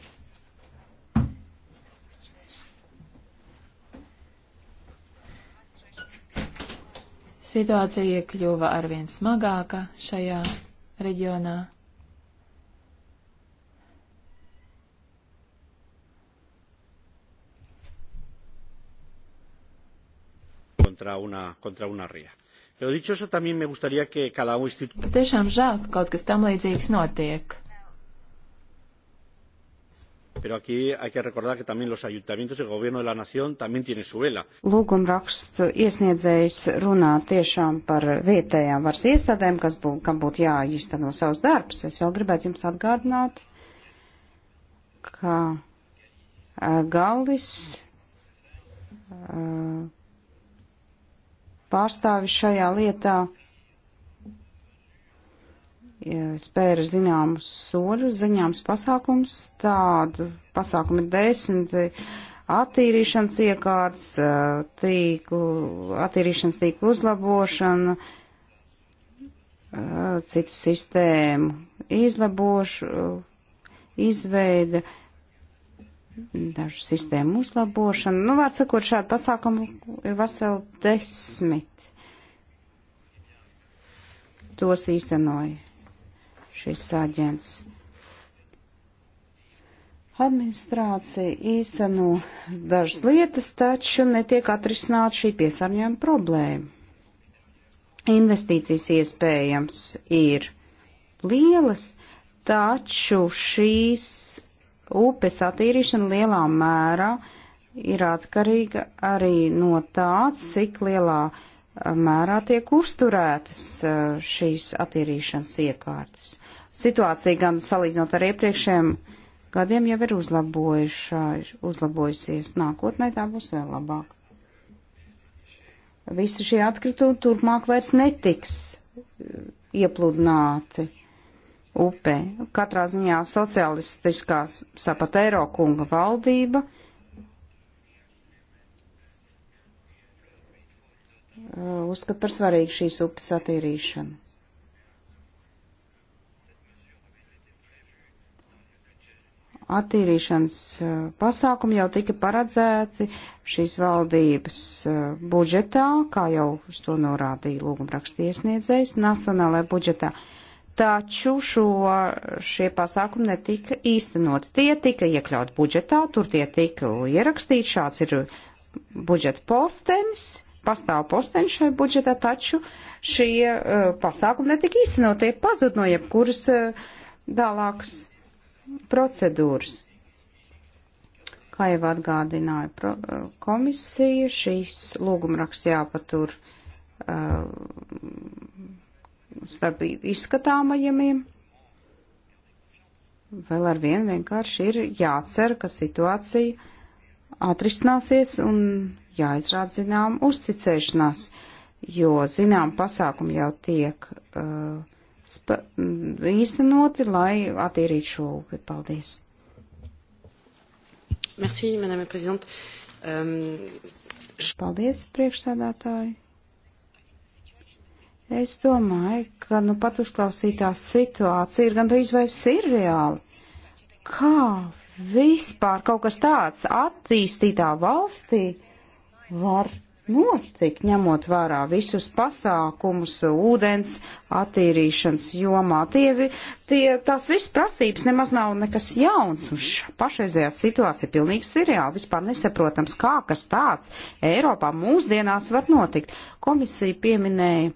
Situācija kļuva arvien smagāka šajā reģionā. Contra una, contra una ría. Pero dicho eso, también me gustaría que cada institución. Tiešām žēl, ka kaut kas tam līdzīgs notiek. Pero aquí hay que recordar que también los ayuntamientos y el gobierno de la nación también tiene su vela. Lūgumrakstu iesniedzējs runā tiešām par vietējām varas iestādēm, kas bū, kam būtu jāīsteno savus darbs. Es vēl gribētu jums atgādināt, ka eh, Gallis eh, pārstāvis šajā lietā spēra zināmus soļus, zināmus pasākums, tādu pasākumu ir desmit attīrīšanas iekārtas, tīklu, attīrīšanas tīklu uzlabošana, citu sistēmu izlabošu, izveida, dažu sistēmu uzlabošana. Nu, vārds sakot, šādu pasākumu ir veseli desmit. Tos īstenoja šis aģents. Administrācija īseno dažas lietas, taču netiek atrisināt šī piesārņojuma problēma. Investīcijas iespējams ir lielas, taču šīs upes attīrīšana lielā mērā ir atkarīga arī no tā, cik lielā eh, mērā tiek uzturētas eh, šīs attīrīšanas iekārtas situācija gan salīdzinot ar iepriekšējiem gadiem jau ir uzlabojusies. Nākotnē tā būs vēl labāk. Visi šie atkritumi turpmāk vairs netiks eh, iepludināti upē. Katrā ziņā socialistiskā sapatēro kunga valdība eh, uzskat par svarīgu šīs upes attīrīšanu. attīrīšanas uh, pasākumi jau tika paredzēti šīs valdības uh, budžetā, kā jau uz to norādīja lūgumrakstiesniedzējs, nacionālajā budžetā. Taču šo, šie pasākumi netika īstenoti. Tie tika iekļaut budžetā, tur tie tika ierakstīti, šāds ir budžeta postenis, pastāv postenis šai budžetā, taču šie uh, pasākumi netika īstenoti, tie pazud no jebkuras uh, tālākas procedūras. Kā jau atgādināja pro, komisija, šīs lūgumraksts jāpatur uh, starp izskatāmajiem. Vēl ar vienu vienkārši ir jācer, ka situācija atrisināsies un jāizrāda zinām uzticēšanās, jo zinām pasākumi jau tiek uh, īstenoti, lai attīrītu šo upi. Paldies! Merci, madame prezident. Um... Euh, Paldies, priekšsēdētāji. Es domāju, ka nu pat uzklausītā situācija ir gandrīz vai sirreāla. Kā vispār kaut kas tāds attīstītā valstī var notikt, ņemot vērā visus pasākumus, ūdens attīrīšanas jomā. Tie, tie, tās visas prasības nemaz nav nekas jauns, un pašreizējā situācija ir pilnīgi seriāla, vispār nesaprotams, kā kas tāds Eiropā mūsdienās var notikt. Komisija pieminēja,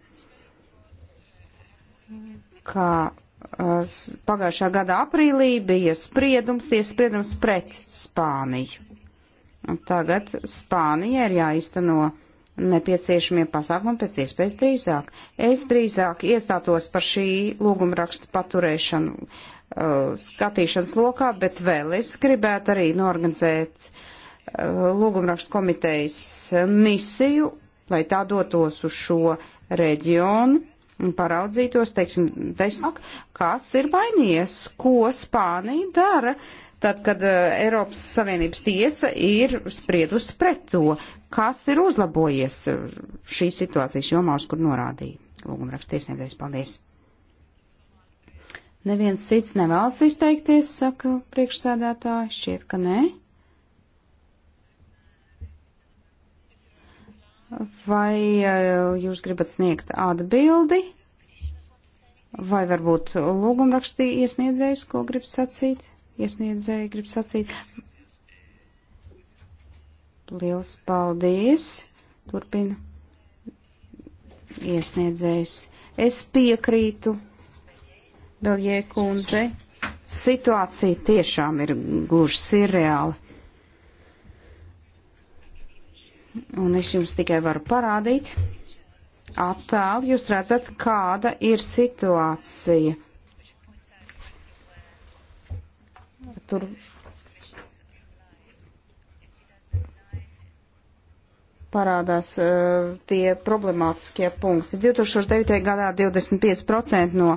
ka uh, pagājušā gada aprīlī bija spriedums, tiesa spriedums pret Spāniju. Un tagad Spānija ir jāizteno nepieciešamie pasākumi pēc iespējas drīzāk. Es drīzāk iestātos par šī lūgumraksta paturēšanu uh, skatīšanas lokā, bet vēl es gribētu arī norganizēt uh, lūgumraksta komitejas misiju, lai tā dotos uz šo reģionu un paraudzītos, teiksim, desmit, kas ir mainījies, ko Spānija dara. Tad, kad uh, Eiropas Savienības tiesa ir spriedusi pret to, kas ir uzlabojies šīs situācijas jomā, uz kur norādīja. Lūguma rakstiesniedzējs, paldies! Neviens cits nevēlas izteikties, saka priekšsēdētāji. Šķiet, ka nē. Vai eh, jūs gribat sniegt atbildi? Vai varbūt lūgumrakstī iesniedzējs, ko grib sacīt? Iesniedzēji grib sacīt. Liels paldies! Turpina iesniedzējs. Es piekrītu Beljē kundze. Situācija tiešām ir gluži sirreāla. Un es jums tikai varu parādīt attēlu. Jūs redzat, kāda ir situācija. Tur parādās uh, tie problemātiskie punkti. 2009. gadā 25% no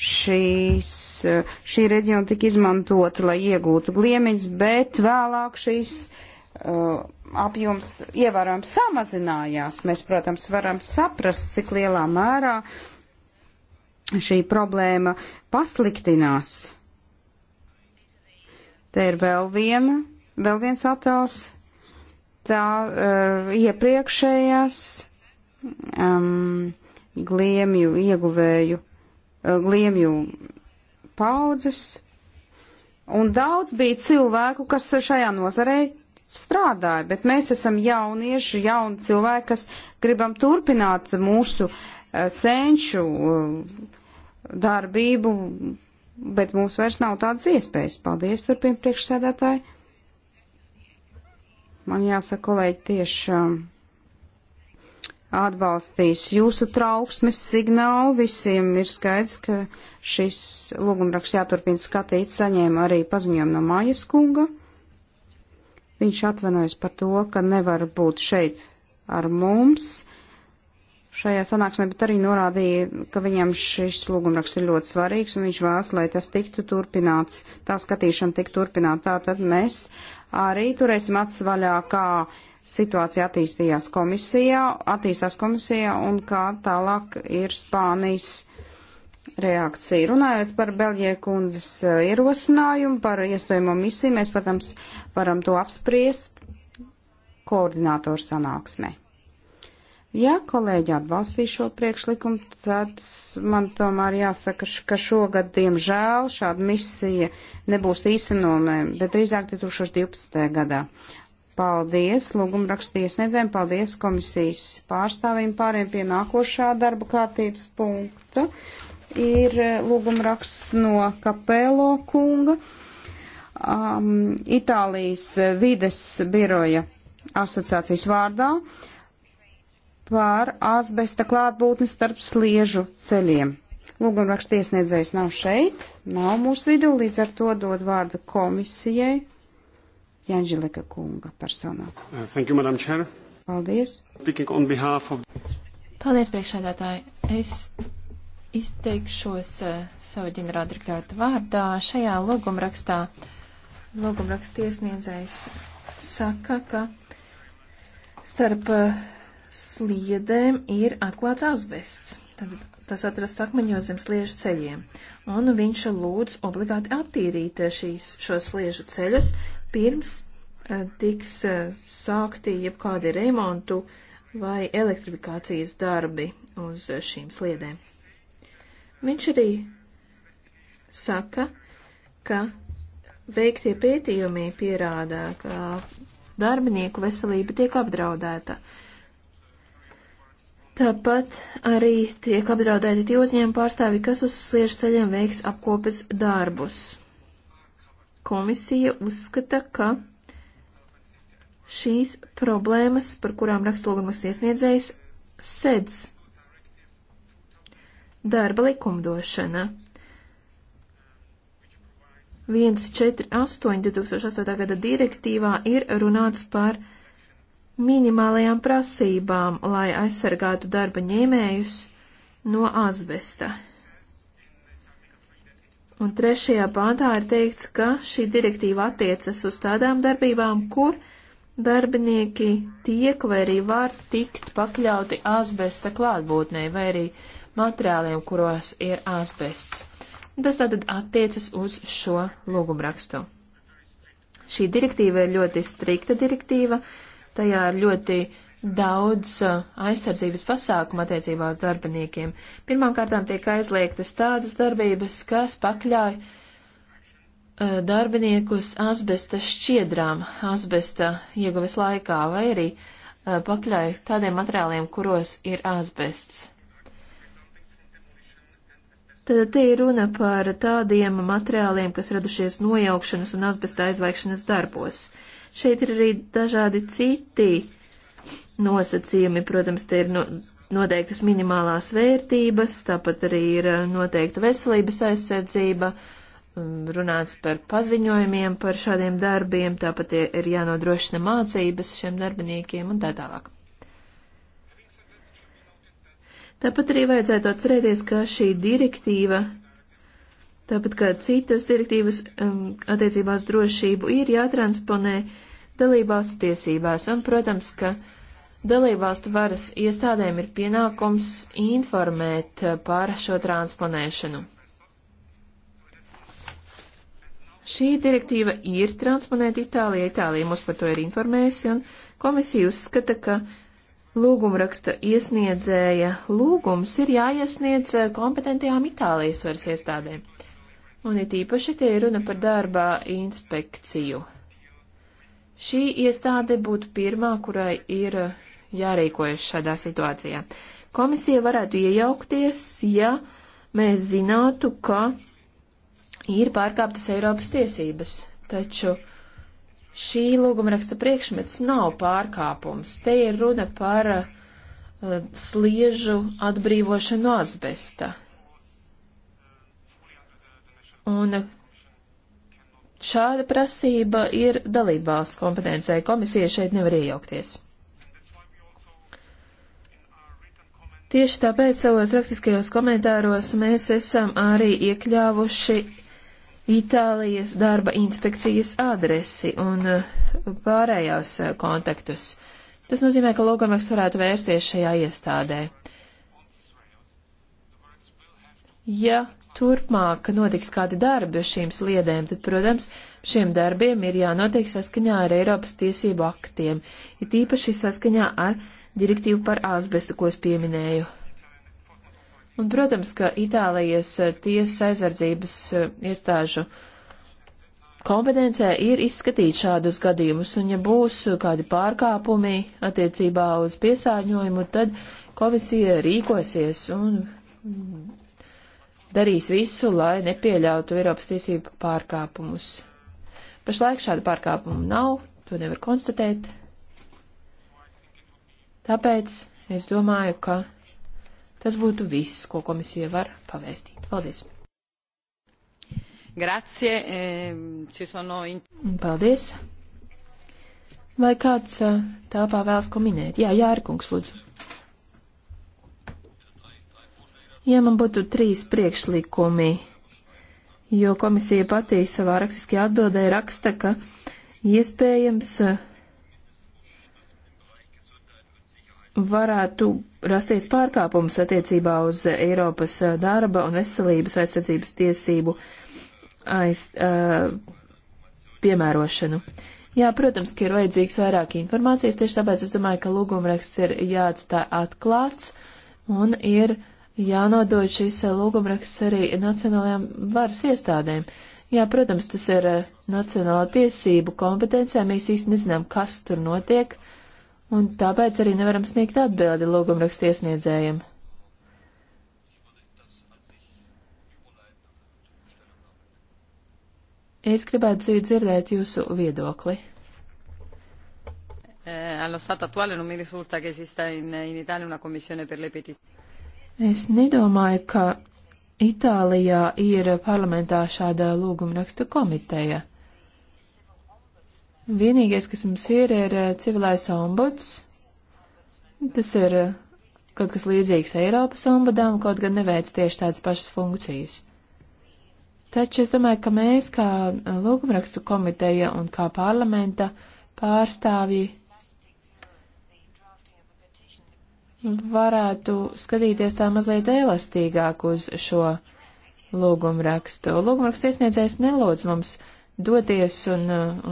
šīs, uh, šī reģiona tika izmantota, lai iegūtu gliemiņas, bet vēlāk šīs uh, apjoms ievērojami samazinājās. Mēs, protams, varam saprast, cik lielā mērā šī problēma pasliktinās. Te ir vēl viena, vēl viens attēls tā uh, iepriekšējās um, gliemju ieguvēju, uh, gliemju paudzes, un daudz bija cilvēku, kas šajā nozarei strādāja, bet mēs esam jaunieši, jauni cilvēki, kas gribam turpināt mūsu uh, senču uh, darbību, bet mums vairs nav tādas iespējas. Paldies, turpina priekšsēdētāji. Man jāsaka, kolēģi, tiešām atbalstīs jūsu trauksmes signālu. Visiem ir skaidrs, ka šis lūgumraksts jāturpina skatīt. Saņēma arī paziņojumu no mājas kunga. Viņš atvainojas par to, ka nevar būt šeit ar mums šajā sanāksmē, bet arī norādīja, ka viņam šis lūgumraksts ir ļoti svarīgs un viņš vēlas, lai tas tiktu turpināts, tā skatīšana tiktu turpināta. Tātad mēs arī turēsim acis vaļā, kā situācija attīstījās komisijā, attīstās komisijā un kā tālāk ir Spānijas reakcija. Runājot par Beļģie kundzes eh, ierosinājumu, par iespējamo misiju, mēs, protams, varam to apspriest koordinātoru sanāksmē. Ja kolēģi atbalstīs šo priekšlikumu, tad man tomēr jāsaka, ka šogad, diemžēl, šāda misija nebūs īstenome, bet drīzāk 2012. gadā. Paldies lūguma rakstiesniedzēm, paldies komisijas pārstāvim pāriem pie nākošā darba kārtības punkta. Ir eh, lūguma raksts no Kapelo kunga, um, Itālijas eh, vides biroja asociācijas vārdā. Uh, par asbesta klātbūtni starp sliežu ceļiem. Lūguma rakstiesniedzējs nav šeit, nav mūsu vidū, līdz ar to dod vārdu komisijai Janžilika kunga personā. Uh, thank you, Madam Chair. Paldies. Speaking on behalf of... Paldies, priekšsēdētāji. Es izteikšos uh, savu ģenerāldirektātu vārdā. Šajā lūgumrakstā lūgumrakstiesniedzējs saka, ka starp uh, sliedēm ir atklāts asbests. Tad tas atrasts akmeņos zem sliežu ceļiem, un viņš lūdz obligāti attīrīt šīs, šos sliežu ceļus pirms eh, tiks eh, sākti jebkādi remontu vai elektrifikācijas darbi uz eh, šīm sliedēm. Viņš arī saka, ka veiktie pētījumi pierāda, ka darbinieku veselība tiek apdraudēta, uh, Tāpat arī tiek apdraudēti tie uzņēmumi pārstāvi, kas uz sliežu ceļiem veiks apkopes darbus. Komisija uzskata, ka šīs problēmas, par kurām rakstlūgumas iesniedzējs, sedz darba likumdošana. 148. 2008. gada direktīvā ir runāts par minimālajām prasībām, lai aizsargātu darba ņēmējus no azbesta. Un trešajā pāntā ir teikts, ka šī direktīva attiecas uz tādām darbībām, kur darbinieki tiek vai arī var tikt pakļauti azbesta klātbūtnē vai arī materiāliem, kuros ir azbests. Tas tātad attiecas uz šo lūgumrakstu. Šī direktīva ir ļoti strikta direktīva, uh, Tajā ir ļoti daudz aizsardzības pasākumu attiecībā uz darbiniekiem. Pirmkārtām tiek aizliegtas tādas darbības, kas pakļauj darbiniekus asbesta šķiedrām, asbesta ieguves laikā, vai arī pakļauj tādiem materiāliem, kuros ir asbests. Tad te ir runa par tādiem materiāliem, kas radušies nojaukšanas un asbesta aizvaikšanas darbos. Uh, Šeit ir arī dažādi citi nosacījumi. Protams, te ir no, noteiktas minimālās vērtības, tāpat arī ir eh, noteikta veselības aizsardzība, um, runāts par paziņojumiem par šādiem darbiem, tāpat ir jānodrošina mācības šiem darbiniekiem un tā tālāk. Tāpat arī vajadzētu atcerēties, ka šī direktīva tāpat kā citas direktīvas um, attiecībās drošību, ir jātransponē dalībvalstu tiesībās. Un, protams, ka dalībvalstu varas iestādēm ir pienākums informēt uh, par šo transponēšanu. Šī direktīva ir transponēta Itālijā. Itālija mūs par to ir informējusi, un komisija uzskata, ka lūgumraksta iesniedzēja lūgums ir jāiesniedz uh, kompetentajām Itālijas varas iestādēm. Un it īpaši tie ir runa par darbā inspekciju. Šī iestāde būtu pirmā, kurai ir jārīkojas šādā situācijā. Komisija varētu iejaukties, ja mēs zinātu, ka ir pārkāptas Eiropas tiesības, taču šī lūgumraksta priekšmets nav pārkāpums. Te ir runa par uh, sliežu atbrīvošanu no asbesta. Un šāda prasība ir dalībvalsts kompetencē. Komisija šeit nevar iejaukties. Tieši tāpēc savos rakstiskajos komentāros mēs esam arī iekļāvuši Itālijas darba inspekcijas adresi un uh, pārējās uh, kontaktus. Tas nozīmē, ka Lūgameks varētu vērsties šajā iestādē. Ja turpmāk notiks kādi darbi uz šīm sliedēm, tad, protams, šiem darbiem ir jānotiek saskaņā ar Eiropas tiesību aktiem, ir tīpaši saskaņā ar direktīvu par asbestu, ko es pieminēju. Un, protams, ka Itālijas tiesas aizardzības eh, iestāžu kompetencē ir izskatīt šādus gadījumus, un ja būs kādi pārkāpumi attiecībā uz piesārņojumu, tad komisija rīkosies un darīs visu, lai nepieļautu Eiropas tiesību pārkāpumus. Pašlaik šādu pārkāpumu nav, to nevar konstatēt. Tāpēc es domāju, ka tas būtu viss, ko komisija var pavēstīt. Paldies! Grazie, ehm, ci sono in... Paldies! Vai kāds eh, telpā vēlas ko minēt? Jā, Jārkungs, lūdzu. Ja man būtu trīs priekšlikumi, jo komisija patī savā rakstiskajā atbildē raksta, ka iespējams eh, varētu rasties pārkāpums attiecībā uz Eiropas eh, darba un veselības aizsardzības tiesību aiz, uh, piemērošanu. Jā, protams, ka ir vajadzīgs vairāk informācijas, tieši tāpēc es domāju, ka lūgumraksts ir jāatstāj atklāts un ir uh, jānodod šis eh, lūgumraksts arī nacionālajām varas iestādēm. Jā, protams, tas ir eh, nacionāla tiesību kompetencijā, mēs īsti nezinām, kas tur notiek, un tāpēc arī nevaram sniegt atbildi lūgumrakstu iesniedzējiem. Es gribētu dzirdēt jūsu viedokli. Eh, allo stato attuale non mi risulta che esista in, in Italia una commissione per le petizioni. Es nedomāju, ka Itālijā ir parlamentā šāda lūguma rakstu komiteja. Vienīgais, kas mums ir, ir eh, civilais ombuds. Tas ir eh, kaut kas līdzīgs Eiropas ombudam, kaut gan neveic tieši tādas pašas funkcijas. Taču es domāju, ka mēs, kā eh, lūgumrakstu komiteja un kā parlamenta pārstāvji, varētu skatīties tā mazliet elastīgāk uz šo lūgumrakstu. Lūgumraksts iesniedzējs nelūdz mums doties un,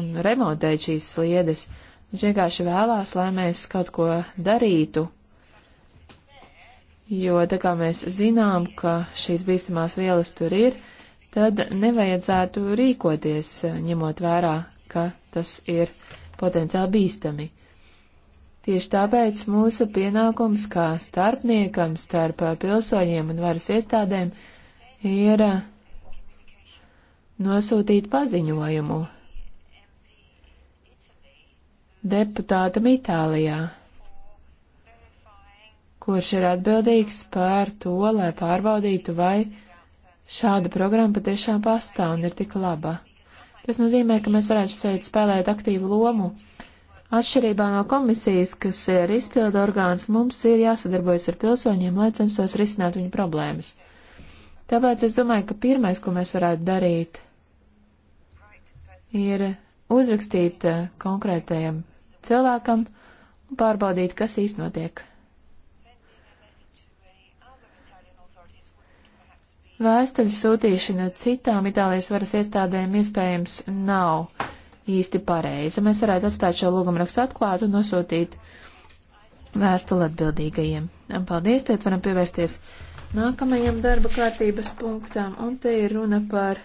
un remontēt šīs sliedes. Viņš vienkārši vēlās, lai mēs kaut ko darītu. Jo tā kā mēs zinām, ka šīs bīstamās vielas tur ir, tad nevajadzētu rīkoties, ņemot vērā, ka tas ir potenciāli bīstami. Tieši tāpēc mūsu pienākums kā starpniekam starp uh, pilsoņiem un varas iestādēm ir uh, nosūtīt paziņojumu deputātam Itālijā, kurš ir atbildīgs par to, lai pārbaudītu, vai šāda programma patiešām pastāv un ir tik laba. Tas nozīmē, ka mēs varētu šeit spēlēt aktīvu lomu Atšķirībā no komisijas, kas ir izpildu orgāns, mums ir jāsadarbojas ar pilsoņiem, lai censtos risināt viņu problēmas. Tāpēc es domāju, ka pirmais, ko mēs varētu darīt, ir uzrakstīt eh, konkrētajam cilvēkam un pārbaudīt, kas īsti notiek. Vēstuļu sūtīšana citām Itālijas varas iestādēm iespējams nav īsti pareiza. Mēs varētu atstāt šo lūgumrakstu atklātu un nosūtīt vēstuli atbildīgajiem. Paldies, tad varam pievērsties nākamajam darba kārtības punktam, un te ir runa par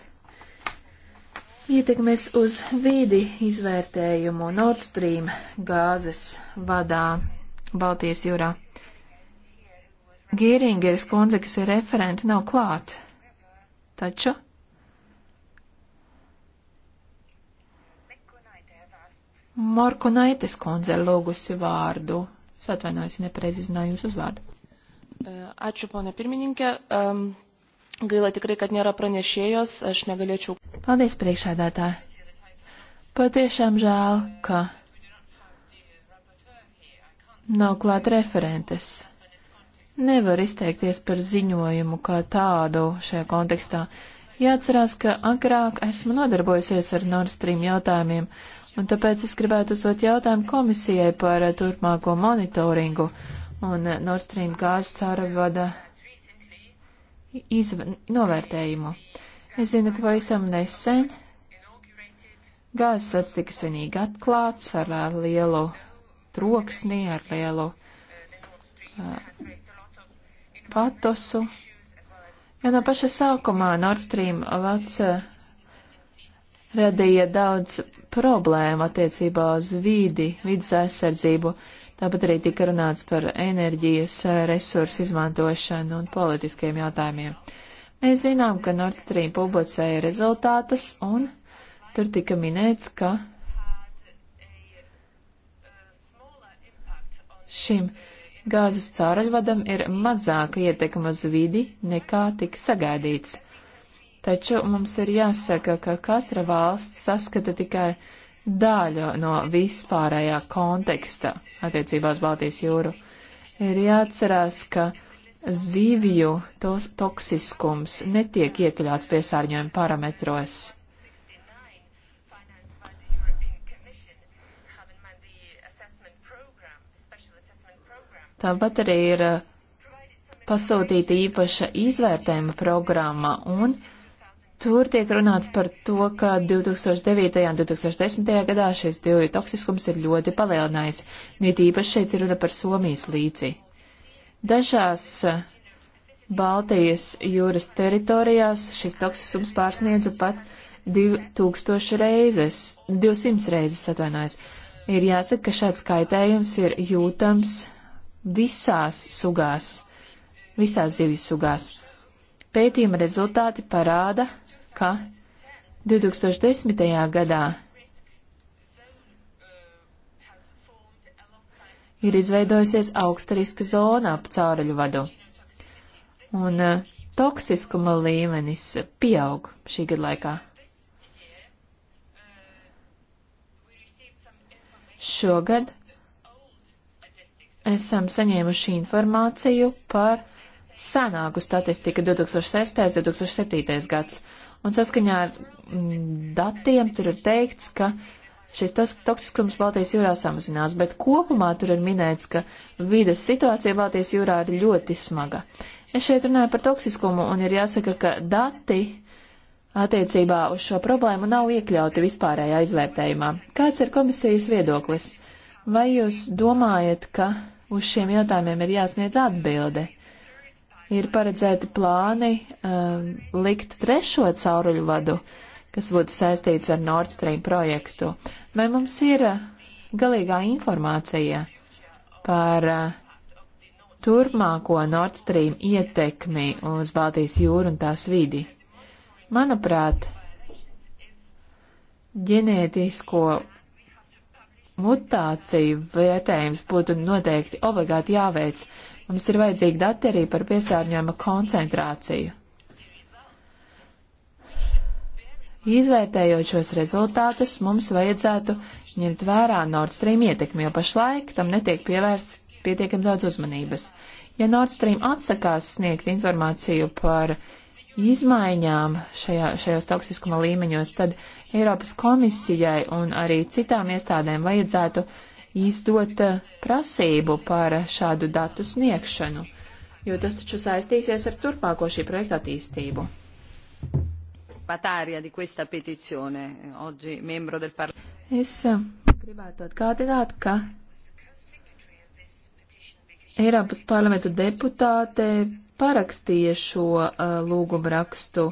ietekmes uz vīdi izvērtējumu Nord Stream gāzes vadā Baltijas jūrā. Gīringeris kundze, kas ir referenti, nav klāt. Taču Morko Naitis kundze lūgusi vārdu. Es atvainojos, ja nepareizi izrunāju jūsu uzvārdu. Э, ačiū, ponė pirmininkė. Um, gaila tikrai, kad nėra pranešėjos, aš negalėčiau. Paldies, priekšādātāji. Patiešām žēl, ka nav klāt referentes. Nevar izteikties par ziņojumu kā tādu šajā kontekstā. Jāatcerās, ka agrāk esmu nodarbojusies ar Nord Stream jautājumiem Un tāpēc es gribētu uzdot jautājumu komisijai par eh, turpmāko monitoringu un eh, Nord Stream gāzes sārvada izv... novērtējumu. Es zinu, ka pavisam nesen gāzes vads tika senīgi atklāts ar eh, lielu troksni, ar lielu uh, patosu. Ja no paša sākumā Nord Stream vads radīja daudz problēmu attiecībā uz vīdi, vidas aizsardzību. Tāpat arī tika runāts par enerģijas eh, resursu izmantošanu un politiskiem jautājumiem. Mēs zinām, ka Nord Stream publicēja rezultātus, un tur tika minēts, ka šim gāzes cauruļvadam ir mazāka ietekma uz vidi nekā tika sagaidīts. Taču mums ir jāsaka, ka katra valsts saskata tikai daļu no vispārējā konteksta attiecībā uz Baltijas jūru. Ir jāatcerās, ka zivju tos, toksiskums netiek iekļauts piesārņojuma parametros. Tāpat arī ir uh, pasūtīta īpaša izvērtējuma programma un uh, Tur tiek runāts par to, ka 2009. un 2010. gadā šis divu toksiskums ir ļoti palielinājis, nīt īpaši šeit ir runa par Somijas līci. Dažās eh, Baltijas jūras teritorijās šis toksisms pārsniedza pat 2000 reizes, 200 reizes atvainojas. Ir jāsaka, ka šāds kaitējums ir jūtams visās sugās, visās zivju sugās. Pētījuma rezultāti parāda, ka 2010. gadā ir izveidojusies augsta riska zona ap cauruļu vadu, un eh, toksiskuma līmenis pieaug šī gada laikā. Šogad esam saņēmuši informāciju par senāku statistiku 2006. un 2007. gads. Un saskaņā ar mm, datiem tur ir teikts, ka šis toksiskums Baltijas jūrā samazinās, bet kopumā tur ir minēts, ka vides situācija Baltijas jūrā ir ļoti smaga. Es šeit runāju par toksiskumu un ir jāsaka, ka dati attiecībā uz šo problēmu nav iekļauti vispārējā izvērtējumā. Kāds ir komisijas viedoklis? Vai jūs domājat, ka uz šiem jautājumiem ir jāsniedz atbilde? ir paredzēti plāni um, likt trešo cauruļu vadu, kas būtu saistīts ar Nord Stream projektu. Vai mums ir uh, galīgā informācija par uh, turpmāko Nord Stream ietekmi uz Baltijas jūru un tās vidi? Manuprāt, ģenētisko mutāciju vērtējums būtu noteikti obligāti jāveic, Mums ir vajadzīgi dati arī par piesārņojuma koncentrāciju. Izvērtējot šos rezultātus, mums vajadzētu ņemt vērā Nord Stream ietekmi, jo pašlaik tam netiek pievērsts pietiekam daudz uzmanības. Ja Nord Stream atsakās sniegt informāciju par izmaiņām šajā, šajos toksiskuma līmeņos, tad Eiropas komisijai un arī citām iestādēm vajadzētu uh, izdot eh, prasību par šādu datu sniegšanu, jo tas taču saistīsies ar turpmāko šī projekta attīstību. Es eh, gribētu atgādināt, ka Eiropas parlamentu deputāte parakstīja šo uh, eh, lūgumu rakstu,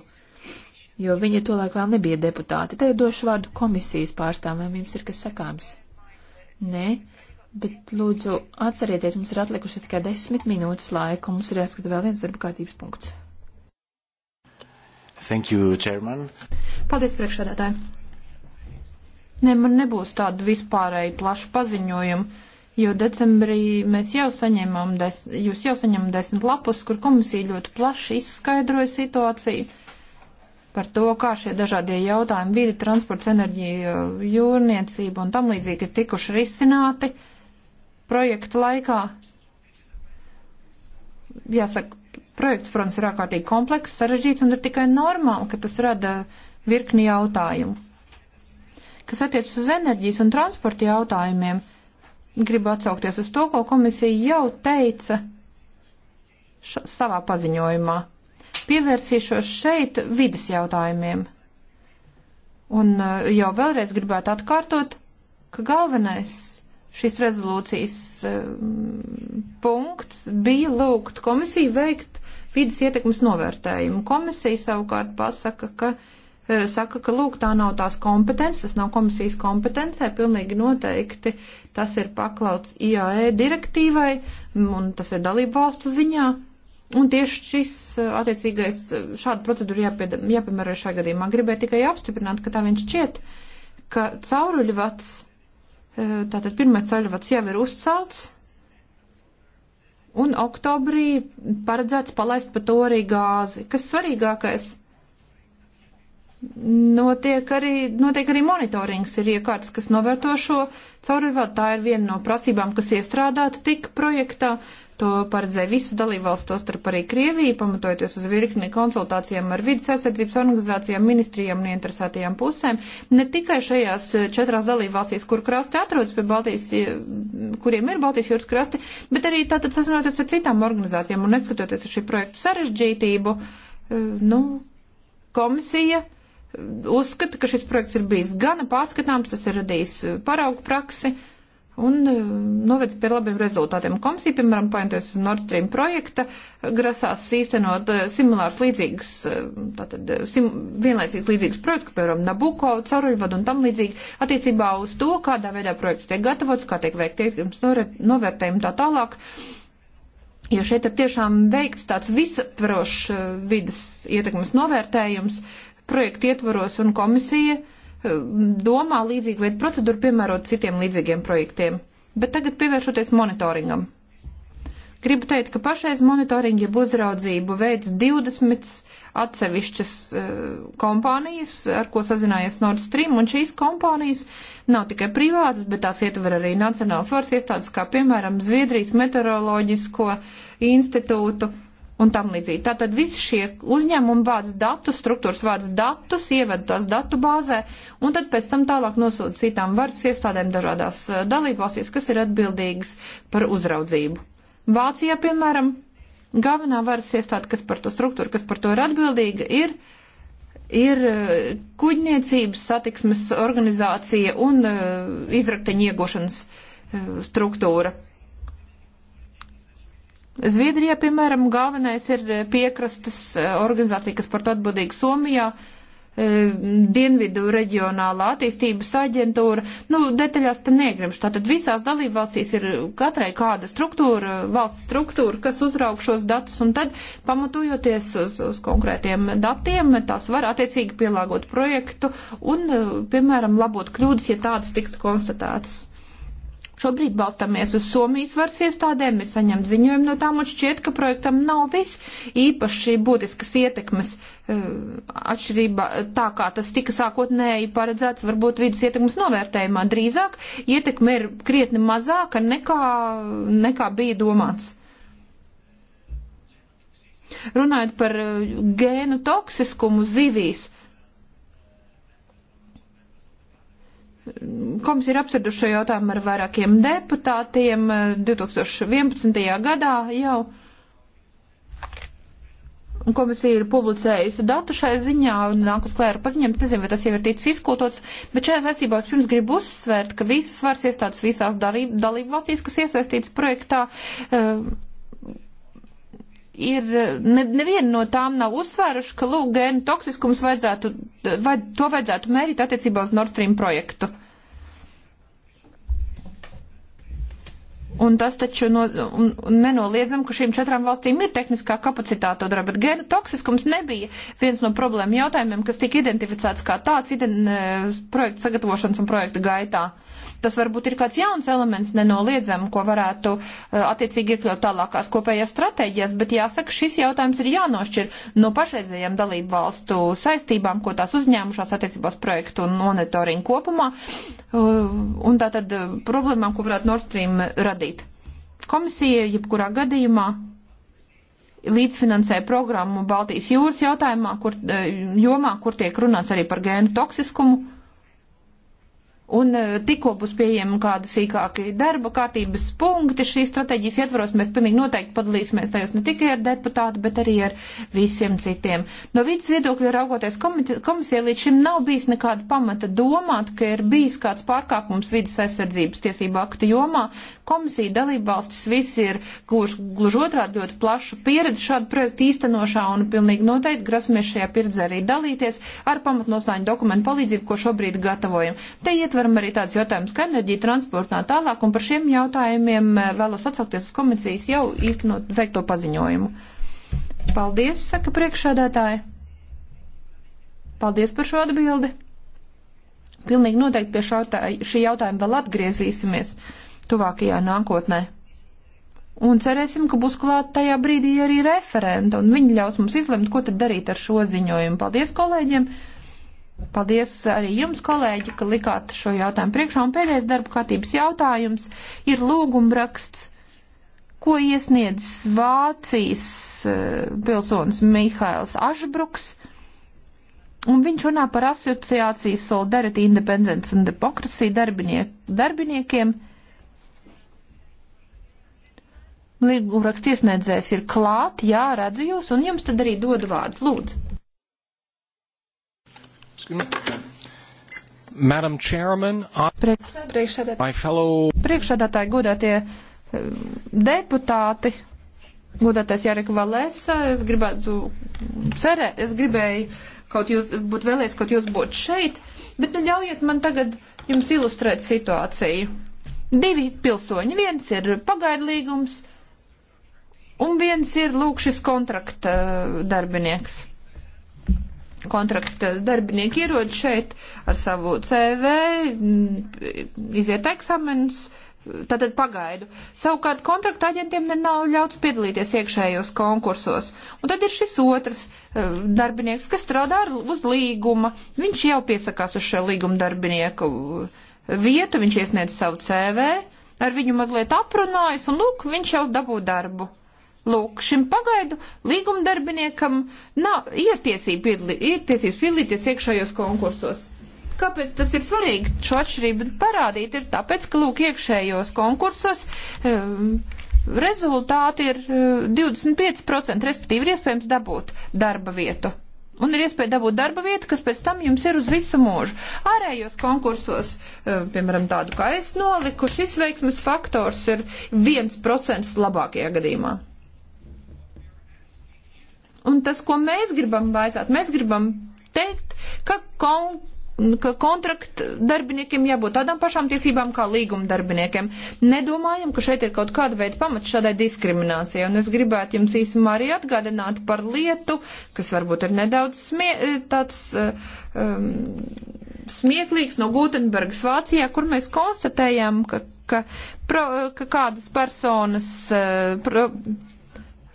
jo viņa tolaik vēl nebija deputāte. Tagad došu vārdu komisijas pārstāvēm, jums ir kas sakāms. Nē, bet lūdzu atcerieties, mums ir atlikušas tikai desmit minūtes laika, mums ir jāskata vēl viens darba kārtības punkts. Thank you, Chairman. Paldies, priekšsēdētāji. Nē, man nebūs tādu vispārēju plašu paziņojumu, jo decembrī mēs jau saņēmām, des, jūs jau saņemat desmit lapus, kur komisija ļoti plaši izskaidroja situāciju par to, kā šie dažādie jautājumi, vidi, transports, enerģija, jūrniecība un tam līdzīgi ir tikuši risināti projekta laikā. Jāsaka, projekts, protams, ir ārkārtīgi komplekss, sarežģīts un ir tikai normāli, ka tas rada virkni jautājumu. Kas attiec uz enerģijas un transporta jautājumiem, gribu atsaukties uz to, ko komisija jau teica savā paziņojumā Pievērsīšos šeit vidas jautājumiem. Un uh, jau vēlreiz gribētu atkārtot, ka galvenais šīs rezolūcijas um, punkts bija lūgt komisiju veikt vidas ietekmes novērtējumu. Komisija savukārt pasaka, ka, uh, saka, ka lūk, tā nav tās kompetences, tas nav komisijas kompetencē, pilnīgi noteikti tas ir paklauts IAE direktīvai mm, un tas ir dalību valstu ziņā. Un tieši šis eh, attiecīgais eh, šāda procedūra jāpiemēro šajā gadījumā. Gribēju tikai apstiprināt, ka tā viņš šķiet, ka cauruļvats, eh, tātad pirmais cauruļvats jau ir uzcelts, un oktobrī paredzēts palaist pa to arī gāzi. Kas svarīgākais? Notiek arī, notiek arī monitorings, ir iekārtas, kas novērto šo cauruļvadu. Tā ir viena no prasībām, kas iestrādāta tika projektā To paredzēja visas dalībvalsts, tostarp arī Krievija, pamatojoties uz virkni konsultācijām ar vidas aizsardzības organizācijām, ministrijām un interesētajām pusēm. Ne tikai šajās eh, četrās dalībvalstīs, kur krasti atrodas pie Baltijas, eh, kuriem ir Baltijas jūras krasti, bet arī tātad sasinoties ar citām organizācijām un neskatoties ar šī projekta sarežģītību, eh, nu, komisija uzskata, ka šis projekts ir bijis gana pārskatāms, tas ir radījis paraugu praksi un e, novec nu, pie labiem rezultātiem. Komisija, piemēram, paņemties uz Nord Stream projekta, grasās īstenot e, simulārs līdzīgs, e, tātad sim, vienlaicīgs līdzīgs projekts, kā piemēram Nabuko, Cauruļvadu un tam līdzīgi, attiecībā uz to, kādā veidā projekts tiek gatavots, kā tiek veikt ietekmes novērtējumi tā tālāk. Jo šeit ir tiešām veikts tāds visaptverošs vidas ietekmes novērtējums projekta ietvaros un komisija uh, domā līdzīgi veidu procedūru piemērot citiem līdzīgiem projektiem. Bet tagad pievēršoties monitoringam. Gribu teikt, ka pašreiz monitoringi jeb uzraudzību veids 20 atsevišķas uh, kompānijas, ar ko sazinājies Nord Stream, un šīs kompānijas nav tikai privātas, bet tās ietver arī nacionālas varas iestādes, kā piemēram Zviedrijas meteoroloģisko institūtu, uh, un tam līdzīgi. Tātad visi šie uzņēmumi vāc datus, struktūras vāc datus, ieved tās datu bāzē, un tad pēc tam tālāk nosūta citām varas iestādēm dažādās eh, dalībvalstīs, kas ir atbildīgas par uzraudzību. Vācijā, piemēram, galvenā varas iestāde, kas par to struktūru, kas par to ir atbildīga, ir, ir eh, kuģniecības satiksmes organizācija un uh, eh, izrakteņu iegūšanas uh, struktūra. Zviedrijā, piemēram, galvenais ir eh, piekrastes eh, organizācija, kas par to atbildīga Somijā. Eh, Dienvidu reģionālā attīstības aģentūra. Nu, detaļās te negrimšu. Tātad visās dalībvalstīs ir katrai kāda struktūra, valsts struktūra, kas uzrauk šos datus, un tad, pamatojoties uz, uz konkrētiem datiem, tās var attiecīgi pielāgot projektu un, piemēram, labot kļūdas, ja tādas tiktu konstatētas. Šobrīd balstamies uz Somijas varas iestādēm, ir saņemts ziņojumi no tām, un šķiet, ka projektam nav viss īpaši būtiskas ietekmes eh, atšķirība tā, kā tas tika sākotnēji paredzēts, varbūt vidas ietekmes novērtējumā. Drīzāk ietekme ir krietni mazāka nekā, nekā bija domāts. Runājot par eh, gēnu toksiskumu zivīs, Komisija ir apsverduši šo jautājumu ar vairākiem deputātiem 2011. Eh, gadā jau. Komisija ir publicējusi datu šai ziņā un nākus klēra paziņam, nezinu, vai tas jau ir ticis izkotots, bet šajā saistībā es pirms gribu uzsvērt, ka visas varas iestādes visās dalību valstīs, kas iesaistītas projektā, uh, ir ne, neviena no tām nav uzsvēruši, ka lūk, gēnu toksiskums vajadzētu, vai, to vajadzētu mērīt attiecībā uz Nord Stream projektu. Un tas taču no, un, un nenoliedzam, ka šīm četrām valstīm ir tehniskā kapacitāte to darīt, bet gēnu toksiskums nebija viens no problēmu jautājumiem, kas tika identificēts kā tāds iden, eh, projekta sagatavošanas un projekta gaitā. Uh, Tas varbūt ir kāds jauns elements nenoliedzam, ko varētu eh, attiecīgi iekļaut tālākās kopējās stratēģijās, bet jāsaka, šis jautājums ir jānošķir no pašreizējām dalību valstu saistībām, ko tās uzņēmušās attiecībās projektu un monitoringu kopumā, eh, un tātad eh, problēmām, ko varētu Nord Stream radīt. Komisija jebkurā gadījumā līdzfinansē programmu Baltijas jūras jautājumā, kur, jomā, kur tiek runāts arī par gēnu toksiskumu. Un eh, tikko būs pieejami kādi sīkāki darba kārtības punkti šīs strateģijas ietvaros, mēs pilnīgi noteikti padalīsimies tajos ne tikai ar deputātu, bet arī ar visiem citiem. No vidas viedokļa raugoties komisija līdz šim nav bijis nekāda pamata domāt, ka ir bijis kāds pārkāpums vidas aizsardzības tiesību aktu jomā, Komisija dalībvalstis visi ir gluži otrādi ļoti plašu pieredzi šādu projektu īstenošā un pilnīgi noteikti grasamies šajā pieredzē arī dalīties ar pamatnostāņu dokumentu palīdzību, ko šobrīd gatavojam. Te ietveram arī tāds jautājums, kā enerģija, transportā tālāk, un par šiem jautājumiem eh, vēlos atsaukties uz komisijas jau īstenot veikto paziņojumu. Paldies, saka priekšādātāja. Paldies par šo atbildi. Pilnīgi noteikti pie šautā, šī jautājuma vēl atgriezīsimies tuvākajā nākotnē. Un cerēsim, ka būs klāt tajā brīdī arī referenta, un viņi ļaus mums izlemt, ko tad darīt ar šo ziņojumu. Paldies kolēģiem! Paldies arī jums, kolēģi, ka likāt šo jautājumu priekšā. Un pēdējais darba kārtības jautājums ir lūgumraksts, ko iesniedz Vācijas eh, pilsonis Mihails Ašbruks. Un viņš runā par asociācijas Solidarity, Independence un Democracy darbinie, darbiniekiem. darbiniekiem Līgumraksts iesniedzējs ir klāt, jā, redzu jūs, un jums tad arī dodu vārdu. Lūdzu. Madam Chairman, I... priekšsēdētāji, fellow... priekšsēdētāji godātie eh, deputāti, godātais Jārika Valēsa, es gribētu cerēt, es gribēju kaut jūs, būtu vēlējies kaut jūs būt šeit, bet nu ļaujiet man tagad jums ilustrēt situāciju. Divi pilsoņi, viens ir pagaidlīgums, līgums, Un viens ir lūk šis kontrakta eh, darbinieks. Kontrakta eh, darbinieki ierod šeit ar savu CV, mm, iziet eksamenus, Tātad pagaidu. Savukārt kontrakta aģentiem nav ļauts piedalīties iekšējos konkursos. Un tad ir šis otrs eh, darbinieks, kas strādā uz līguma. Viņš jau piesakās uz šo līguma darbinieku vietu, viņš iesniedz savu CV, ar viņu mazliet aprunājas, un lūk, viņš jau dabū darbu. Lūk, šim pagaidu līgumdarbiniekam nav ietiesība piedalī, ietiesības piedalīties iekšējos konkursos. Kāpēc tas ir svarīgi šo atšķirību parādīt? Ir tāpēc, ka, lūk, iekšējos konkursos um, rezultāti ir 25%, eh, respektīvi ir iespējams dabūt darba vietu. Un ir iespēja dabūt darba vietu, kas pēc tam jums ir uz visu mūžu. Ārējos konkursos, eh, piemēram, tādu kā es nolikuši, izveiksmes faktors ir 1% labākajā gadījumā. Un tas, ko mēs gribam vaicāt, mēs gribam teikt, ka, kon, ka kontrakta darbiniekiem jābūt tādām pašām tiesībām kā līguma darbiniekiem. Nedomājam, ka šeit ir kaut kāda veida pamats šādai diskriminācijai. Un es gribētu jums īsumā arī atgādināt par lietu, kas varbūt ir nedaudz smie, tāds. Eh, um, smieklīgs no Gutenbergas Vācijā, kur mēs konstatējām, ka, ka, pro, ka kādas personas eh, pro,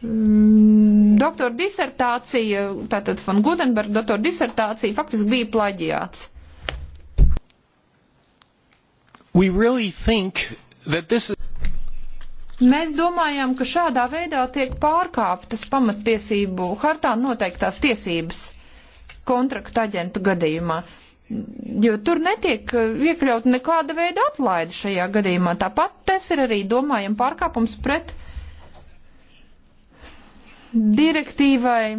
Mm, doktora disertācija, tātad von Gudenberga doktora disertācija faktiski bija plaģiāts. We really think that this is... Mēs domājam, ka šādā veidā tiek pārkāptas pamattiesību hartā noteiktās tiesības kontraktu aģentu gadījumā. Jo tur netiek uh, iekļaut nekāda veida atlaidi šajā gadījumā. Tāpat tas ir arī, domājam, pārkāpums pret uh, direktīvai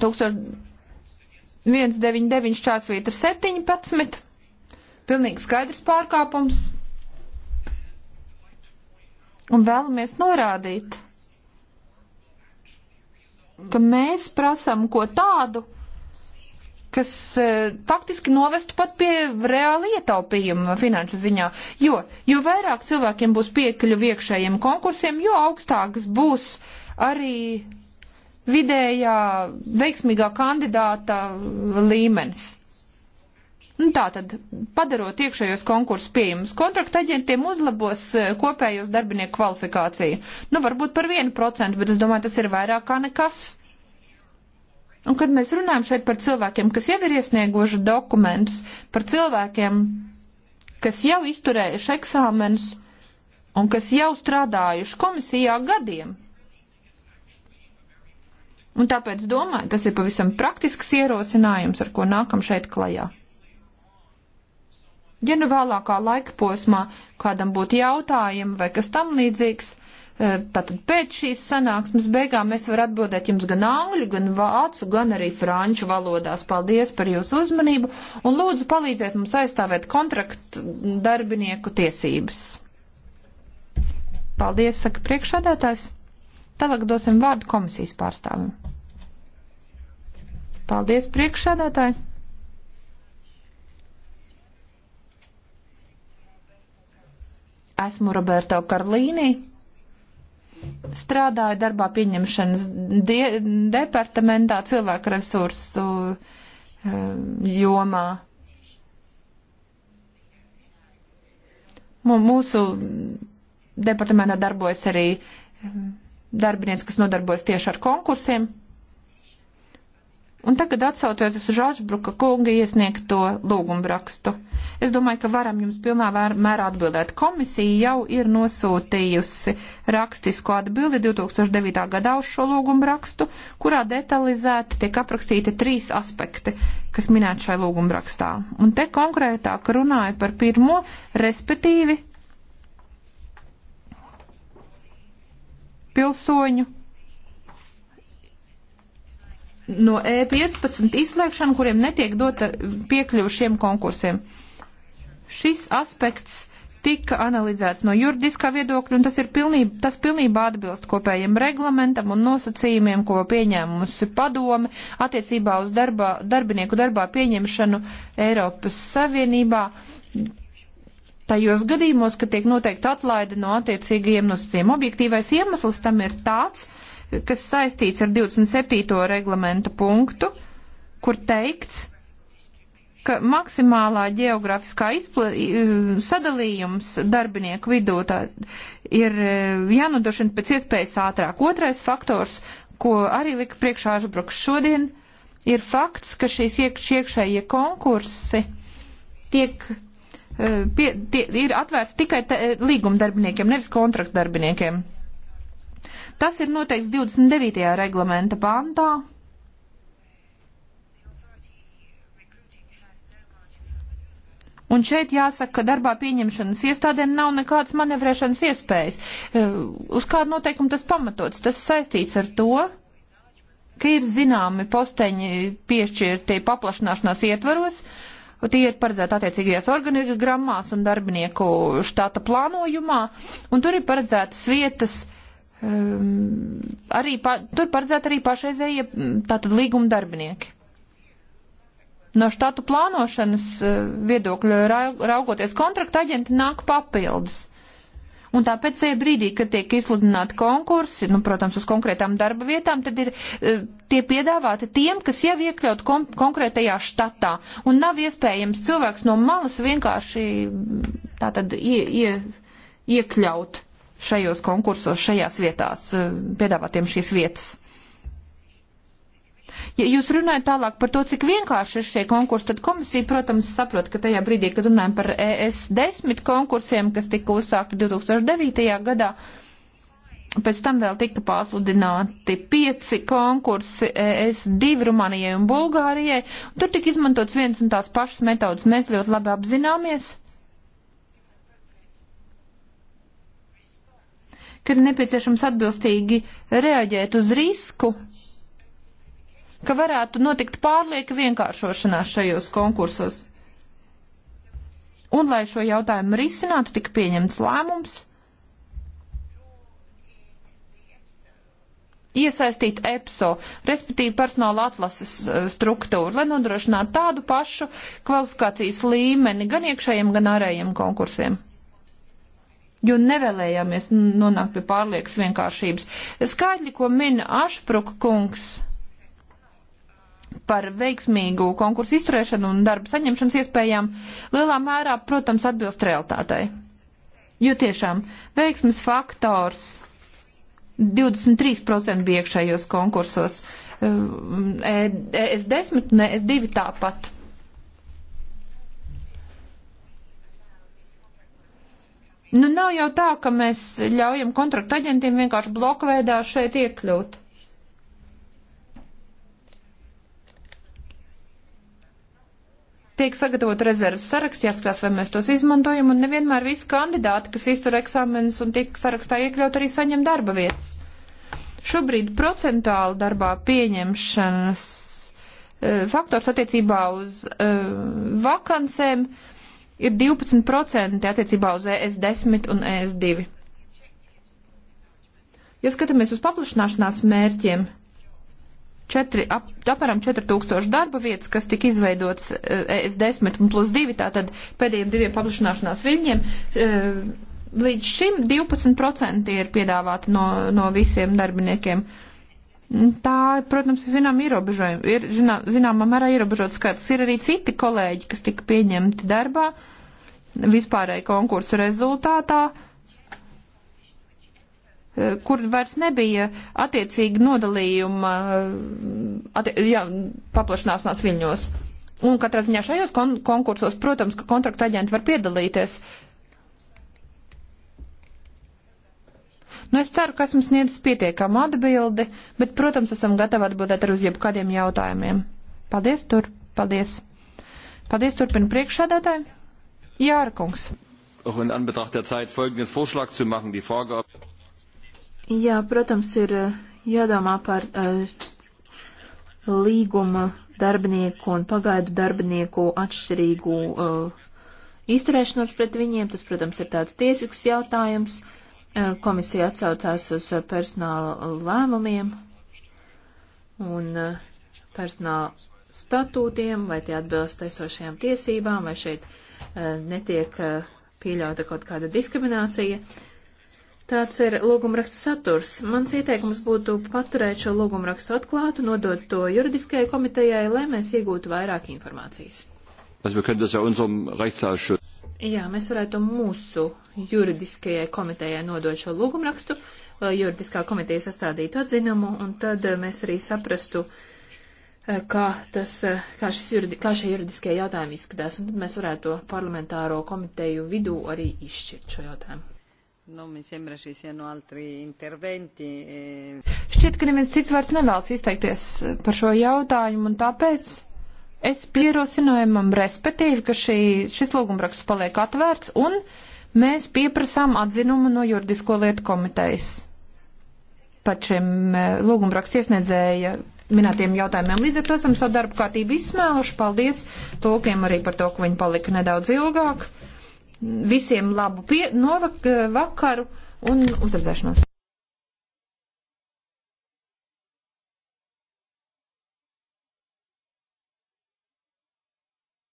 1199 čāsvieta 17. Pilnīgi skaidrs pārkāpums. Un vēlamies norādīt, ka mēs prasam ko tādu, kas e, faktiski novestu pat pie reāla ietaupījuma finanšu ziņā. Jo, jo vairāk cilvēkiem būs piekļuvi iekšējiem konkursiem, jo augstākas būs arī vidējā veiksmīgā kandidāta līmenis. Nu, tā tad, padarot iekšējos konkursus pieejamus, kontrakta aģentiem uzlabos eh, kopējos darbinieku kvalifikāciju. Nu, varbūt par 1%, bet es domāju, tas ir vairāk kā nekas. Un kad mēs runājam šeit par cilvēkiem, kas jau ir iesnieguši dokumentus, par cilvēkiem, kas jau izturējuši eksāmenus un kas jau strādājuši komisijā gadiem, Un tāpēc domāju, tas ir pavisam praktisks ierosinājums, ar ko nākam šeit klajā. Ja nu vēlākā laika posmā kādam būtu jautājumi vai kas tam līdzīgs, e, tātad pēc šīs sanāksmes beigām es varu atbildēt jums gan angļu, gan vācu, gan arī franču valodās. Paldies par jūsu uzmanību un lūdzu palīdziet mums aizstāvēt kontraktu darbinieku tiesības. Paldies, saka priekšādātājs. Tālāk dosim vārdu komisijas pārstāvim. Paldies, priekšsēdētāji! Esmu Roberto Karlīnī. Strādāju darbā pieņemšanas die, departamentā cilvēku resursu eh, jomā. Mūsu departamentā darbojas arī eh, darbinieks, kas nodarbojas tieši ar konkursiem. Un tagad atsaucoties uz Žāžbruka kunga iesniegto lūgumrakstu. Es domāju, ka varam jums pilnā mērā atbildēt. Komisija jau ir nosūtījusi rakstisko atbildi 2009. gadā uz šo lūgumrakstu, kurā detalizēti tiek aprakstīti trīs aspekti, kas minēti šai lūgumrakstā. Un te konkrētāk runāja par pirmo, respektīvi pilsoņu no E15 izslēgšanu, kuriem netiek dota piekļuva šiem konkursiem. Šis aspekts tika analizēts no juridiskā viedokļa, un tas, ir pilnība, tas pilnībā atbilst kopējiem reglamentam un nosacījumiem, ko pieņēmusi padome attiecībā uz darbā, darbinieku darbā pieņemšanu Eiropas Savienībā. Tajos gadījumos, kad tiek noteikta atlaide no attiecīgajiem nosacījumiem, objektīvais iemesls tam ir tāds, ka kas saistīts ar 27. reglamenta punktu, kur teikts, ka maksimālā geogrāfiskā izpla, sadalījums darbinieku vidū tā, ir e, jānodrošina pēc iespējas ātrāk. Otrais faktors, ko arī lika priekšā Ažbruks šodien, ir fakts, ka šīs iekš, iekšējie konkursi tiek e, pie, tie, ir atvērti tikai te, e, līguma darbiniekiem, nevis kontrakta darbiniekiem. Tas ir noteikts 29. reglamenta pantā. Un šeit jāsaka, ka darbā pieņemšanas iestādēm nav nekādas manevrēšanas iespējas. E, uz kādu noteikumu tas pamatots? Tas saistīts ar to, ka ir zināmi posteņi piešķirtie paplašanāšanās ietvaros, tie ir paredzēti attiecīgajās organigrammās un darbinieku štata plānojumā, un tur ir paredzētas vietas um, arī pa, tur paredzēt arī pašreizējie mm, tātad līguma darbinieki. No štātu plānošanas uh, viedokļa raugoties kontrakta aģenti nāk papildus. Un tāpēc, ja brīdī, kad tiek izsludināti konkursi, nu, protams, uz konkrētām darba vietām, tad ir uh, tie piedāvāti tiem, kas jau iekļaut kon konkrētajā štatā. Un nav iespējams cilvēks no malas vienkārši mm, tā tad ie ie iekļaut šajos konkursos, šajās vietās, eh, piedāvātiem šīs vietas. Ja jūs runājat tālāk par to, cik vienkārši ir šie konkursi, tad komisija, protams, saprot, ka tajā brīdī, kad runājam par ES desmit konkursiem, kas tika uzsākti 2009. gadā, pēc tam vēl tika pārsludināti pieci konkursi ES divi Rumānijai un Bulgārijai, un tur tika izmantots viens un tās pašas metodas. Mēs ļoti labi apzināmies, ka ir nepieciešams atbilstīgi reaģēt uz risku, ka varētu notikt pārlieka vienkāršošanās šajos konkursos. Un, lai šo jautājumu risinātu, tika pieņemts lēmums iesaistīt EPSO, respektīvi personāla atlases eh, struktūru, lai nodrošinātu tādu pašu kvalifikācijas līmeni gan iekšējiem, gan ārējiem konkursiem jo nevēlējāmies nonākt pie pārliekas vienkāršības. Skaidri, ko min Ašpruk kungs par veiksmīgu konkursu izturēšanu un darba saņemšanas iespējām, lielā mērā, protams, atbilst realitātei. Jo tiešām veiksmes faktors 23% bija iekšējos konkursos, ES10 un ES2 tāpat. Nu, nav jau tā, ka mēs ļaujam kontraktu aģentiem vienkārši blokveidā šeit iekļūt. Tiek sagatavot rezerves saraksts, jāskatās, vai mēs tos izmantojam, un nevienmēr visi kandidāti, kas iztur eksāmenus un tiek sarakstā iekļaut, arī saņem darba vietas. Šobrīd procentuāli darbā pieņemšanas eh, faktors attiecībā uz uh, vakansēm uh, ir 12% attiecībā uz e ES10 un ES2. Ja skatāmies uz paplašināšanās mērķiem, četri, ap, apmēram 4000 darba vietas, kas tika izveidotas eh, e ES10 un plus 2, tātad pēdējiem diviem paplašināšanās viļņiem, eh, līdz šim 12% ir piedāvāti no, no visiem darbiniekiem. Tā, protams, zinām, ierobežojumi, ir, zinām, zināmā mērā ierobežots skaits. Ir arī citi kolēģi, kas tika pieņemti darbā. Uh, vispārēja konkursa rezultātā, eh, kur vairs nebija attiecīgi nodalījuma, eh, atti, jā, paplašanāsnās viļņos. Un katrā ziņā šajos kon konkursos, protams, ka kontrakta aģenti var piedalīties. Nu, es ceru, ka esmu sniedzis pietiekamu atbildi, bet, protams, esam gatavi atbildēt ar uz jebkādiem jautājumiem. Paldies tur, paldies. Paldies turpina priekšsēdētāji. Jārkungs. Jā, protams, ir eh, jādomā par uh, līguma darbinieku un pagaidu darbinieku atšķirīgu uh, izturēšanos pret viņiem. Tas, protams, ir tāds tiesisks jautājums. Uh, komisija atsaucās uz personāla lēmumiem un uh, personāla statūtiem, vai tie atbilst esošajām tiesībām, vai šeit Eh, netiek eh, pieļauta kaut kāda diskriminācija. Tāds ir lūgumraksta saturs. Mans ieteikums būtu paturēt šo lūgumrakstu atklātu, nodot to juridiskajai komitejai, lai mēs iegūtu vairāk informācijas. Jā, mēs varētu mūsu juridiskajai komitejai nodot šo lūgumrakstu, juridiskā komiteja sastādītu atzinumu, un tad eh, mēs arī saprastu, uh, Eh, kā, tas, eh, kā, juridi, kā šie juridiskie jautājumi izskatās, un tad mēs varētu to parlamentāro komiteju vidū arī izšķirt šo jautājumu. Nu, sembra, no e... Eh. Šķiet, ka neviens cits vairs nevēlas izteikties par šo jautājumu, un tāpēc es pierosinājumam respektīvi, ka šī, šis lūgumraksts paliek atvērts, un mēs pieprasām atzinumu no juridisko lietu komitejas par šiem lūgumraksts iesniedzēja minētiem jautājumiem. Līdz ar to esam savu darbu kārtību izsmēluši. Paldies tulkiem arī par to, ka viņi palika nedaudz ilgāk. Visiem labu pie, novakaru eh, un uzredzēšanos.